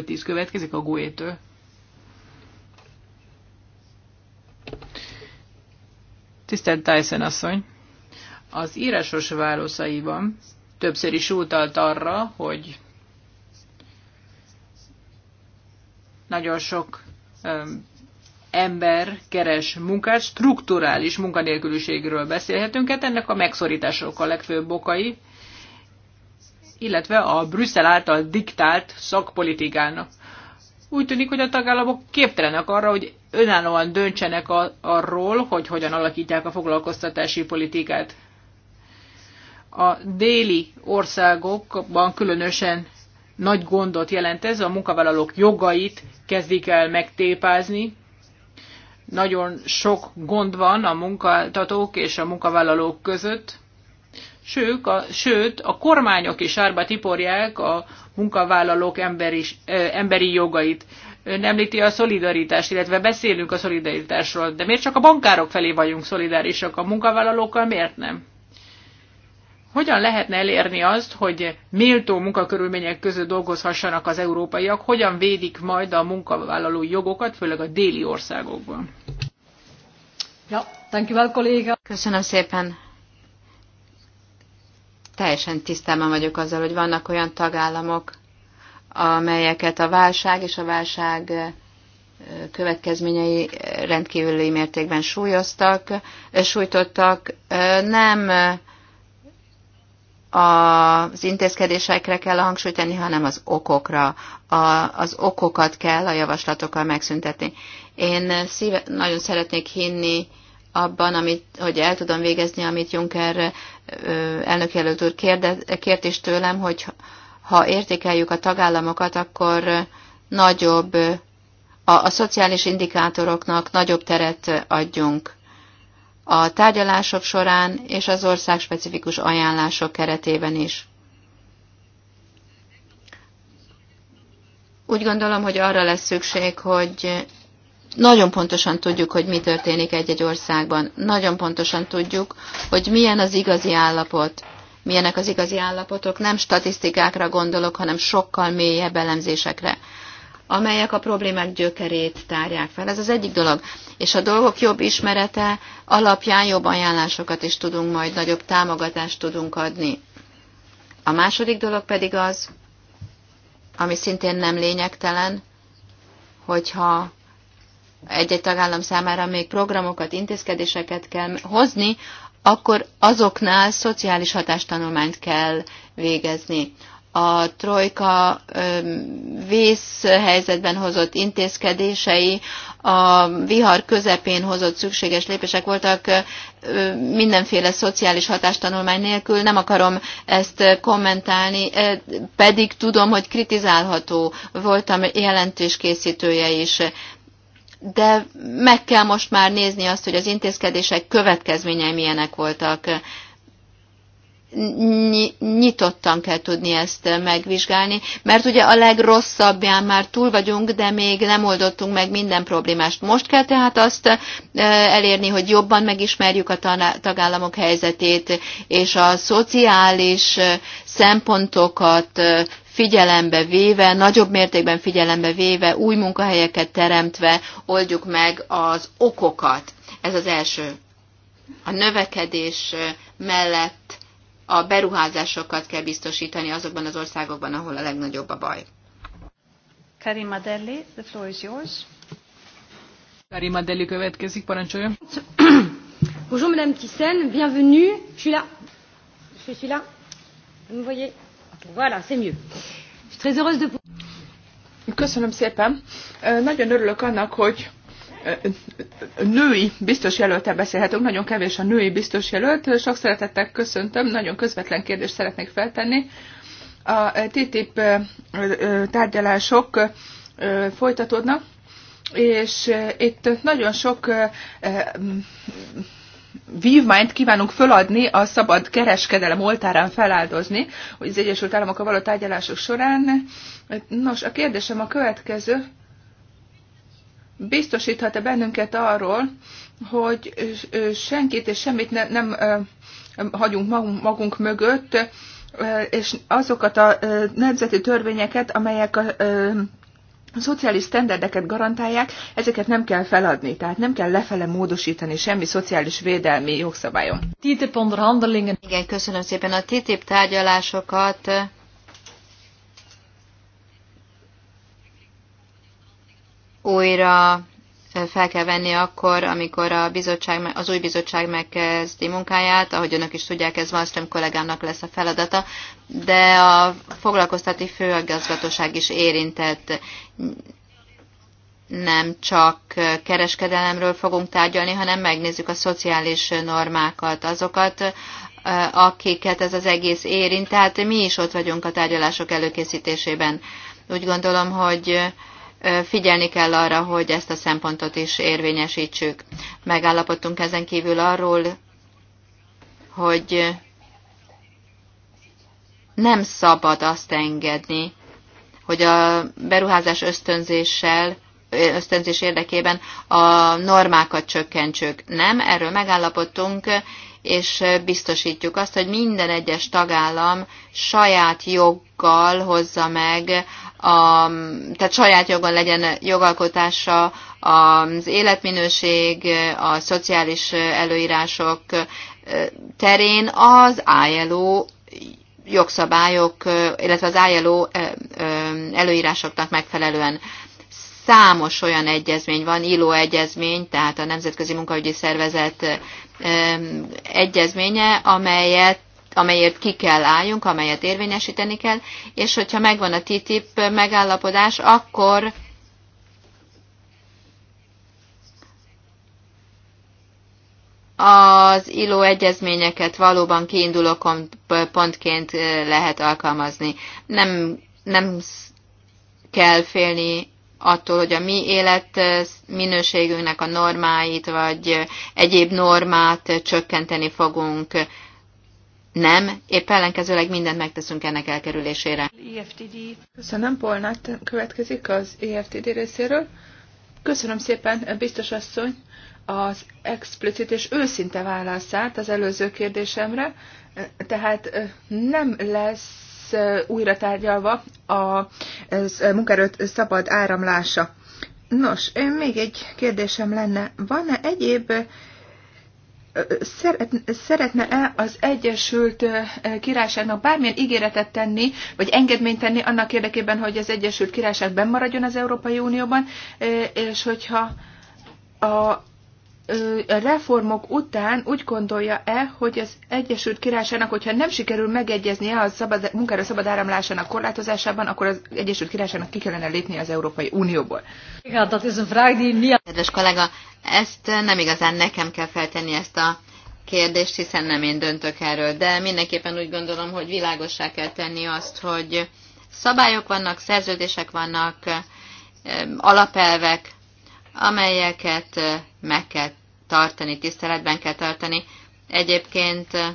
is következik a Guétől. Tisztelt Tyson asszony, az írásos válaszaiban többször is utalt arra, hogy nagyon sok ember keres munkát, strukturális munkanélküliségről beszélhetünk, hát ennek a megszorítások a legfőbb okai, illetve a Brüsszel által diktált szakpolitikának úgy tűnik, hogy a tagállamok képtelenek arra, hogy önállóan döntsenek a, arról, hogy hogyan alakítják a foglalkoztatási politikát. A déli országokban különösen nagy gondot jelent ez, a munkavállalók jogait kezdik el megtépázni. Nagyon sok gond van a munkáltatók és a munkavállalók között. Sők a, sőt, a kormányok is árba tiporják a munkavállalók emberi, emberi jogait. Ön említi a szolidaritást, illetve beszélünk a szolidaritásról, de miért csak a bankárok felé vagyunk szolidárisak, a munkavállalókkal miért nem? Hogyan lehetne elérni azt, hogy méltó munkakörülmények között dolgozhassanak az európaiak, hogyan védik majd a munkavállaló jogokat, főleg a déli országokban? Ja, thank you well, kolléga. Köszönöm szépen teljesen tisztában vagyok azzal, hogy vannak olyan tagállamok, amelyeket a válság és a válság következményei rendkívüli mértékben súlyoztak, sújtottak. Nem az intézkedésekre kell a hangsúlyt tenni, hanem az okokra. A, az okokat kell a javaslatokkal megszüntetni. Én szíve, nagyon szeretnék hinni abban, amit, hogy el tudom végezni, amit Juncker elnökjelölt úr kért is tőlem, hogy ha értékeljük a tagállamokat, akkor nagyobb, a, a szociális indikátoroknak nagyobb teret adjunk a tárgyalások során és az ország specifikus ajánlások keretében is. Úgy gondolom, hogy arra lesz szükség, hogy nagyon pontosan tudjuk, hogy mi történik egy-egy országban. Nagyon pontosan tudjuk, hogy milyen az igazi állapot. Milyenek az igazi állapotok. Nem statisztikákra gondolok, hanem sokkal mélyebb elemzésekre amelyek a problémák gyökerét tárják fel. Ez az egyik dolog. És a dolgok jobb ismerete alapján jobb ajánlásokat is tudunk majd, nagyobb támogatást tudunk adni. A második dolog pedig az, ami szintén nem lényegtelen, hogyha egy-egy tagállam számára még programokat, intézkedéseket kell hozni, akkor azoknál szociális hatástanulmányt kell végezni. A trojka vészhelyzetben hozott intézkedései, a vihar közepén hozott szükséges lépések voltak mindenféle szociális hatástanulmány nélkül. Nem akarom ezt kommentálni, pedig tudom, hogy kritizálható voltam jelentéskészítője is de meg kell most már nézni azt, hogy az intézkedések következményei milyenek voltak. Nyitottan kell tudni ezt megvizsgálni, mert ugye a legrosszabbján már túl vagyunk, de még nem oldottunk meg minden problémást. Most kell tehát azt elérni, hogy jobban megismerjük a tagállamok helyzetét, és a szociális szempontokat figyelembe véve, nagyobb mértékben figyelembe véve, új munkahelyeket teremtve oldjuk meg az okokat. Ez az első. A növekedés mellett a beruházásokat kell biztosítani azokban az országokban, ahol a legnagyobb a baj. Karima Delli, the floor is yours. Karima Delli következik, parancsoljon. Bonjour Madame Tissen, bienvenue. Je suis là. Je suis là. Vous me voyez Voilà, c'est mieux. Je suis très heureuse de vous... Köszönöm szépen. Nagyon örülök annak, hogy női biztos jelöltel beszélhetünk, nagyon kevés a női biztos jelölt. Sok szeretettel köszöntöm, nagyon közvetlen kérdést szeretnék feltenni. A TTIP tárgyalások folytatódnak, és itt nagyon sok vívmányt kívánunk föladni a szabad kereskedelem oltárán feláldozni, hogy az Egyesült Államokkal való tárgyalások során. Nos, a kérdésem a következő. Biztosíthat-e bennünket arról, hogy senkit és semmit ne, nem hagyunk magunk, magunk mögött, és azokat a nemzeti törvényeket, amelyek a a szociális sztenderdeket garantálják, ezeket nem kell feladni, tehát nem kell lefele módosítani semmi szociális védelmi jogszabályon. TTIP onderhandelingen. Igen, köszönöm szépen. A TTIP tárgyalásokat újra fel kell venni akkor, amikor a bizottság, az új bizottság megkezdi munkáját, ahogy önök is tudják, ez Malmström kollégámnak lesz a feladata, de a foglalkoztati főigazgatóság is érintett. Nem csak kereskedelemről fogunk tárgyalni, hanem megnézzük a szociális normákat, azokat, akiket ez az egész érint. Tehát mi is ott vagyunk a tárgyalások előkészítésében. Úgy gondolom, hogy figyelni kell arra, hogy ezt a szempontot is érvényesítsük. Megállapodtunk ezen kívül arról, hogy nem szabad azt engedni, hogy a beruházás ösztönzéssel, ösztönzés érdekében a normákat csökkentsük. Nem, erről megállapodtunk, és biztosítjuk azt, hogy minden egyes tagállam saját joggal hozza meg a, tehát saját jogon legyen jogalkotása az életminőség, a szociális előírások terén az ILO jogszabályok, illetve az ILO előírásoknak megfelelően számos olyan egyezmény van, ILO egyezmény, tehát a Nemzetközi Munkaügyi Szervezet egyezménye, amelyet amelyért ki kell álljunk, amelyet érvényesíteni kell, és hogyha megvan a TTIP megállapodás, akkor az ILO egyezményeket valóban kiinduló pontként lehet alkalmazni. Nem, nem kell félni attól, hogy a mi élet minőségünknek a normáit, vagy egyéb normát csökkenteni fogunk nem, épp ellenkezőleg mindent megteszünk ennek elkerülésére. EFTD. Köszönöm, Polnát következik az EFTD részéről. Köszönöm szépen, biztos asszony, az explicit és őszinte válaszát az előző kérdésemre. Tehát nem lesz újra tárgyalva a munkerőt szabad áramlása. Nos, még egy kérdésem lenne. Van-e egyéb szeretne-e az Egyesült Királyságnak bármilyen ígéretet tenni, vagy engedményt tenni annak érdekében, hogy az Egyesült Királyság maradjon az Európai Unióban, és hogyha a reformok után úgy gondolja-e, hogy az Egyesült Királyságnak, hogyha nem sikerül megegyeznie a szabad, munkára szabad áramlásának korlátozásában, akkor az Egyesült Királyságnak ki kellene lépni az Európai Unióból? Igen, Kedves kollega, ezt nem igazán nekem kell feltenni ezt a kérdést, hiszen nem én döntök erről, de mindenképpen úgy gondolom, hogy világossá kell tenni azt, hogy szabályok vannak, szerződések vannak, alapelvek, amelyeket eh, meg kell tartani, tiszteletben kell tartani. Egyébként eh,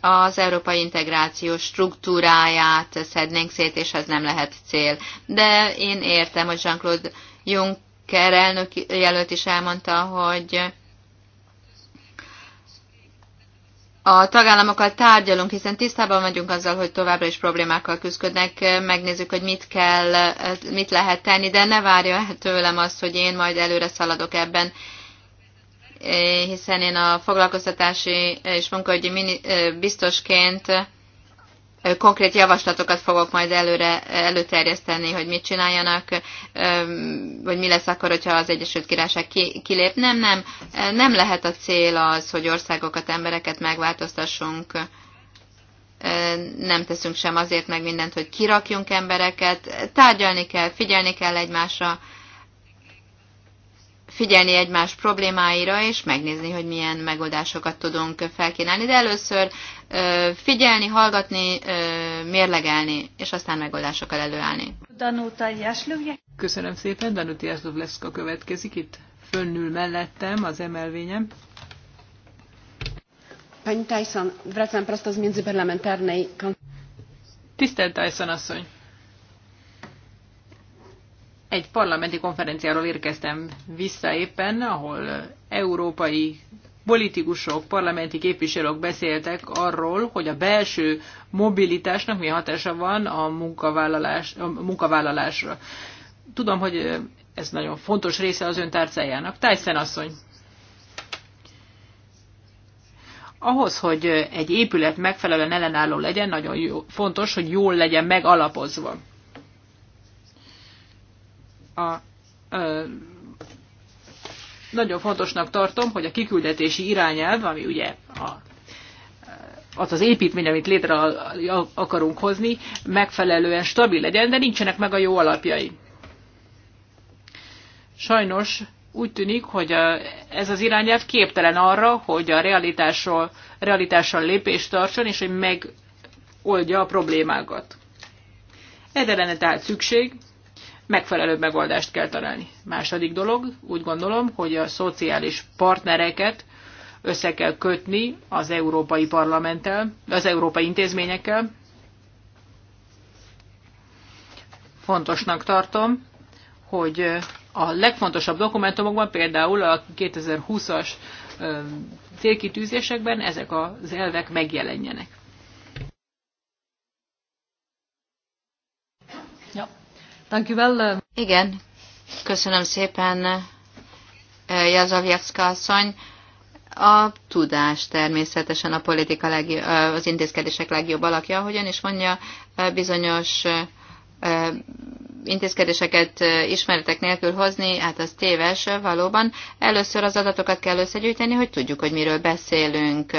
az európai integráció struktúráját szednénk szét, és ez nem lehet cél. De én értem, hogy Jean-Claude Juncker elnök jelölt is elmondta, hogy a tagállamokkal tárgyalunk, hiszen tisztában vagyunk azzal, hogy továbbra is problémákkal küzdködnek, megnézzük, hogy mit kell, mit lehet tenni, de ne várja tőlem azt, hogy én majd előre szaladok ebben, hiszen én a foglalkoztatási és munkahogyi biztosként konkrét javaslatokat fogok majd előre előterjeszteni, hogy mit csináljanak, vagy mi lesz akkor, hogyha az Egyesült Királyság kilép. Nem, nem, nem lehet a cél az, hogy országokat, embereket megváltoztassunk, nem teszünk sem azért meg mindent, hogy kirakjunk embereket, tárgyalni kell, figyelni kell egymásra, figyelni egymás problémáira, és megnézni, hogy milyen megoldásokat tudunk felkínálni. De először figyelni, hallgatni, mérlegelni, és aztán megoldásokkal előállni. Danuta Jászlóvje. Köszönöm szépen, Danuta Jászlóvleszka következik itt. Fönnül mellettem az emelvényem. Pani Tyson, vracam prosto z międzyparlamentarnej... Tisztelt Tyson asszony! Egy parlamenti konferenciáról érkeztem vissza éppen, ahol európai politikusok, parlamenti képviselők beszéltek arról, hogy a belső mobilitásnak mi hatása van a, munkavállalás, a munkavállalásra. Tudom, hogy ez nagyon fontos része az ön tárcájának. Tyson asszony, ahhoz, hogy egy épület megfelelően ellenálló legyen, nagyon jó, fontos, hogy jól legyen megalapozva a, ö, nagyon fontosnak tartom, hogy a kiküldetési irányelv, ami ugye a, az az építmény, amit létre akarunk hozni, megfelelően stabil legyen, de nincsenek meg a jó alapjai. Sajnos úgy tűnik, hogy ez az irányelv képtelen arra, hogy a realitással, realitással lépést tartson, és hogy megoldja a problémákat. Ezzel lenne tehát szükség, megfelelő megoldást kell találni. Második dolog, úgy gondolom, hogy a szociális partnereket össze kell kötni az Európai Parlamenttel, az Európai Intézményekkel. Fontosnak tartom, hogy a legfontosabb dokumentumokban, például a 2020-as célkitűzésekben ezek az elvek megjelenjenek. Uh, Igen, köszönöm szépen, uh, Jazovjevszka asszony. A tudás természetesen a politika legjobb, uh, az intézkedések legjobb alakja, ahogyan is mondja, bizonyos intézkedéseket ismeretek nélkül hozni, hát az téves valóban. Először az adatokat kell összegyűjteni, hogy tudjuk, hogy miről beszélünk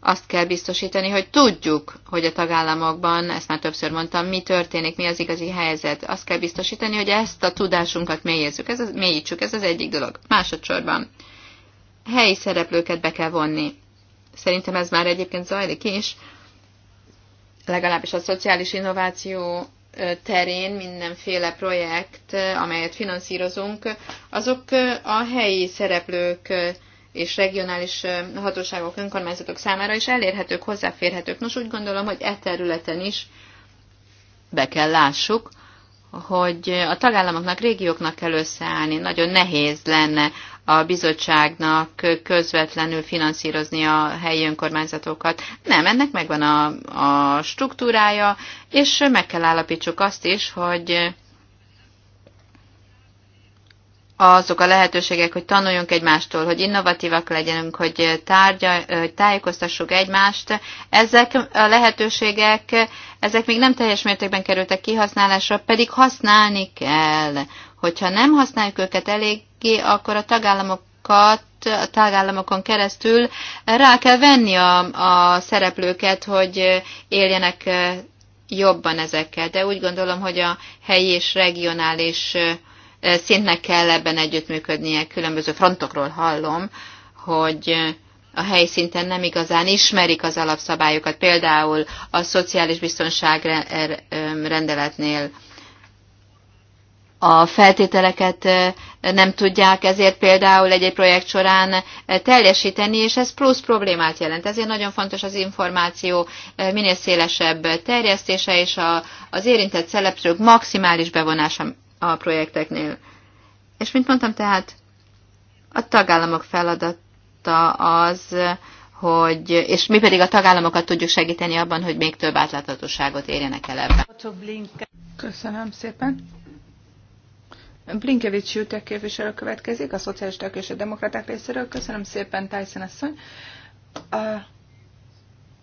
azt kell biztosítani, hogy tudjuk, hogy a tagállamokban, ezt már többször mondtam, mi történik, mi az igazi helyzet. Azt kell biztosítani, hogy ezt a tudásunkat mélyezzük, ez az, mélyítsük, ez az egyik dolog. Másodszorban helyi szereplőket be kell vonni. Szerintem ez már egyébként zajlik is, legalábbis a szociális innováció terén mindenféle projekt, amelyet finanszírozunk, azok a helyi szereplők és regionális hatóságok, önkormányzatok számára is elérhetők, hozzáférhetők. Nos, úgy gondolom, hogy e területen is be kell lássuk, hogy a tagállamoknak, régióknak kell összeállni. Nagyon nehéz lenne a bizottságnak közvetlenül finanszírozni a helyi önkormányzatokat. Nem, ennek megvan a, a struktúrája, és meg kell állapítsuk azt is, hogy azok a lehetőségek, hogy tanuljunk egymástól, hogy innovatívak legyenünk, hogy, tárgya, hogy tájékoztassuk egymást. Ezek a lehetőségek, ezek még nem teljes mértékben kerültek kihasználásra, pedig használni kell. Hogyha nem használjuk őket eléggé, akkor a tagállamokat a tagállamokon keresztül rá kell venni a, a szereplőket, hogy éljenek jobban ezekkel. De úgy gondolom, hogy a helyi és regionális szintnek kell ebben együttműködnie, különböző frontokról hallom, hogy a helyszinten nem igazán ismerik az alapszabályokat, például a szociális biztonság er- rendeletnél a feltételeket nem tudják ezért például egy-egy projekt során teljesíteni, és ez plusz problémát jelent. Ezért nagyon fontos az információ minél szélesebb terjesztése és a, az érintett szereplők maximális bevonása a projekteknél. És mint mondtam, tehát a tagállamok feladata az, hogy, és mi pedig a tagállamokat tudjuk segíteni abban, hogy még több átláthatóságot érjenek el ebben. Köszönöm szépen. Blinkevics Jutek képviselő következik, a szocialisták és a demokraták részéről. Köszönöm szépen, Tyson asszony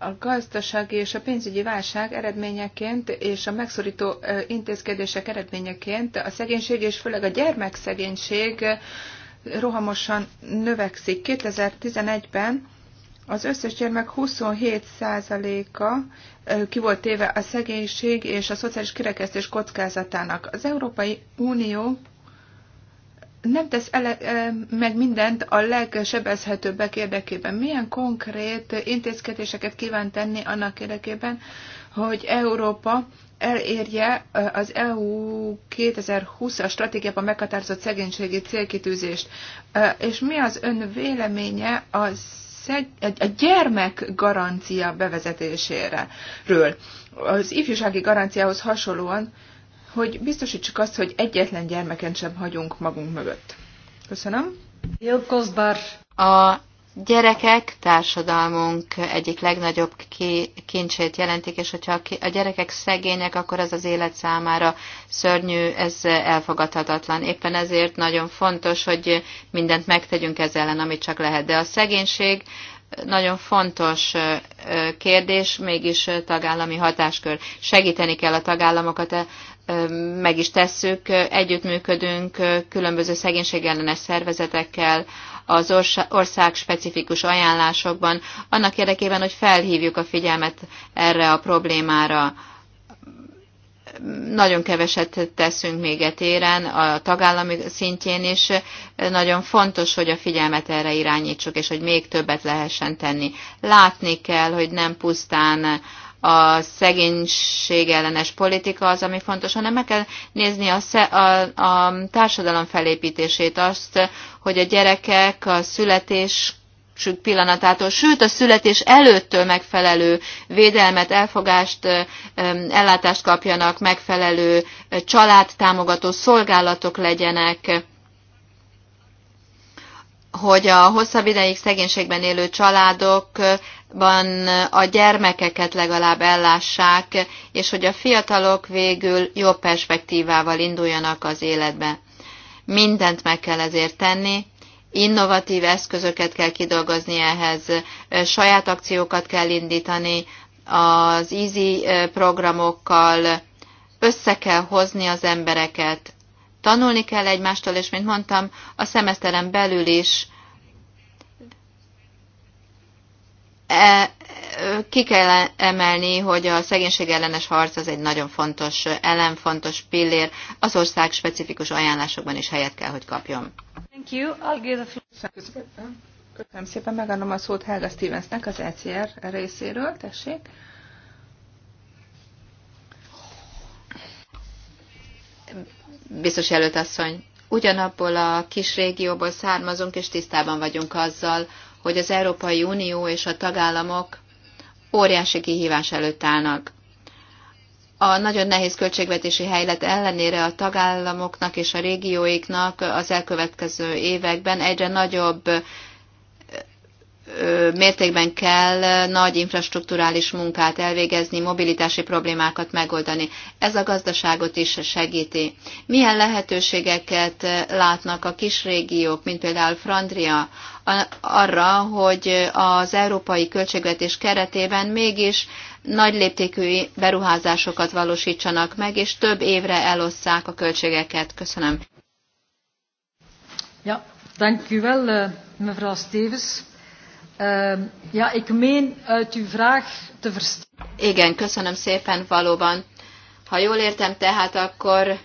a gazdasági és a pénzügyi válság eredményeként és a megszorító intézkedések eredményeként a szegénység és főleg a gyermekszegénység rohamosan növekszik. 2011-ben az összes gyermek 27%-a ki volt téve a szegénység és a szociális kirekesztés kockázatának. Az Európai Unió nem tesz ele, meg mindent a legsebezhetőbbek érdekében. Milyen konkrét intézkedéseket kíván tenni annak érdekében, hogy Európa elérje az EU 2020-as stratégiában meghatározott szegénységi célkitűzést. És mi az ön véleménye szeg, a gyermek garancia bevezetéséről? Az ifjúsági garanciához hasonlóan hogy biztosítsuk azt, hogy egyetlen gyermeken sem hagyunk magunk mögött. Köszönöm. Jogkozbar. A gyerekek társadalmunk egyik legnagyobb kincsét jelentik, és hogyha a gyerekek szegények, akkor ez az élet számára szörnyű, ez elfogadhatatlan. Éppen ezért nagyon fontos, hogy mindent megtegyünk ezzel ellen, amit csak lehet. De a szegénység nagyon fontos kérdés, mégis tagállami hatáskör. Segíteni kell a tagállamokat meg is tesszük, együttműködünk különböző szegénységellenes szervezetekkel, az ország specifikus ajánlásokban, annak érdekében, hogy felhívjuk a figyelmet erre a problémára. Nagyon keveset teszünk még etéren, a tagállami szintjén is. Nagyon fontos, hogy a figyelmet erre irányítsuk, és hogy még többet lehessen tenni. Látni kell, hogy nem pusztán a szegénység ellenes politika az, ami fontos, hanem meg kell nézni a, a, a társadalom felépítését, azt, hogy a gyerekek a születés pillanatától, sőt a születés előttől megfelelő védelmet, elfogást, ellátást kapjanak, megfelelő családtámogató szolgálatok legyenek, hogy a hosszabb ideig szegénységben élő családokban a gyermekeket legalább ellássák, és hogy a fiatalok végül jobb perspektívával induljanak az életbe. Mindent meg kell ezért tenni, innovatív eszközöket kell kidolgozni ehhez, saját akciókat kell indítani, az easy programokkal össze kell hozni az embereket, Tanulni kell egymástól, és mint mondtam, a szemeszteren belül is e, ki kell emelni, hogy a szegénység ellenes harc az egy nagyon fontos elem, fontos pillér, az ország specifikus ajánlásokban is helyet kell, hogy kapjon. Thank you. I'll give the floor. Köszönöm szépen, megadom a szót Helga Stevensnek az ECR részéről, tessék biztos asszony. ugyanabból a kis régióból származunk, és tisztában vagyunk azzal, hogy az Európai Unió és a tagállamok óriási kihívás előtt állnak. A nagyon nehéz költségvetési helyzet ellenére a tagállamoknak és a régióiknak az elkövetkező években egyre nagyobb mértékben kell nagy infrastruktúrális munkát elvégezni, mobilitási problémákat megoldani. Ez a gazdaságot is segíti. Milyen lehetőségeket látnak a kis régiók, mint például Frandria, arra, hogy az európai költségvetés keretében mégis nagy léptékű beruházásokat valósítsanak meg, és több évre elosszák a költségeket. Köszönöm. Ja, you u wel, eh, mevrouw Stevens. Ehm, ja, ik meen uit uw vraag te verstaan. Igen, köszönöm szépen, valóban. Ha jól értem, tehát akkor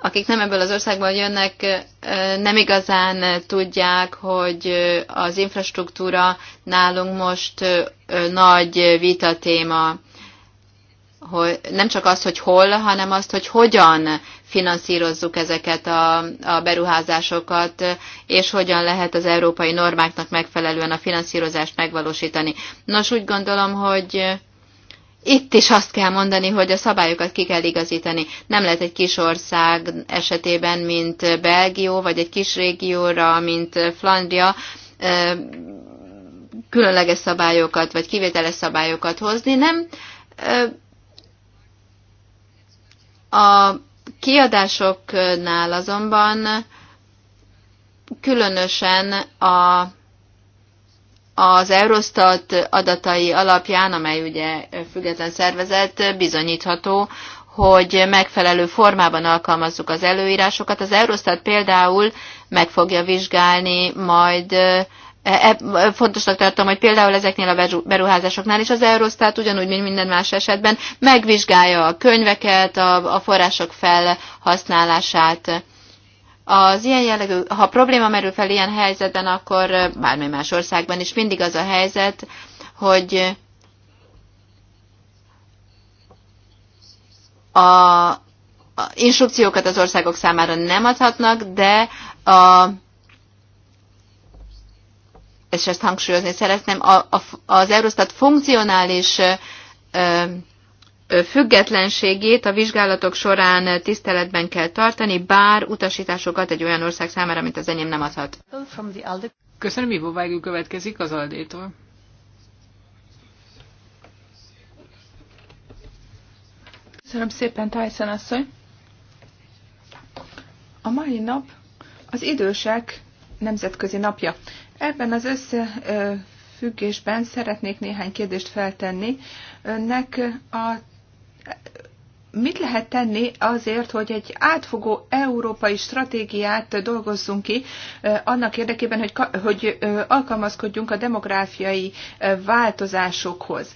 akik nem ebből az országból jönnek, ehm, nem igazán tudják, hogy ehm, az infrastruktúra nálunk most nagy vita téma hogy nem csak az, hogy hol, hanem azt, hogy hogyan finanszírozzuk ezeket a, a beruházásokat, és hogyan lehet az európai normáknak megfelelően a finanszírozást megvalósítani. Nos, úgy gondolom, hogy itt is azt kell mondani, hogy a szabályokat ki kell igazítani. Nem lehet egy kis ország esetében, mint Belgió, vagy egy kis régióra, mint Flandria, különleges szabályokat, vagy kivételes szabályokat hozni, nem a kiadásoknál azonban különösen a, az Eurostat adatai alapján, amely ugye független szervezet, bizonyítható, hogy megfelelő formában alkalmazzuk az előírásokat. Az Eurostat például meg fogja vizsgálni majd E, e, fontosnak tartom, hogy például ezeknél a beruházásoknál is az Eurostat ugyanúgy, mint minden más esetben megvizsgálja a könyveket, a, a források felhasználását. Az ilyen jellegű, ha probléma merül fel ilyen helyzetben, akkor bármi más országban is mindig az a helyzet, hogy a, a instrukciókat az országok számára nem adhatnak, de a és ezt hangsúlyozni szeretném, a, a, az Eurostat funkcionális ö, függetlenségét a vizsgálatok során tiszteletben kell tartani, bár utasításokat egy olyan ország számára, mint az enyém nem adhat. Köszönöm, Ivo Vágyú következik az Aldétól. Köszönöm szépen, Tyson asszony. A mai nap az idősek nemzetközi napja. Ebben az összefüggésben szeretnék néhány kérdést feltenni. Önnek a mit lehet tenni azért, hogy egy átfogó európai stratégiát dolgozzunk ki, annak érdekében, hogy, hogy alkalmazkodjunk a demográfiai változásokhoz.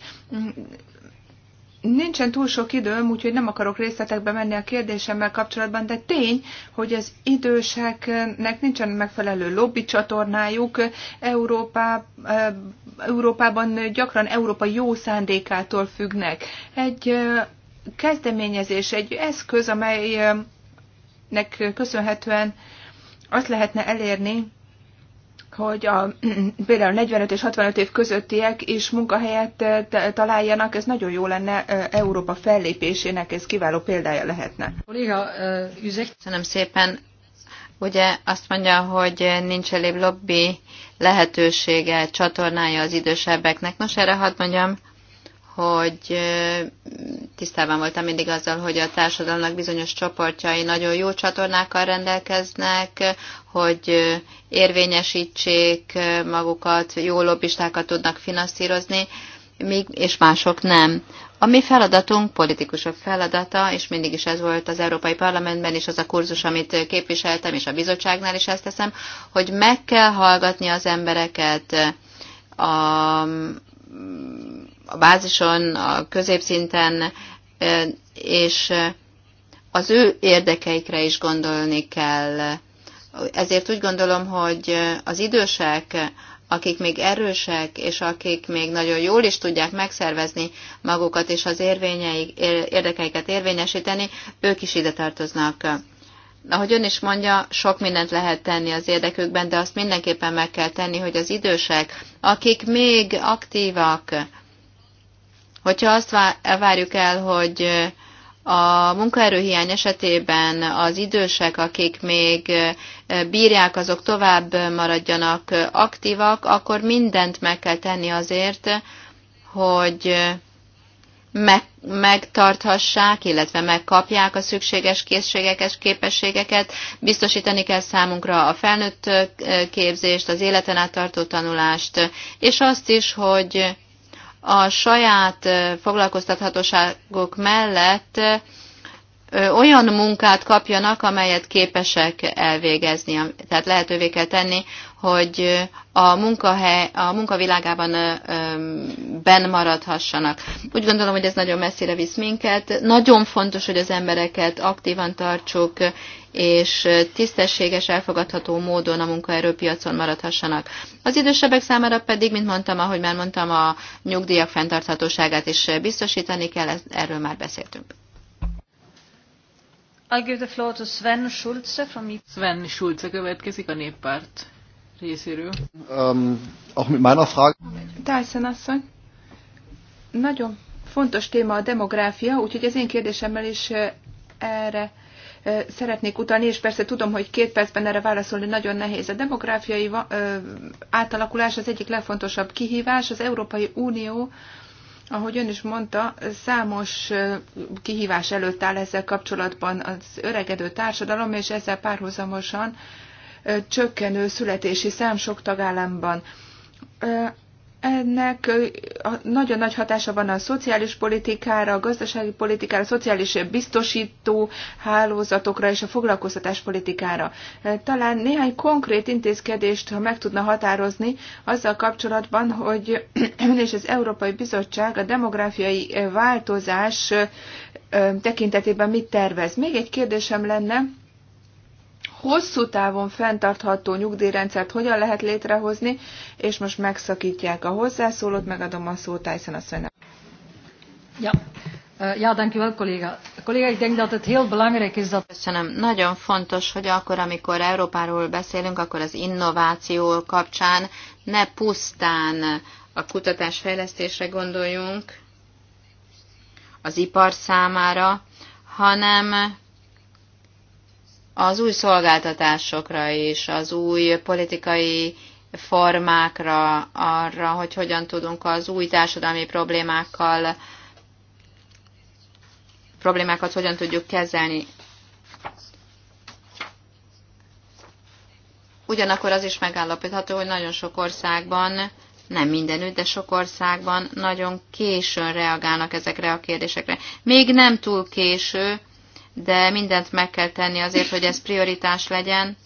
Nincsen túl sok időm, úgyhogy nem akarok részletekbe menni a kérdésemmel kapcsolatban, de tény, hogy az időseknek nincsen megfelelő lobby csatornájuk. Európá, Európában gyakran Európa jó szándékától függnek. Egy kezdeményezés, egy eszköz, amelynek köszönhetően azt lehetne elérni, hogy a, például 45 és 65 év közöttiek is munkahelyet eh, találjanak, ez nagyon jó lenne eh, Európa fellépésének, ez kiváló példája lehetne. Kolléga, eh, Köszönöm szépen. Ugye azt mondja, hogy nincs elég lobby lehetősége, csatornája az idősebbeknek. Nos, erre hadd mondjam, hogy tisztában voltam mindig azzal, hogy a társadalomnak bizonyos csoportjai nagyon jó csatornákkal rendelkeznek, hogy érvényesítsék magukat, jó lobbistákat tudnak finanszírozni, míg, és mások nem. A mi feladatunk, politikusok feladata, és mindig is ez volt az Európai Parlamentben, és az a kurzus, amit képviseltem, és a bizottságnál is ezt teszem, hogy meg kell hallgatni az embereket, a, a bázison, a középszinten, és az ő érdekeikre is gondolni kell. Ezért úgy gondolom, hogy az idősek, akik még erősek, és akik még nagyon jól is tudják megszervezni magukat és az érvényeik, érdekeiket érvényesíteni, ők is ide tartoznak. Ahogy ön is mondja, sok mindent lehet tenni az érdekükben, de azt mindenképpen meg kell tenni, hogy az idősek, akik még aktívak, Hogyha azt várjuk el, hogy a munkaerőhiány esetében az idősek, akik még bírják, azok tovább maradjanak aktívak, akkor mindent meg kell tenni azért, hogy megtarthassák, illetve megkapják a szükséges készségeket, képességeket. Biztosítani kell számunkra a felnőtt képzést, az életen át tartó tanulást, és azt is, hogy a saját foglalkoztathatóságok mellett olyan munkát kapjanak, amelyet képesek elvégezni. Tehát lehetővé kell tenni, hogy a, munkahely, a munkavilágában ben maradhassanak. Úgy gondolom, hogy ez nagyon messzire visz minket. Nagyon fontos, hogy az embereket aktívan tartsuk, és tisztességes, elfogadható módon a munkaerőpiacon maradhassanak. Az idősebbek számára pedig, mint mondtam, ahogy már mondtam, a nyugdíjak fenntarthatóságát is biztosítani kell, erről már beszéltünk. I give the floor to Sven Schulze from e Sven Schulze következik a néppárt részéről. Um, auch mit meiner Frage. Tyson asszony. Nagyon fontos téma a demográfia, úgyhogy az én kérdésemmel is erre szeretnék utalni, és persze tudom, hogy két percben erre válaszolni nagyon nehéz. A demográfiai átalakulás az egyik legfontosabb kihívás. Az Európai Unió, ahogy ön is mondta, számos kihívás előtt áll ezzel kapcsolatban az öregedő társadalom, és ezzel párhuzamosan csökkenő születési szám sok tagállamban ennek nagyon nagy hatása van a szociális politikára, a gazdasági politikára, a szociális biztosító hálózatokra és a foglalkoztatás politikára. Talán néhány konkrét intézkedést, ha meg tudna határozni, azzal kapcsolatban, hogy ön és az Európai Bizottság a demográfiai változás tekintetében mit tervez. Még egy kérdésem lenne, hosszú távon fenntartható nyugdíjrendszert hogyan lehet létrehozni, és most megszakítják a hozzászólót, megadom a szót Tyson asszonynak. Ja. Ja, dankjewel collega. kolléga, ik denk dat het heel belangrijk is dat... Köszönöm. Nagyon fontos, hogy akkor, amikor Európáról beszélünk, akkor az innováció kapcsán ne pusztán a kutatásfejlesztésre gondoljunk az ipar számára, hanem az új szolgáltatásokra és az új politikai formákra, arra, hogy hogyan tudunk az új társadalmi problémákkal problémákat hogyan tudjuk kezelni. Ugyanakkor az is megállapítható, hogy nagyon sok országban, nem mindenütt, de sok országban nagyon későn reagálnak ezekre a kérdésekre. Még nem túl késő, de mindent meg kell tenni azért, hogy ez prioritás legyen,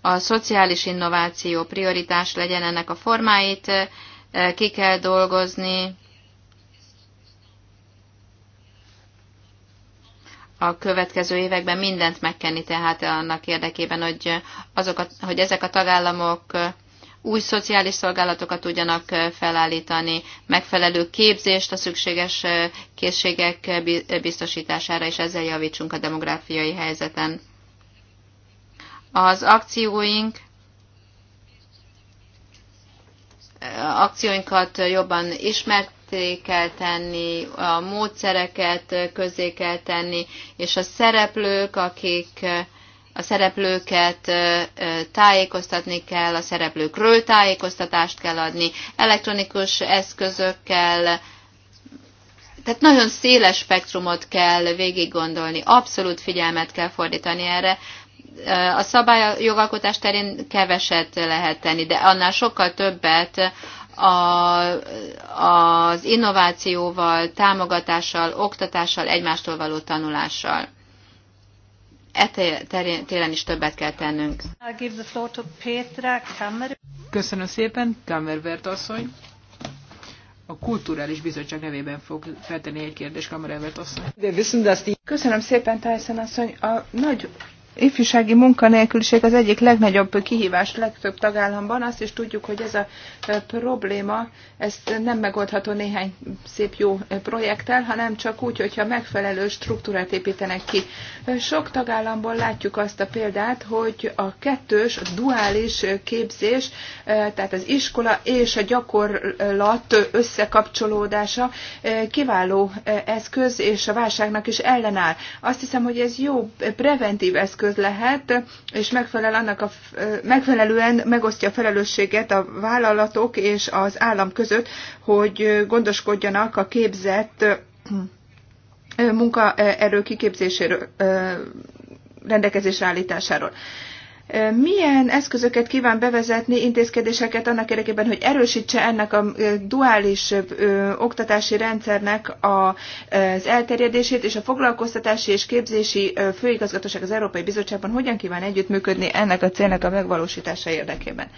a szociális innováció prioritás legyen ennek a formáit, eh, ki kell dolgozni a következő években mindent megkenni, tehát annak érdekében, hogy, azok a, hogy ezek a tagállamok új szociális szolgálatokat tudjanak felállítani, megfelelő képzést a szükséges készségek biztosítására, és ezzel javítsunk a demográfiai helyzeten. Az akcióink akcióinkat jobban ismert kell tenni, a módszereket közé kell tenni, és a szereplők, akik a szereplőket tájékoztatni kell, a szereplőkről tájékoztatást kell adni, elektronikus eszközökkel, tehát nagyon széles spektrumot kell végig gondolni, abszolút figyelmet kell fordítani erre. A szabályjogalkotás terén keveset lehet tenni, de annál sokkal többet a, az innovációval, támogatással, oktatással, egymástól való tanulással e téren is többet kell tennünk. Köszönöm szépen, Kammervert asszony. A Kulturális Bizottság nevében fog feltenni egy kérdést Kammervert asszony. Köszönöm szépen, Tyson asszony. A nagy ifjúsági munkanélküliség az egyik legnagyobb kihívás legtöbb tagállamban. Azt is tudjuk, hogy ez a probléma, ez nem megoldható néhány szép jó projekttel, hanem csak úgy, hogyha megfelelő struktúrát építenek ki. Sok tagállamból látjuk azt a példát, hogy a kettős, a duális képzés, tehát az iskola és a gyakorlat összekapcsolódása kiváló eszköz, és a válságnak is ellenáll. Azt hiszem, hogy ez jó preventív eszköz, eszköz lehet, és megfelel annak a, megfelelően megosztja a felelősséget a vállalatok és az állam között, hogy gondoskodjanak a képzett munkaerő kiképzéséről, rendelkezésre állításáról. Milyen eszközöket kíván bevezetni, intézkedéseket annak érdekében, hogy erősítse ennek a duális oktatási rendszernek az elterjedését, és a foglalkoztatási és képzési főigazgatóság az Európai Bizottságban hogyan kíván együttműködni ennek a célnak a megvalósítása érdekében?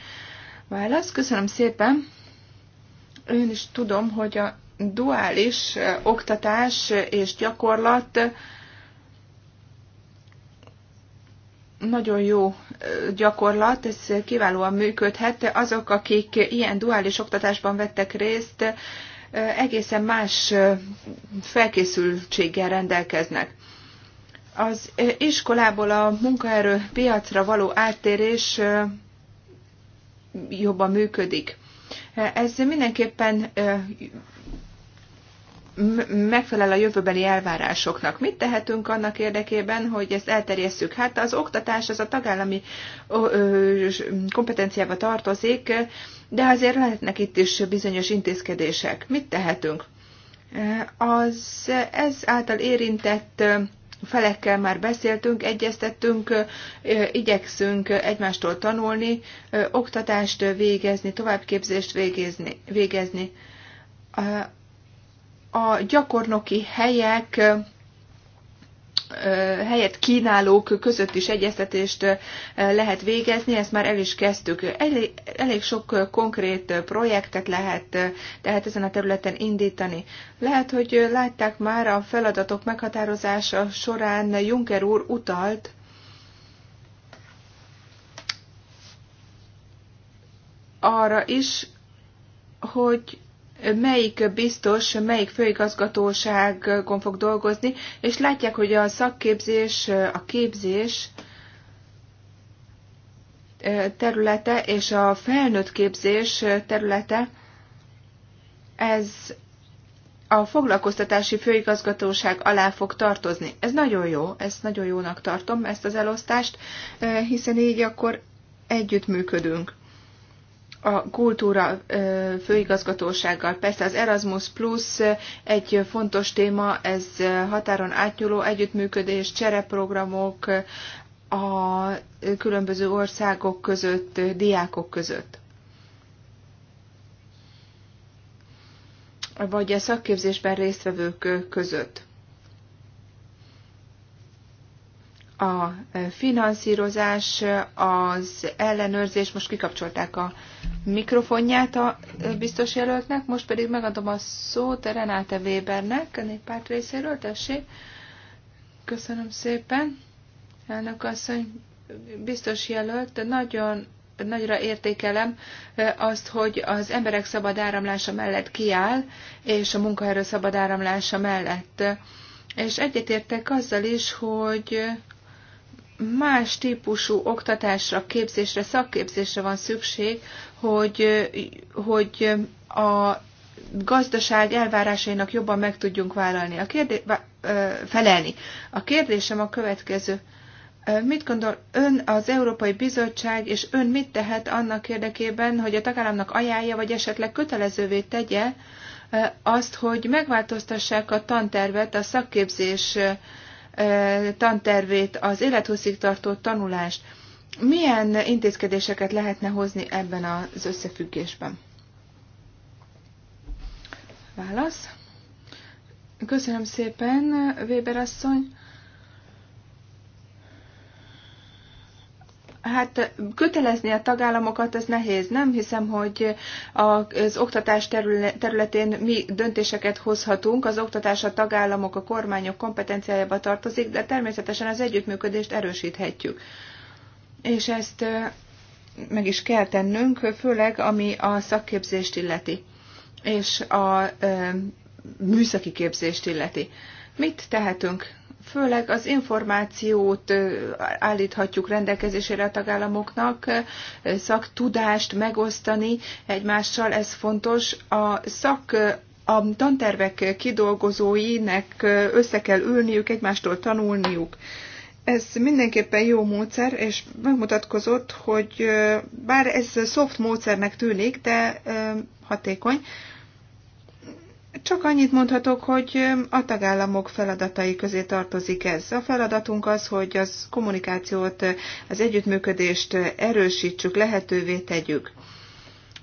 Válasz, köszönöm szépen. Én is tudom, hogy a duális oktatás és gyakorlat nagyon jó gyakorlat, ez kiválóan működhet. Azok, akik ilyen duális oktatásban vettek részt, egészen más felkészültséggel rendelkeznek. Az iskolából a munkaerő piacra való áttérés jobban működik. Ez mindenképpen megfelel a jövőbeli elvárásoknak. Mit tehetünk annak érdekében, hogy ezt elterjesszük? Hát az oktatás az a tagállami kompetenciába tartozik, de azért lehetnek itt is bizonyos intézkedések. Mit tehetünk? Az ez által érintett felekkel már beszéltünk, egyeztettünk, igyekszünk egymástól tanulni, oktatást végezni, továbbképzést végezni a gyakornoki helyek helyet kínálók között is egyeztetést lehet végezni, ezt már el is kezdtük. Elég, elég sok konkrét projektet lehet tehát ezen a területen indítani. Lehet, hogy látták már a feladatok meghatározása során Juncker úr utalt arra is, hogy melyik biztos, melyik főigazgatóságon fog dolgozni, és látják, hogy a szakképzés, a képzés területe és a felnőtt képzés területe, ez a foglalkoztatási főigazgatóság alá fog tartozni. Ez nagyon jó, ezt nagyon jónak tartom, ezt az elosztást, hiszen így akkor együttműködünk a kultúra főigazgatósággal. Persze az Erasmus Plus egy fontos téma, ez határon átnyúló együttműködés, csereprogramok a különböző országok között, diákok között. Vagy a szakképzésben résztvevők között. a finanszírozás, az ellenőrzés, most kikapcsolták a mikrofonját a biztos jelöltnek, most pedig megadom a szót Renáte Webernek, a néppárt részéről, tessék. Köszönöm szépen. Elnök asszony, biztos jelölt, nagyon nagyra értékelem azt, hogy az emberek szabad áramlása mellett kiáll, és a munkaerő szabad áramlása mellett. És egyetértek azzal is, hogy más típusú oktatásra, képzésre, szakképzésre van szükség, hogy, hogy a gazdaság elvárásainak jobban meg tudjunk vállalni, a kérdé- felelni. A kérdésem a következő. Mit gondol ön az Európai Bizottság, és ön mit tehet annak érdekében, hogy a tagállamnak ajánlja, vagy esetleg kötelezővé tegye azt, hogy megváltoztassák a tantervet a szakképzés tantervét, az élethosszig tartó tanulást. Milyen intézkedéseket lehetne hozni ebben az összefüggésben? Válasz. Köszönöm szépen, Weber asszony. Hát kötelezni a tagállamokat az nehéz. Nem hiszem, hogy az oktatás területén mi döntéseket hozhatunk. Az oktatás a tagállamok, a kormányok kompetenciájába tartozik, de természetesen az együttműködést erősíthetjük. És ezt meg is kell tennünk, főleg ami a szakképzést illeti, és a műszaki képzést illeti. Mit tehetünk? főleg az információt állíthatjuk rendelkezésére a tagállamoknak, szaktudást megosztani egymással, ez fontos. A szak a tantervek kidolgozóinek össze kell ülniük, egymástól tanulniuk. Ez mindenképpen jó módszer, és megmutatkozott, hogy bár ez soft módszernek tűnik, de hatékony, csak annyit mondhatok, hogy a tagállamok feladatai közé tartozik ez. A feladatunk az, hogy az kommunikációt, az együttműködést erősítsük, lehetővé tegyük,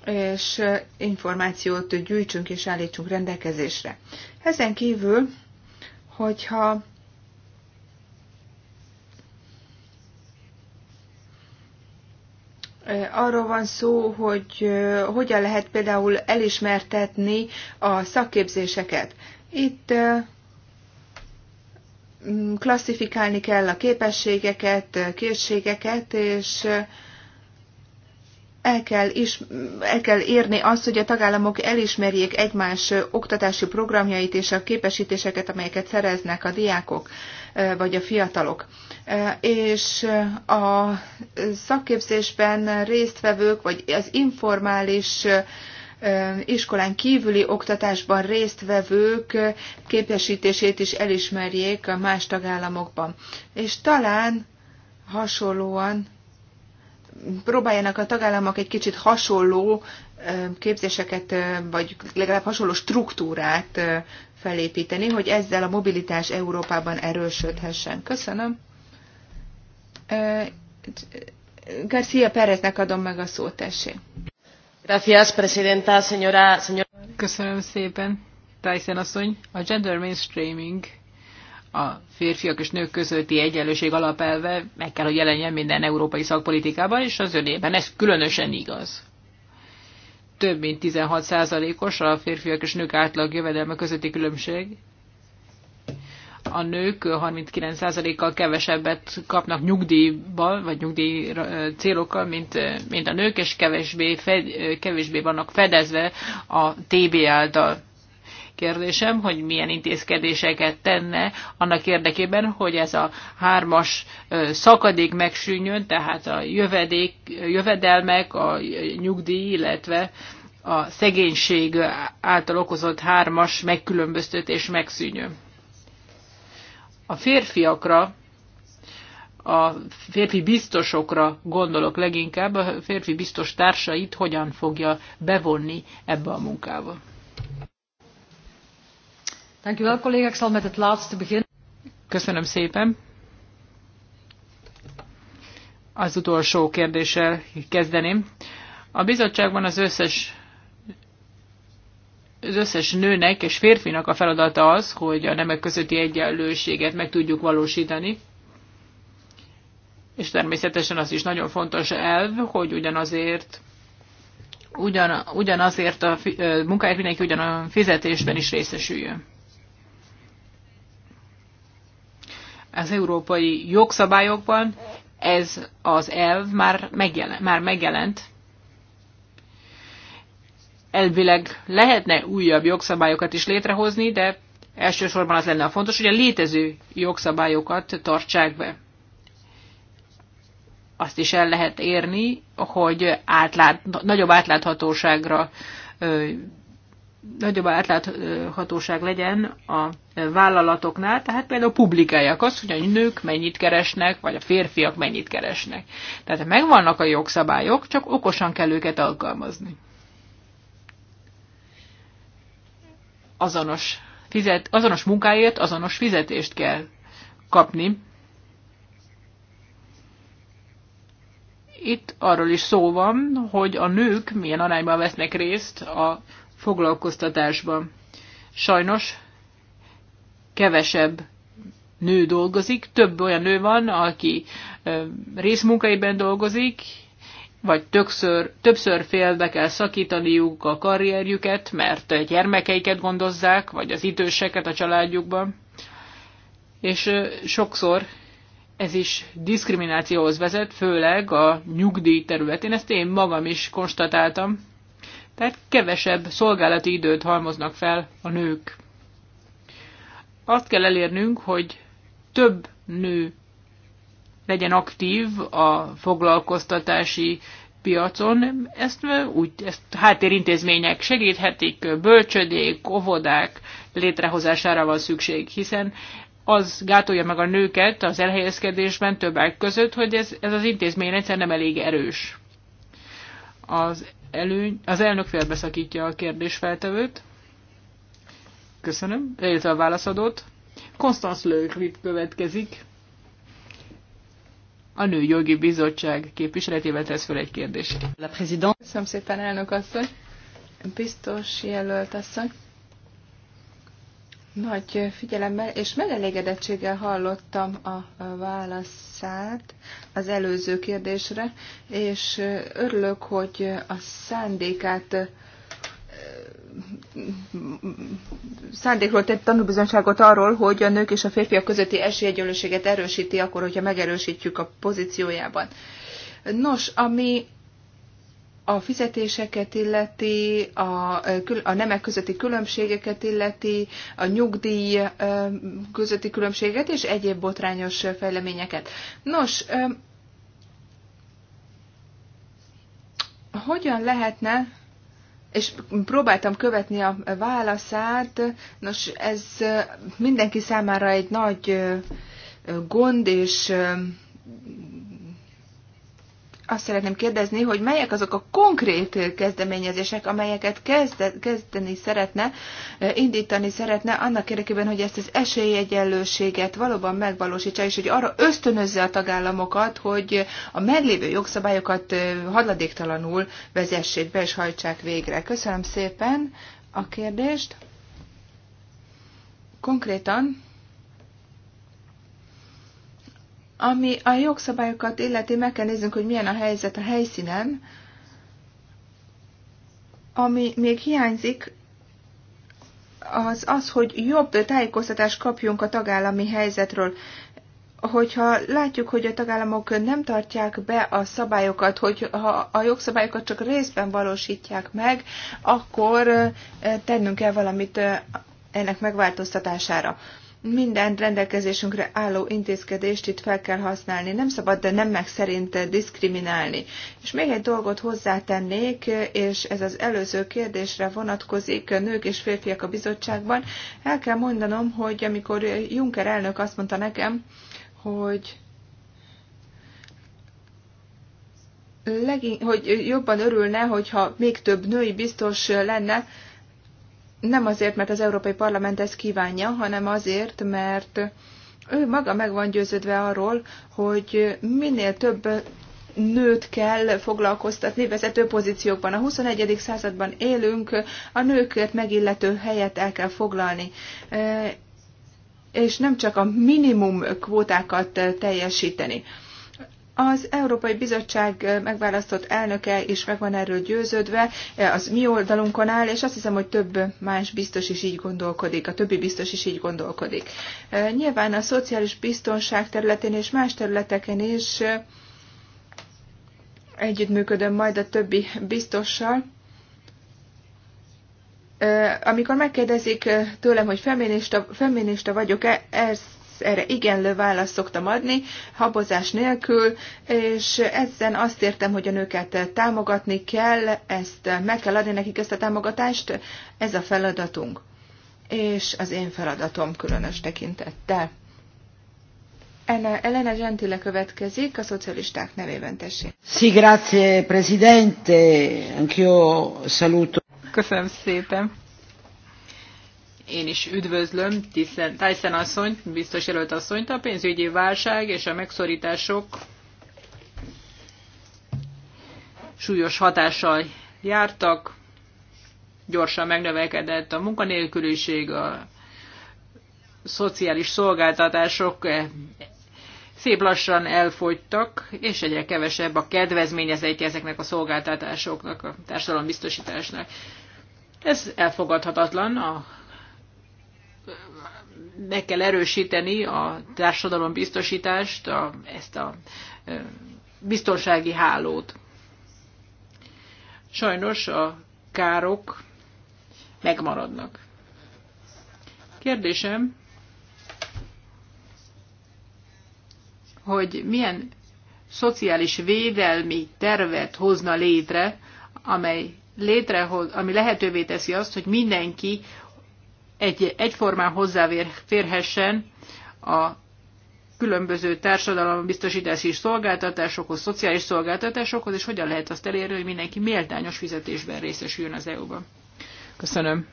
és információt gyűjtsünk és állítsunk rendelkezésre. Ezen kívül, hogyha Arról van szó, hogy hogyan lehet például elismertetni a szakképzéseket. Itt klasszifikálni kell a képességeket, készségeket, és el kell, is, el kell érni azt, hogy a tagállamok elismerjék egymás oktatási programjait és a képesítéseket, amelyeket szereznek a diákok vagy a fiatalok. Eh, és eh, a szakképzésben résztvevők, vagy az informális eh, iskolán kívüli oktatásban résztvevők képesítését is elismerjék a más tagállamokban. És talán hasonlóan próbáljanak a tagállamok egy kicsit hasonló képzéseket, vagy legalább hasonló struktúrát felépíteni, hogy ezzel a mobilitás Európában erősödhessen. Köszönöm. García Péreznek adom meg a szót, tessék. Gracias, presidenta, señora, señora. Köszönöm szépen, Tyson asszony. A gender mainstreaming a férfiak és nők közötti egyenlőség alapelve meg kell, hogy jelenjen minden európai szakpolitikában, és az önében ez különösen igaz. Több mint 16%-os a férfiak és nők átlag jövedelme közötti különbség a nők 39%-kal kevesebbet kapnak nyugdíjbal, vagy nyugdíj célokkal, mint, mint a nők, és kevésbé, fed, kevésbé vannak fedezve a TB által. Kérdésem, hogy milyen intézkedéseket tenne annak érdekében, hogy ez a hármas szakadék megsűnjön, tehát a jövedék, jövedelmek, a nyugdíj, illetve a szegénység által okozott hármas megkülönböztetés megszűnjön a férfiakra, a férfi biztosokra gondolok leginkább, a férfi biztos társait hogyan fogja bevonni ebbe a munkába. Köszönöm szépen. Az utolsó kérdéssel kezdeném. A bizottságban az összes az összes nőnek és férfinak a feladata az, hogy a nemek közötti egyenlőséget meg tudjuk valósítani. És természetesen az is nagyon fontos elv, hogy ugyanazért ugyan, ugyanazért a munkáért mindenki ugyan a fizetésben is részesüljön. Az európai jogszabályokban ez az elv már, megjelen, már megjelent, elvileg lehetne újabb jogszabályokat is létrehozni, de elsősorban az lenne a fontos, hogy a létező jogszabályokat tartsák be. Azt is el lehet érni, hogy átlát, nagyobb átláthatóságra nagyobb átláthatóság legyen a vállalatoknál, tehát például publikálják azt, hogy a nők mennyit keresnek, vagy a férfiak mennyit keresnek. Tehát megvannak a jogszabályok, csak okosan kell őket alkalmazni. azonos, fizet, azonos munkáért azonos fizetést kell kapni. Itt arról is szó van, hogy a nők milyen arányban vesznek részt a foglalkoztatásban. Sajnos kevesebb nő dolgozik, több olyan nő van, aki részmunkaiben dolgozik, vagy többször, többször félbe kell szakítaniuk a karrierjüket, mert gyermekeiket gondozzák, vagy az időseket a családjukban. És sokszor ez is diszkriminációhoz vezet, főleg a nyugdíj területén. Ezt én magam is konstatáltam. Tehát kevesebb szolgálati időt halmoznak fel a nők. Azt kell elérnünk, hogy több nő legyen aktív a foglalkoztatási piacon. Ezt, úgy, ezt háttérintézmények segíthetik, bölcsödék, óvodák létrehozására van szükség, hiszen az gátolja meg a nőket az elhelyezkedésben többek között, hogy ez, ez az intézmény rendszer nem elég erős. Az, előny, az elnök félbeszakítja a kérdésfeltevőt. Köszönöm, illetve a válaszadót. Konstanz Lőkvit következik a nő jogi Bizottság képviseletében tesz fel egy kérdést. La président. Köszönöm szépen, elnök asszony. Biztos jelölt asszony. Nagy figyelemmel és megelégedettséggel hallottam a válaszát az előző kérdésre, és örülök, hogy a szándékát szándékról tett tanúbizonyságot arról, hogy a nők és a férfiak közötti esélyegyenlőséget erősíti akkor, hogyha megerősítjük a pozíciójában. Nos, ami a fizetéseket illeti, a, a nemek közötti különbségeket illeti, a nyugdíj közötti különbséget és egyéb botrányos fejleményeket. Nos, hogyan lehetne és próbáltam követni a válaszát. Nos, ez mindenki számára egy nagy gond és azt szeretném kérdezni, hogy melyek azok a konkrét kezdeményezések, amelyeket kezde, kezdeni szeretne, indítani szeretne, annak érdekében, hogy ezt az esélyegyenlőséget valóban megvalósítsa, és hogy arra ösztönözze a tagállamokat, hogy a meglévő jogszabályokat hadladéktalanul vezessék be és hajtsák végre. Köszönöm szépen a kérdést. Konkrétan ami a jogszabályokat illeti, meg kell néznünk, hogy milyen a helyzet a helyszínen. Ami még hiányzik, az az, hogy jobb tájékoztatást kapjunk a tagállami helyzetről. Hogyha látjuk, hogy a tagállamok nem tartják be a szabályokat, hogy ha a jogszabályokat csak részben valósítják meg, akkor eh, tennünk kell valamit eh, ennek megváltoztatására mindent rendelkezésünkre álló intézkedést itt fel kell használni. Nem szabad, de nem meg szerint diszkriminálni. És még egy dolgot hozzátennék, és ez az előző kérdésre vonatkozik nők és férfiak a bizottságban. El kell mondanom, hogy amikor Juncker elnök azt mondta nekem, hogy Legi- hogy jobban örülne, hogyha még több női biztos lenne, nem azért, mert az Európai Parlament ezt kívánja, hanem azért, mert ő maga meg van győződve arról, hogy minél több nőt kell foglalkoztatni vezető pozíciókban. A 21. században élünk, a nőkért megillető helyet el kell foglalni e, és nem csak a minimum kvótákat teljesíteni. Az Európai Bizottság megválasztott elnöke is meg van erről győződve, az mi oldalunkon áll, és azt hiszem, hogy több más biztos is így gondolkodik, a többi biztos is így gondolkodik. Nyilván a szociális biztonság területén és más területeken is együttműködöm majd a többi biztossal. Amikor megkérdezik tőlem, hogy feminista, feminista vagyok-e, ez erre igenlő választ szoktam adni, habozás nélkül, és ezen azt értem, hogy a nőket támogatni kell, ezt meg kell adni nekik ezt a támogatást, ez a feladatunk. És az én feladatom különös tekintettel. Elena Gentile következik, a szocialisták nevében tessék. Sì, grazie, presidente. Anch'io saluto. Köszönöm szépen. Én is üdvözlöm Tyson asszonyt, biztos jelölt asszonyt, a pénzügyi válság és a megszorítások súlyos hatással jártak, gyorsan megnövekedett a munkanélküliség, a szociális szolgáltatások eh, szép lassan elfogytak, és egyre kevesebb a kedvezményezettje ezeknek a szolgáltatásoknak, a társadalombiztosításnak. Ez elfogadhatatlan a meg kell erősíteni a biztosítást, a, ezt a biztonsági hálót. Sajnos a károk megmaradnak. Kérdésem, hogy milyen szociális védelmi tervet hozna létre, amely létrehoz, ami lehetővé teszi azt, hogy mindenki egy, egyformán hozzáférhessen a különböző társadalombiztosítási szolgáltatásokhoz, szociális szolgáltatásokhoz, és hogyan lehet azt elérni, hogy mindenki méltányos fizetésben részesüljön az EU-ban. Köszönöm.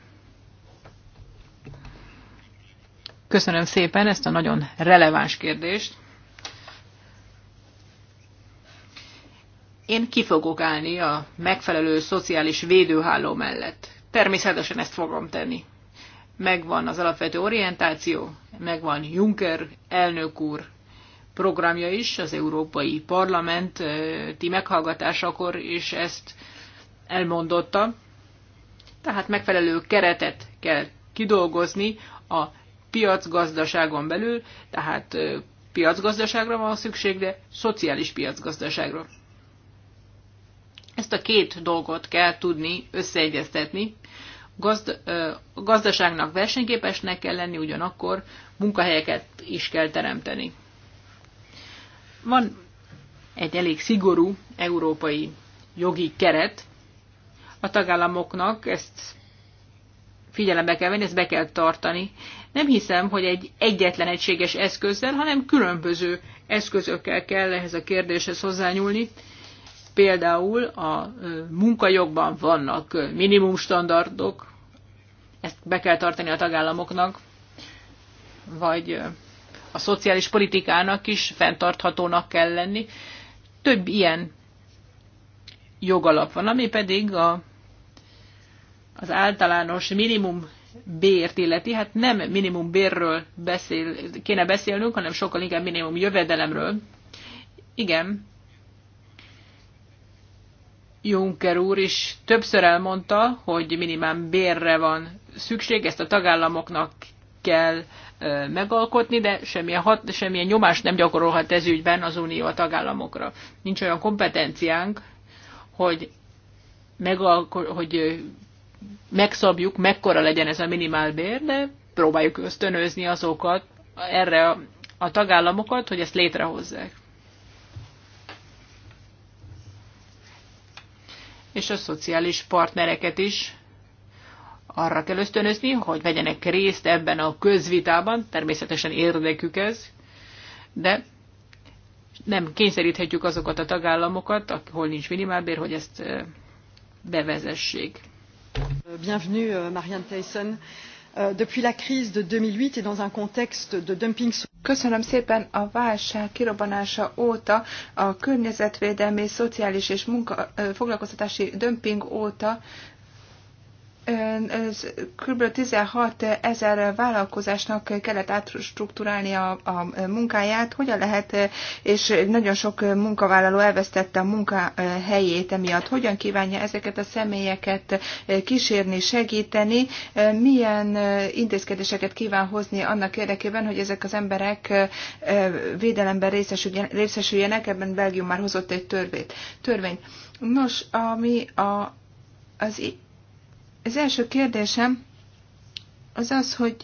Köszönöm szépen ezt a nagyon releváns kérdést. Én ki fogok állni a megfelelő szociális védőháló mellett. Természetesen ezt fogom tenni megvan az alapvető orientáció, megvan Juncker elnök úr programja is, az Európai Parlament ti meghallgatásakor is ezt elmondotta. Tehát megfelelő keretet kell kidolgozni a piacgazdaságon belül, tehát piacgazdaságra van szükség, de szociális piacgazdaságra. Ezt a két dolgot kell tudni összeegyeztetni, gazd, gazdaságnak versenyképesnek kell lenni, ugyanakkor munkahelyeket is kell teremteni. Van egy elég szigorú európai jogi keret, a tagállamoknak ezt figyelembe kell venni, ezt be kell tartani. Nem hiszem, hogy egy egyetlen egységes eszközzel, hanem különböző eszközökkel kell ehhez a kérdéshez hozzányúlni. Például a munkajogban vannak minimumstandardok, ezt be kell tartani a tagállamoknak, vagy a szociális politikának is fenntarthatónak kell lenni. Több ilyen jogalap van, ami pedig a, az általános minimum bért illeti. Hát nem minimum bérről beszél, kéne beszélnünk, hanem sokkal inkább minimum jövedelemről. Igen, Juncker úr is többször elmondta, hogy minimál bérre van szükség, ezt a tagállamoknak kell megalkotni, de semmilyen, hat, semmilyen nyomást nem gyakorolhat ez ügyben az Unió a tagállamokra. Nincs olyan kompetenciánk, hogy, megalko- hogy megszabjuk, mekkora legyen ez a minimálbér, de próbáljuk ösztönözni azokat, erre a tagállamokat, hogy ezt létrehozzák. és a szociális partnereket is arra kell ösztönözni, hogy vegyenek részt ebben a közvitában, természetesen érdekük ez, de nem kényszeríthetjük azokat a tagállamokat, ahol nincs minimálbér, hogy ezt eh, bevezessék. Bienvenue, eh, Marianne Tyson. Euh, depuis la crise de 2008 et dans un contexte de dumping Köszönöm szépen a válság kirobbanása óta, a környezetvédelmi, szociális és munka, foglalkoztatási dömping óta kb. 16 ezer vállalkozásnak kellett átstruktúrálni a, a munkáját, hogyan lehet, és nagyon sok munkavállaló elvesztette a munkahelyét emiatt. Hogyan kívánja ezeket a személyeket kísérni, segíteni, milyen intézkedéseket kíván hozni annak érdekében, hogy ezek az emberek védelemben részesüljenek, ebben Belgium már hozott egy törvényt. Nos, ami a, az az első kérdésem az az, hogy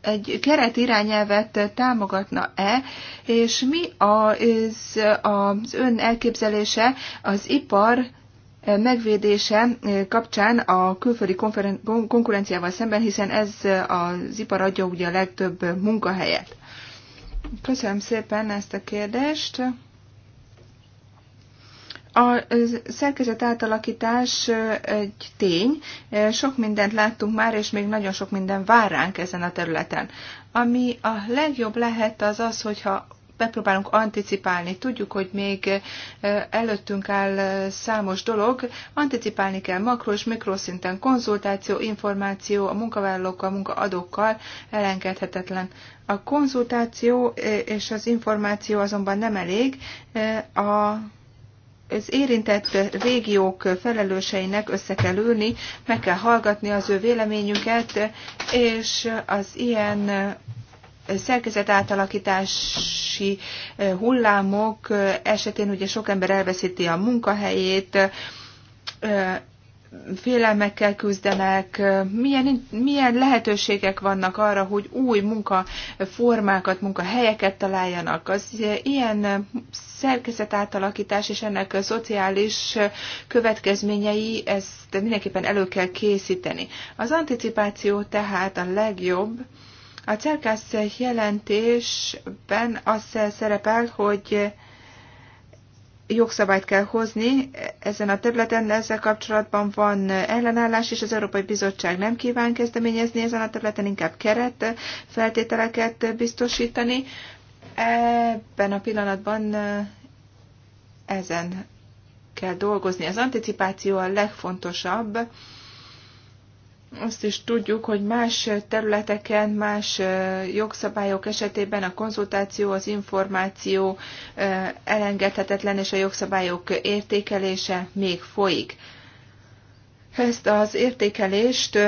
egy keret irányelvet támogatna-e, és mi az, az ön elképzelése az ipar megvédése kapcsán a külföldi konkurenciával szemben, hiszen ez az ipar adja ugye a legtöbb munkahelyet. Köszönöm szépen ezt a kérdést. A szerkezet átalakítás egy tény, sok mindent láttunk már, és még nagyon sok minden vár ránk ezen a területen. Ami a legjobb lehet az az, hogyha megpróbálunk anticipálni. Tudjuk, hogy még előttünk áll számos dolog. Anticipálni kell makro és mikroszinten konzultáció, információ a munkavállalókkal, munkaadókkal elengedhetetlen. A konzultáció és az információ azonban nem elég. A az érintett régiók felelőseinek össze kell ülni, meg kell hallgatni az ő véleményüket, és az ilyen szerkezet átalakítási hullámok esetén ugye sok ember elveszíti a munkahelyét, félelmekkel küzdenek, milyen, milyen lehetőségek vannak arra, hogy új munkaformákat, munkahelyeket találjanak. Az ilyen átalakítás és ennek a szociális következményei, ezt mindenképpen elő kell készíteni. Az anticipáció tehát a legjobb, a Cerkász jelentésben az szerepel, hogy jogszabályt kell hozni ezen a területen, ezzel kapcsolatban van ellenállás, és az Európai Bizottság nem kíván kezdeményezni ezen a területen, inkább keret feltételeket biztosítani. Ebben a pillanatban ezen kell dolgozni. Az anticipáció a legfontosabb azt is tudjuk, hogy más területeken, más jogszabályok esetében a konzultáció, az információ elengedhetetlen, és a jogszabályok értékelése még folyik. Ezt az értékelést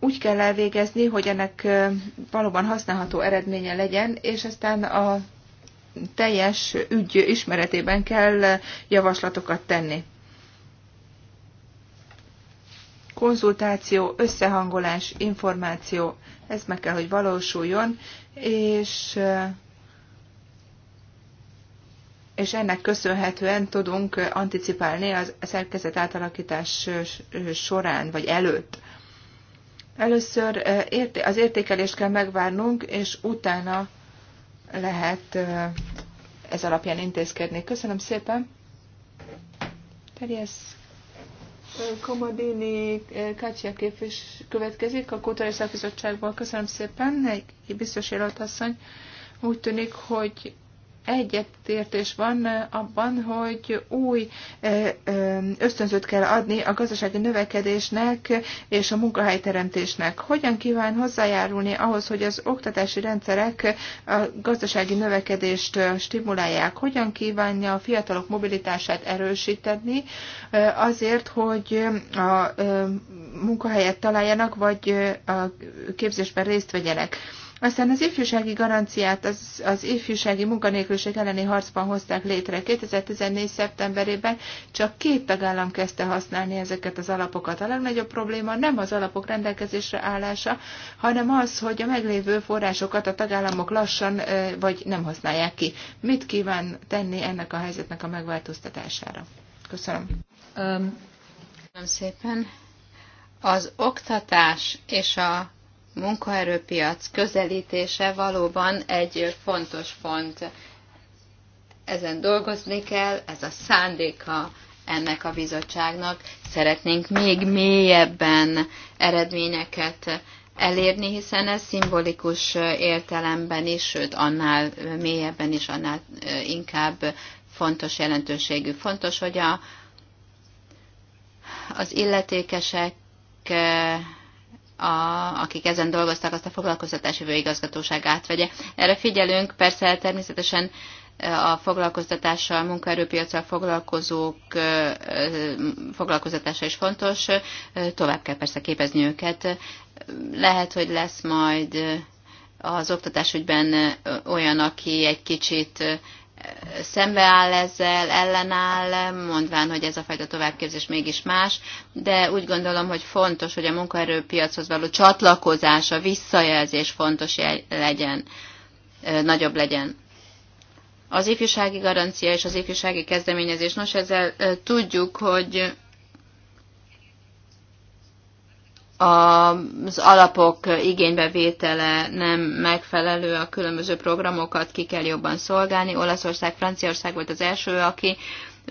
úgy kell elvégezni, hogy ennek valóban használható eredménye legyen, és aztán a teljes ügy ismeretében kell javaslatokat tenni konzultáció, összehangolás, információ, ez meg kell, hogy valósuljon, és eh, és ennek köszönhetően tudunk anticipálni az szerkezet átalakítás eh, során, vagy előtt. Először eh, az értékelést kell megvárnunk, és utána lehet ez alapján intézkedni. Köszönöm szépen! Terjesz Komodini eh, Kátya képvis következik a Kultúra Szakbizottságból. Köszönöm szépen, egy biztos asszony. Úgy tűnik, hogy egyetértés van abban, hogy új ösztönzőt kell adni a gazdasági növekedésnek és a munkahelyteremtésnek. Hogyan kíván hozzájárulni ahhoz, hogy az oktatási rendszerek a gazdasági növekedést stimulálják? Hogyan kívánja a fiatalok mobilitását erősíteni azért, hogy a munkahelyet találjanak, vagy a képzésben részt vegyenek? Aztán az ifjúsági garanciát az, az ifjúsági munkanélküliség elleni harcban hozták létre. 2014. szeptemberében csak két tagállam kezdte használni ezeket az alapokat. A legnagyobb probléma nem az alapok rendelkezésre állása, hanem az, hogy a meglévő forrásokat a tagállamok lassan vagy nem használják ki. Mit kíván tenni ennek a helyzetnek a megváltoztatására? Köszönöm. Um, köszönöm szépen. Az oktatás és a munkaerőpiac közelítése valóban egy fontos pont. Ezen dolgozni kell, ez a szándéka ennek a bizottságnak. Szeretnénk még mélyebben eredményeket elérni, hiszen ez szimbolikus értelemben is, sőt annál mélyebben is, annál inkább fontos jelentőségű. Fontos, hogy a, az illetékesek a, akik ezen dolgoztak, azt a foglalkoztatási főigazgatóság átvegye. Erre figyelünk, persze természetesen e, a foglalkoztatással, munkaerőpiacsal foglalkozók e, e, foglalkoztatása is fontos, tovább kell persze képezni őket. Lehet, hogy lesz majd az oktatásügyben olyan, aki egy kicsit szembeáll ezzel, ellenáll, mondván, hogy ez a fajta továbbképzés mégis más, de úgy gondolom, hogy fontos, hogy a munkaerőpiachoz való csatlakozás, a visszajelzés fontos legyen, nagyobb legyen. Az ifjúsági garancia és az ifjúsági kezdeményezés, nos ezzel tudjuk, hogy az alapok igénybevétele nem megfelelő, a különböző programokat ki kell jobban szolgálni. Olaszország, Franciaország volt az első, aki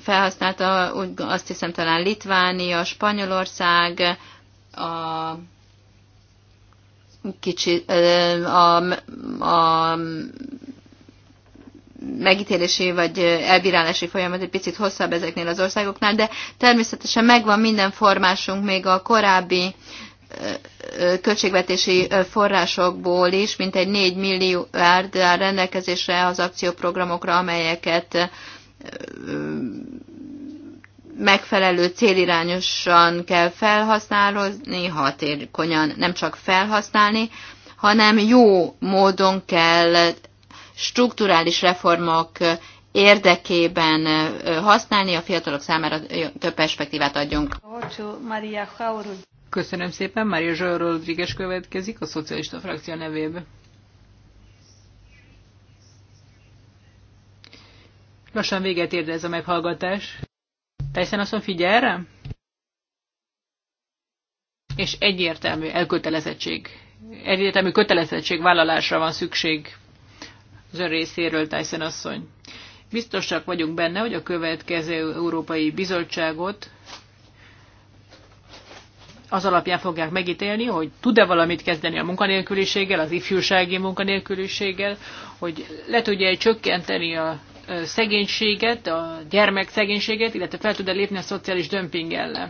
felhasználta, úgy, azt hiszem talán Litvánia, Spanyolország, a kicsi, a, a megítélési vagy elbírálási folyamat egy picit hosszabb ezeknél az országoknál, de természetesen megvan minden formásunk még a korábbi költségvetési forrásokból is egy 4 milliárd áll rendelkezésre az akcióprogramokra, amelyeket megfelelő célirányosan kell felhasználni, hatékonyan nem csak felhasználni, hanem jó módon kell strukturális reformok érdekében használni, a fiatalok számára több perspektívát adjunk. Köszönöm szépen. Mária Zsajó Rodríguez következik a szocialista frakció nevében. Lassan véget érde ez a meghallgatás. Tyson azt figyel rám? És egyértelmű elkötelezettség, egyértelmű kötelezettség vállalásra van szükség az ön részéről, Tyson asszony. Biztosak vagyunk benne, hogy a következő Európai Bizottságot az alapján fogják megítélni, hogy tud-e valamit kezdeni a munkanélküliséggel, az ifjúsági munkanélküliséggel, hogy le tudja -e csökkenteni a szegénységet, a gyermekszegénységet, illetve fel tud-e lépni a szociális dömping ellen.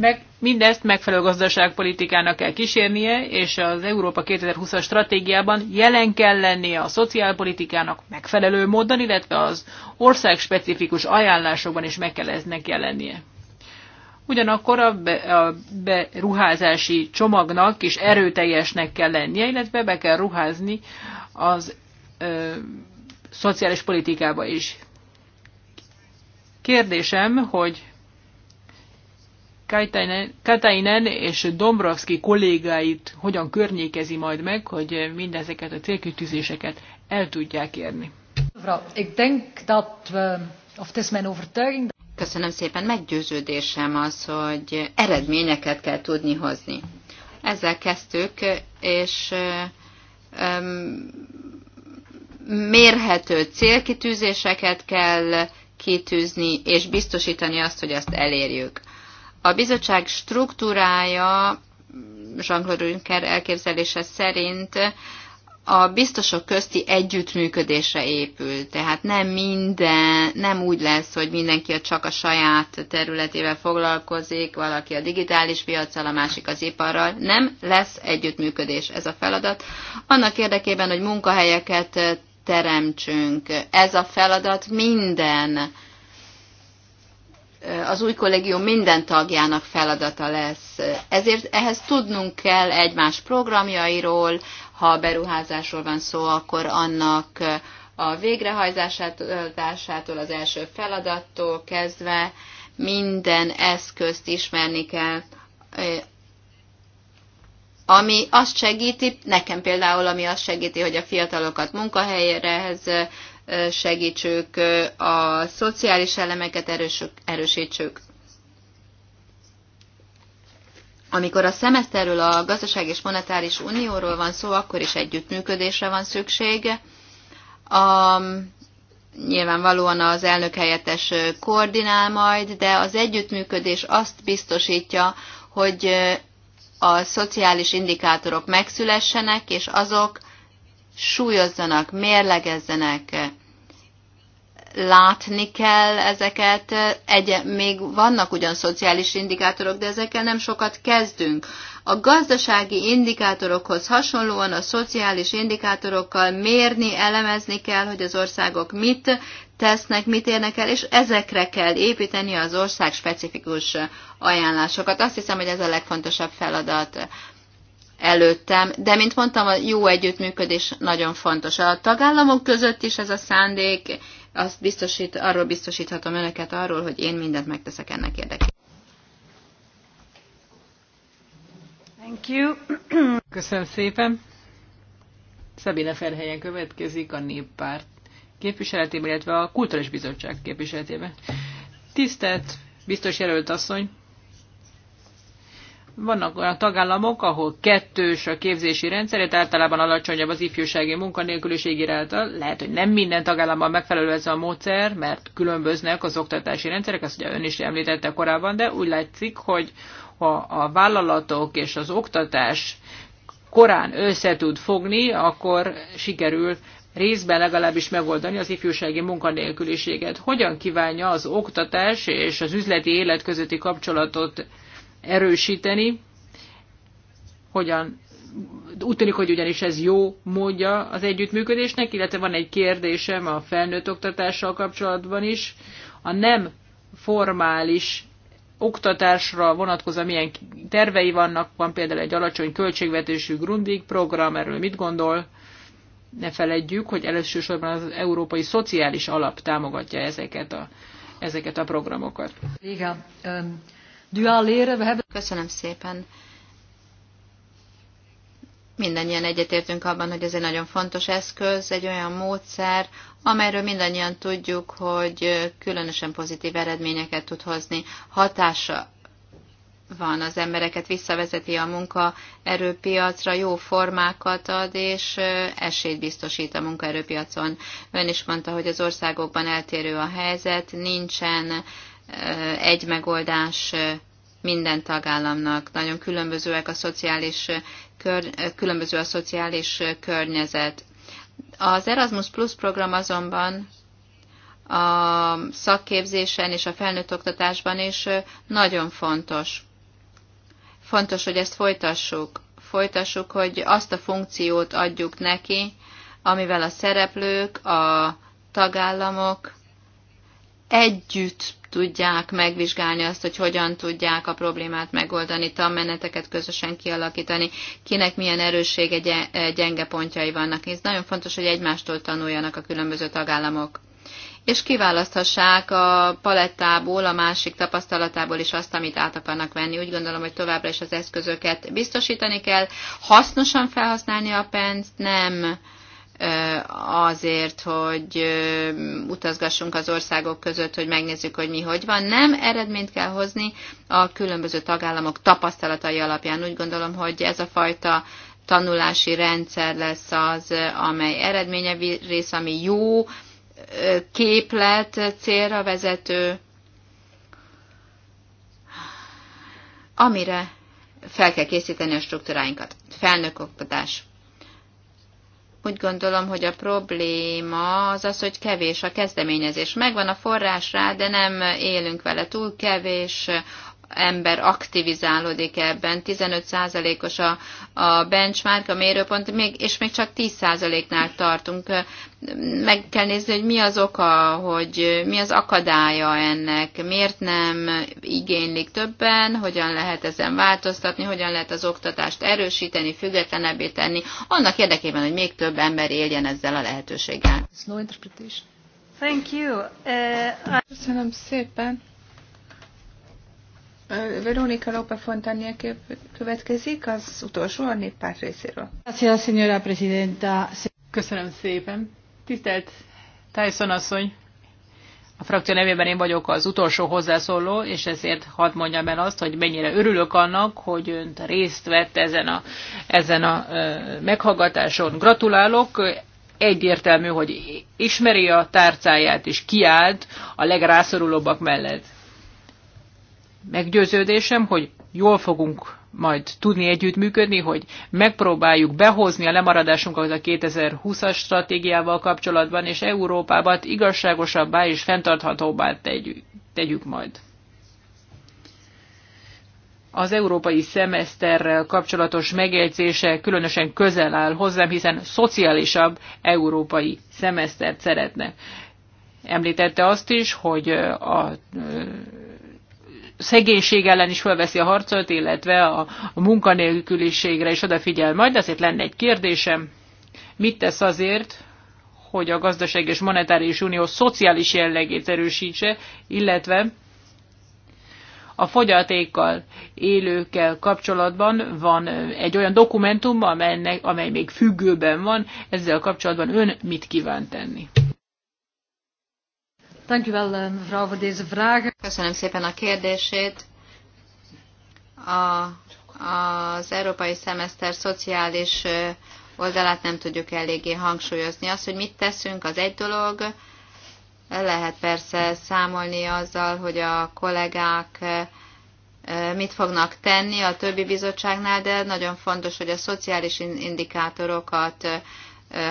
Meg, mindezt megfelelő gazdaságpolitikának kell kísérnie, és az Európa 2020-as stratégiában jelen kell lennie a szociálpolitikának megfelelő módon, illetve az ország specifikus ajánlásokban is meg kell eznek jelennie. Ugyanakkor a, be, a beruházási csomagnak is erőteljesnek kell lennie, illetve be kell ruházni az ö, szociális politikába is. Kérdésem, hogy Katainen, és Dombrovski kollégáit hogyan környékezi majd meg, hogy mindezeket a célkütűzéseket el tudják érni. Köszönöm szépen, meggyőződésem az, hogy eredményeket kell tudni hozni. Ezzel kezdtük, és mérhető célkitűzéseket kell kitűzni, és biztosítani azt, hogy azt elérjük. A bizottság struktúrája Jean-Claude Juncker elképzelése szerint a biztosok közti együttműködésre épül, tehát nem minden, nem úgy lesz, hogy mindenki a csak a saját területével foglalkozik, valaki a digitális piacsal, a másik az iparral. Nem lesz együttműködés ez a feladat. Annak érdekében, hogy munkahelyeket teremtsünk, ez a feladat minden az új kollégium minden tagjának feladata lesz. Ezért ehhez tudnunk kell egymás programjairól, ha a beruházásról van szó, akkor annak a végrehajtásától, az első feladattól kezdve minden eszközt ismerni kell, ami azt segíti, nekem például, ami azt segíti, hogy a fiatalokat munkahelyerehez segítsük, a szociális elemeket erősök, erősítsük. Amikor a szemeszterről a gazdaság és monetáris unióról van szó, akkor is együttműködésre van szükség. A, nyilvánvalóan az elnök helyettes koordinál majd, de az együttműködés azt biztosítja, hogy a szociális indikátorok megszülessenek, és azok súlyozzanak, mérlegezzenek, látni kell ezeket. Egy, még vannak ugyan szociális indikátorok, de ezekkel nem sokat kezdünk. A gazdasági indikátorokhoz hasonlóan a szociális indikátorokkal mérni, elemezni kell, hogy az országok mit tesznek, mit érnek el, és ezekre kell építeni az ország specifikus ajánlásokat. Azt hiszem, hogy ez a legfontosabb feladat előttem, de mint mondtam, a jó együttműködés nagyon fontos. A tagállamok között is ez a szándék, azt biztosít, arról biztosíthatom önöket arról, hogy én mindent megteszek ennek érdekében. Thank you. Köszönöm szépen. Szabina Ferhelyen következik a Néppárt képviseletében, illetve a Kulturális Bizottság képviseletében. Tisztelt biztos jelölt asszony, vannak olyan tagállamok, ahol kettős a képzési rendszer, általában alacsonyabb az ifjúsági munkanélküliség iránta. Lehet, hogy nem minden tagállamban megfelelő ez a módszer, mert különböznek az oktatási rendszerek, ezt ugye ön is említette korábban, de úgy látszik, hogy ha a vállalatok és az oktatás korán össze tud fogni, akkor sikerül részben legalábbis megoldani az ifjúsági munkanélküliséget. Hogyan kívánja az oktatás és az üzleti élet közötti kapcsolatot erősíteni. Hogyan úgy tűnik, hogy ugyanis ez jó módja az együttműködésnek, illetve van egy kérdésem a felnőtt oktatással kapcsolatban is. A nem formális oktatásra vonatkozó milyen tervei vannak, van például egy alacsony költségvetésű Grundig program, erről mit gondol? Ne feledjük, hogy elsősorban az Európai Szociális Alap támogatja ezeket a, ezeket a programokat. Igen. Um duaal We hebben... Köszönöm szépen. Mindannyian egyetértünk abban, hogy ez egy nagyon fontos eszköz, egy olyan módszer, amelyről mindannyian tudjuk, hogy különösen pozitív eredményeket tud hozni. Hatása van, az embereket visszavezeti a munkaerőpiacra, jó formákat ad, és esélyt biztosít a munkaerőpiacon. Ön is mondta, hogy az országokban eltérő a helyzet, nincsen egy megoldás minden tagállamnak. Nagyon különbözőek a szociális, különböző a szociális környezet. Az Erasmus Plus program azonban a szakképzésen és a felnőtt oktatásban is nagyon fontos. Fontos, hogy ezt folytassuk. Folytassuk, hogy azt a funkciót adjuk neki, amivel a szereplők, a tagállamok, együtt tudják megvizsgálni azt, hogy hogyan tudják a problémát megoldani, tanmeneteket közösen kialakítani, kinek milyen erőssége, eh, gyenge pontjai vannak. Ez nagyon fontos, hogy egymástól tanuljanak a különböző tagállamok és kiválaszthassák a palettából, a másik tapasztalatából is azt, amit át akarnak venni. Úgy gondolom, hogy továbbra is az eszközöket biztosítani kell. Hasznosan felhasználni a pénzt, nem azért, hogy utazgassunk az országok között, hogy megnézzük, hogy mi hogy van. Nem, eredményt kell hozni a különböző tagállamok tapasztalatai alapján. Úgy gondolom, hogy ez a fajta tanulási rendszer lesz az, amely eredménye rész, ami jó képlet, célra vezető, amire fel kell készíteni a struktúráinkat. Felnök oktatás úgy gondolom, hogy a probléma az az, hogy kevés a kezdeményezés. Megvan a forrás rá, de nem élünk vele. Túl kevés ember aktivizálódik ebben. 15%-os a, a benchmark, a mérőpont, még, és még csak 10%-nál tartunk. Meg kell nézni, hogy mi az oka, hogy mi az akadálya ennek, miért nem igénylik többen, hogyan lehet ezen változtatni, hogyan lehet az oktatást erősíteni, függetlenebbé tenni, annak érdekében, hogy még több ember éljen ezzel a lehetőséggel. Uh, Köszönöm szépen. Veronika López que következik, az utolsó a néppárt részéről. Köszönöm szépen. Tisztelt Tyson asszony, a frakció nevében én vagyok az utolsó hozzászóló, és ezért hadd mondjam el azt, hogy mennyire örülök annak, hogy önt részt vett ezen a, ezen a meghallgatáson. Gratulálok, egyértelmű, hogy ismeri a tárcáját, és kiállt a legrászorulóbbak mellett meggyőződésem, hogy jól fogunk majd tudni együttműködni, hogy megpróbáljuk behozni a lemaradásunkat a 2020-as stratégiával kapcsolatban, és Európában igazságosabbá és fenntarthatóbbá tegyük, tegyük majd. Az európai szemeszterrel kapcsolatos megjegyzése különösen közel áll hozzám, hiszen szociálisabb európai szemesztert szeretne. Említette azt is, hogy a szegénység ellen is felveszi a harcot, illetve a, a munkanélküliségre is odafigyel majd. Azért lenne egy kérdésem, mit tesz azért, hogy a gazdaság és monetáris unió szociális jellegét erősítse, illetve a fogyatékkal élőkkel kapcsolatban van egy olyan dokumentum, amely még függőben van, ezzel kapcsolatban ön mit kíván tenni? Dank u wel, eh, mevrouw, voor deze vragen. Köszönöm szépen a kérdését. A, az európai szemeszter szociális oldalát nem tudjuk eléggé hangsúlyozni. Az, hogy mit teszünk, az egy dolog. Lehet persze számolni azzal, hogy a kollégák mit fognak tenni a többi bizottságnál, de nagyon fontos, hogy a szociális indikátorokat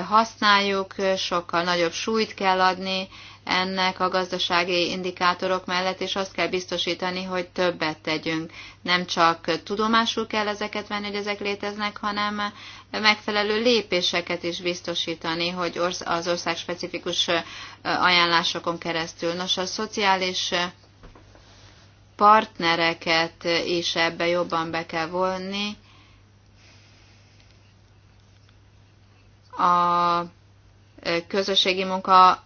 használjuk, sokkal nagyobb súlyt kell adni, ennek a gazdasági indikátorok mellett, és azt kell biztosítani, hogy többet tegyünk. Nem csak tudomásul kell ezeket venni, hogy ezek léteznek, hanem megfelelő lépéseket is biztosítani, hogy az ország specifikus ajánlásokon keresztül. Nos, a szociális partnereket is ebbe jobban be kell vonni. A közösségi munka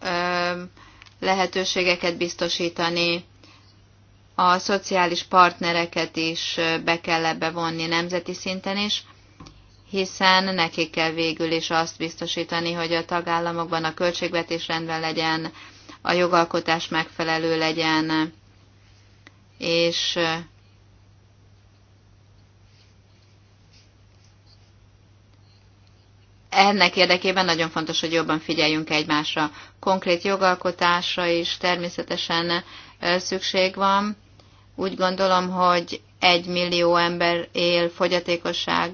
lehetőségeket biztosítani, a szociális partnereket is be kell ebbe vonni nemzeti szinten is, hiszen nekik kell végül is azt biztosítani, hogy a tagállamokban a költségvetés rendben legyen, a jogalkotás megfelelő legyen, és ennek érdekében nagyon fontos, hogy jobban figyeljünk egymásra. Konkrét jogalkotásra is természetesen szükség van. Úgy gondolom, hogy egy millió ember él fogyatékosság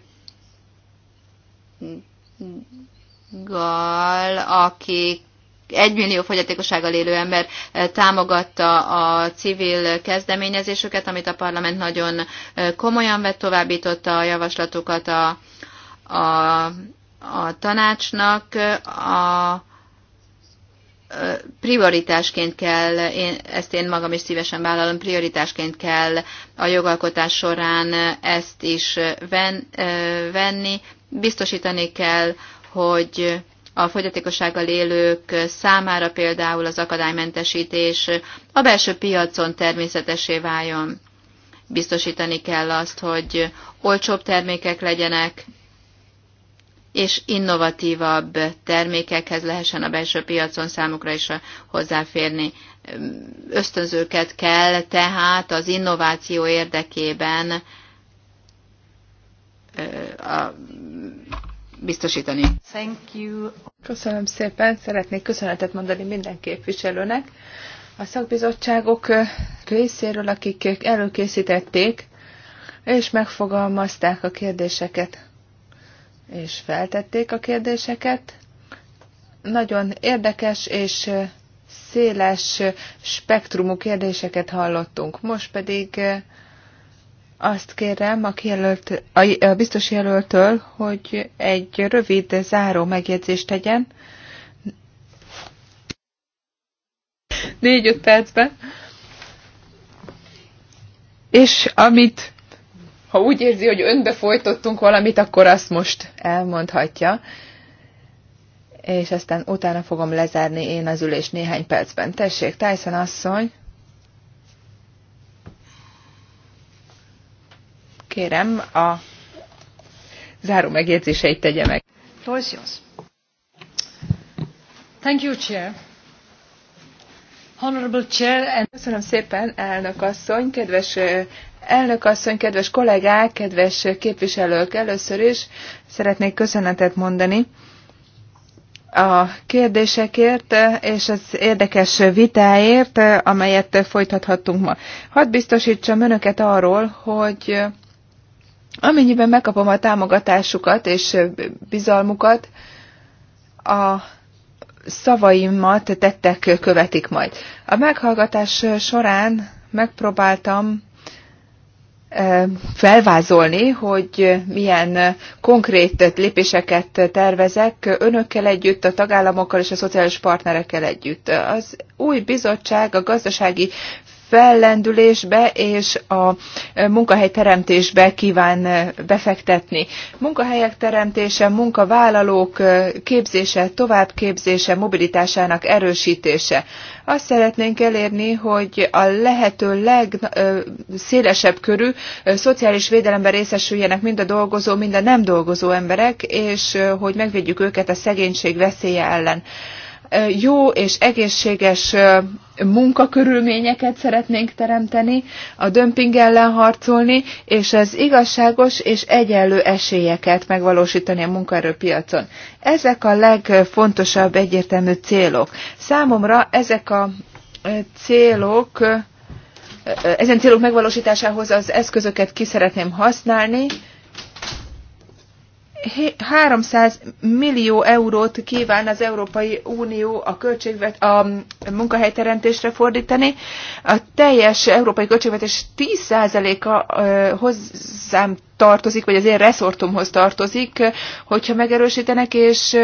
gal, egy egymillió fogyatékossággal élő ember támogatta a civil kezdeményezésüket, amit a parlament nagyon komolyan vett, továbbította a javaslatokat a, a a tanácsnak a prioritásként kell, én, ezt én magam is szívesen vállalom, prioritásként kell a jogalkotás során ezt is ven, venni. Biztosítani kell, hogy a fogyatékossággal élők számára például az akadálymentesítés a belső piacon természetesé váljon. Biztosítani kell azt, hogy olcsóbb termékek legyenek, és innovatívabb termékekhez lehessen a belső piacon számukra is hozzáférni. Ösztönzőket kell tehát az innováció érdekében a biztosítani. Thank you. Köszönöm szépen, szeretnék köszönetet mondani minden képviselőnek. A szakbizottságok részéről, akik előkészítették és megfogalmazták a kérdéseket és feltették a kérdéseket. Nagyon érdekes és széles spektrumú kérdéseket hallottunk. Most pedig eh, azt kérem a, kijelölt, a biztos jelöltől, hogy egy rövid záró megjegyzést tegyen. Négy-öt percben. És amit ha úgy érzi, hogy önbe folytottunk valamit, akkor azt most elmondhatja. És aztán utána fogom lezárni én az ülés néhány percben. Tessék, Tyson asszony! Kérem, a záró megjegyzéseit tegye meg. Thank you, Chair. Honorable Chair and... Köszönöm szépen, elnök asszony, kedves Elnök asszony, kedves kollégák, kedves képviselők, először is szeretnék köszönetet mondani a kérdésekért és az érdekes vitáért, amelyet folytathattunk ma. Hadd biztosítsam önöket arról, hogy amennyiben megkapom a támogatásukat és bizalmukat, a szavaimat tettek követik majd. A meghallgatás során megpróbáltam felvázolni, hogy milyen konkrét lépéseket tervezek önökkel együtt, a tagállamokkal és a szociális partnerekkel együtt. Az új bizottság a gazdasági fellendülésbe és a munkahelyteremtésbe kíván befektetni. Munkahelyek teremtése, munkavállalók képzése, továbbképzése, mobilitásának erősítése. Azt szeretnénk elérni, hogy a lehető legszélesebb körű szociális védelemben részesüljenek mind a dolgozó, mind a nem dolgozó emberek, és hogy megvédjük őket a szegénység veszélye ellen jó és egészséges munkakörülményeket szeretnénk teremteni, a dömping ellen harcolni, és az igazságos és egyenlő esélyeket megvalósítani a munkaerőpiacon. Ezek a legfontosabb egyértelmű célok. Számomra ezek a célok, ezen célok megvalósításához az eszközöket ki szeretném használni, 300 millió eurót kíván az Európai Unió a, költségvet, a munkahelyteremtésre fordítani. A teljes európai költségvetés 10%-a hozzám tartozik, vagy az én reszortomhoz tartozik, hogyha megerősítenek, és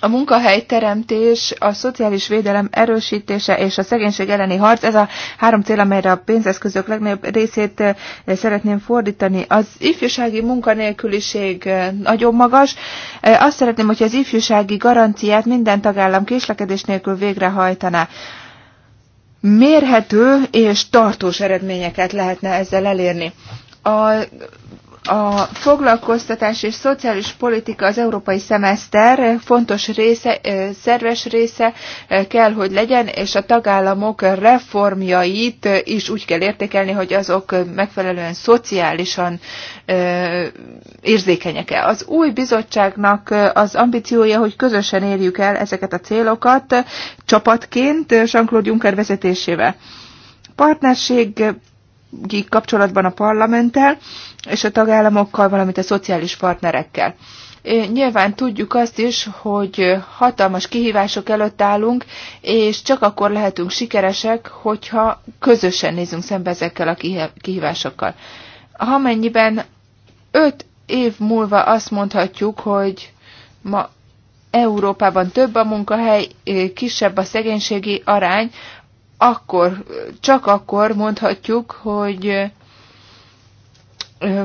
a munkahelyteremtés, a szociális védelem erősítése és a szegénység elleni harc, ez a három cél, amelyre a pénzeszközök legnagyobb részét eh, szeretném fordítani. Az ifjúsági munkanélküliség eh, nagyon magas. Eh, azt szeretném, hogy az ifjúsági garanciát minden tagállam késlekedés nélkül végrehajtaná. Mérhető és tartós eredményeket lehetne ezzel elérni. A a foglalkoztatás és szociális politika az európai szemeszter fontos része, szerves része kell, hogy legyen, és a tagállamok reformjait is úgy kell értékelni, hogy azok megfelelően szociálisan érzékenyek-e. Az új bizottságnak az ambíciója, hogy közösen érjük el ezeket a célokat csapatként Jean-Claude Juncker vezetésével. Partnerség kapcsolatban a parlamenttel, és a tagállamokkal, valamint a szociális partnerekkel. Nyilván tudjuk azt is, hogy hatalmas kihívások előtt állunk, és csak akkor lehetünk sikeresek, hogyha közösen nézünk szembe ezekkel a kihívásokkal. Ha mennyiben öt év múlva azt mondhatjuk, hogy ma Európában több a munkahely, kisebb a szegénységi arány, akkor, csak akkor mondhatjuk, hogy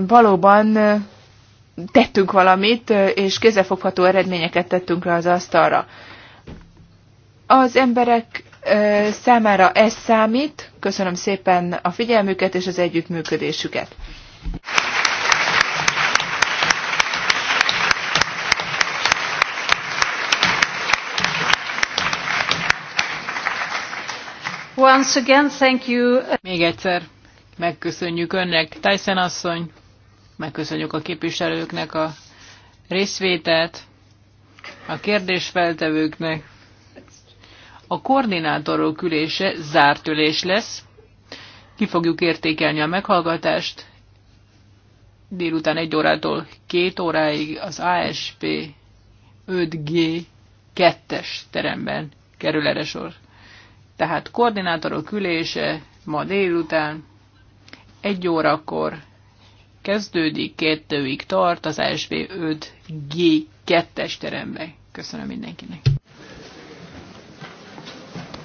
valóban tettünk valamit, és kézzelfogható eredményeket tettünk le az asztalra. Az emberek számára ez számít. Köszönöm szépen a figyelmüket és az együttműködésüket. Once again, thank you. Még egyszer Megköszönjük önnek, Tyson asszony, megköszönjük a képviselőknek a részvételt, a kérdésfeltevőknek. A koordinátorok ülése zárt ülés lesz. Ki fogjuk értékelni a meghallgatást. Délután egy órától két óráig az ASP 5G 2-es teremben kerül erre sor. Tehát koordinátorok ülése ma délután 1 órakor kezdődik, kettőig tart az SB5G2-es teremben. Köszönöm mindenkinek!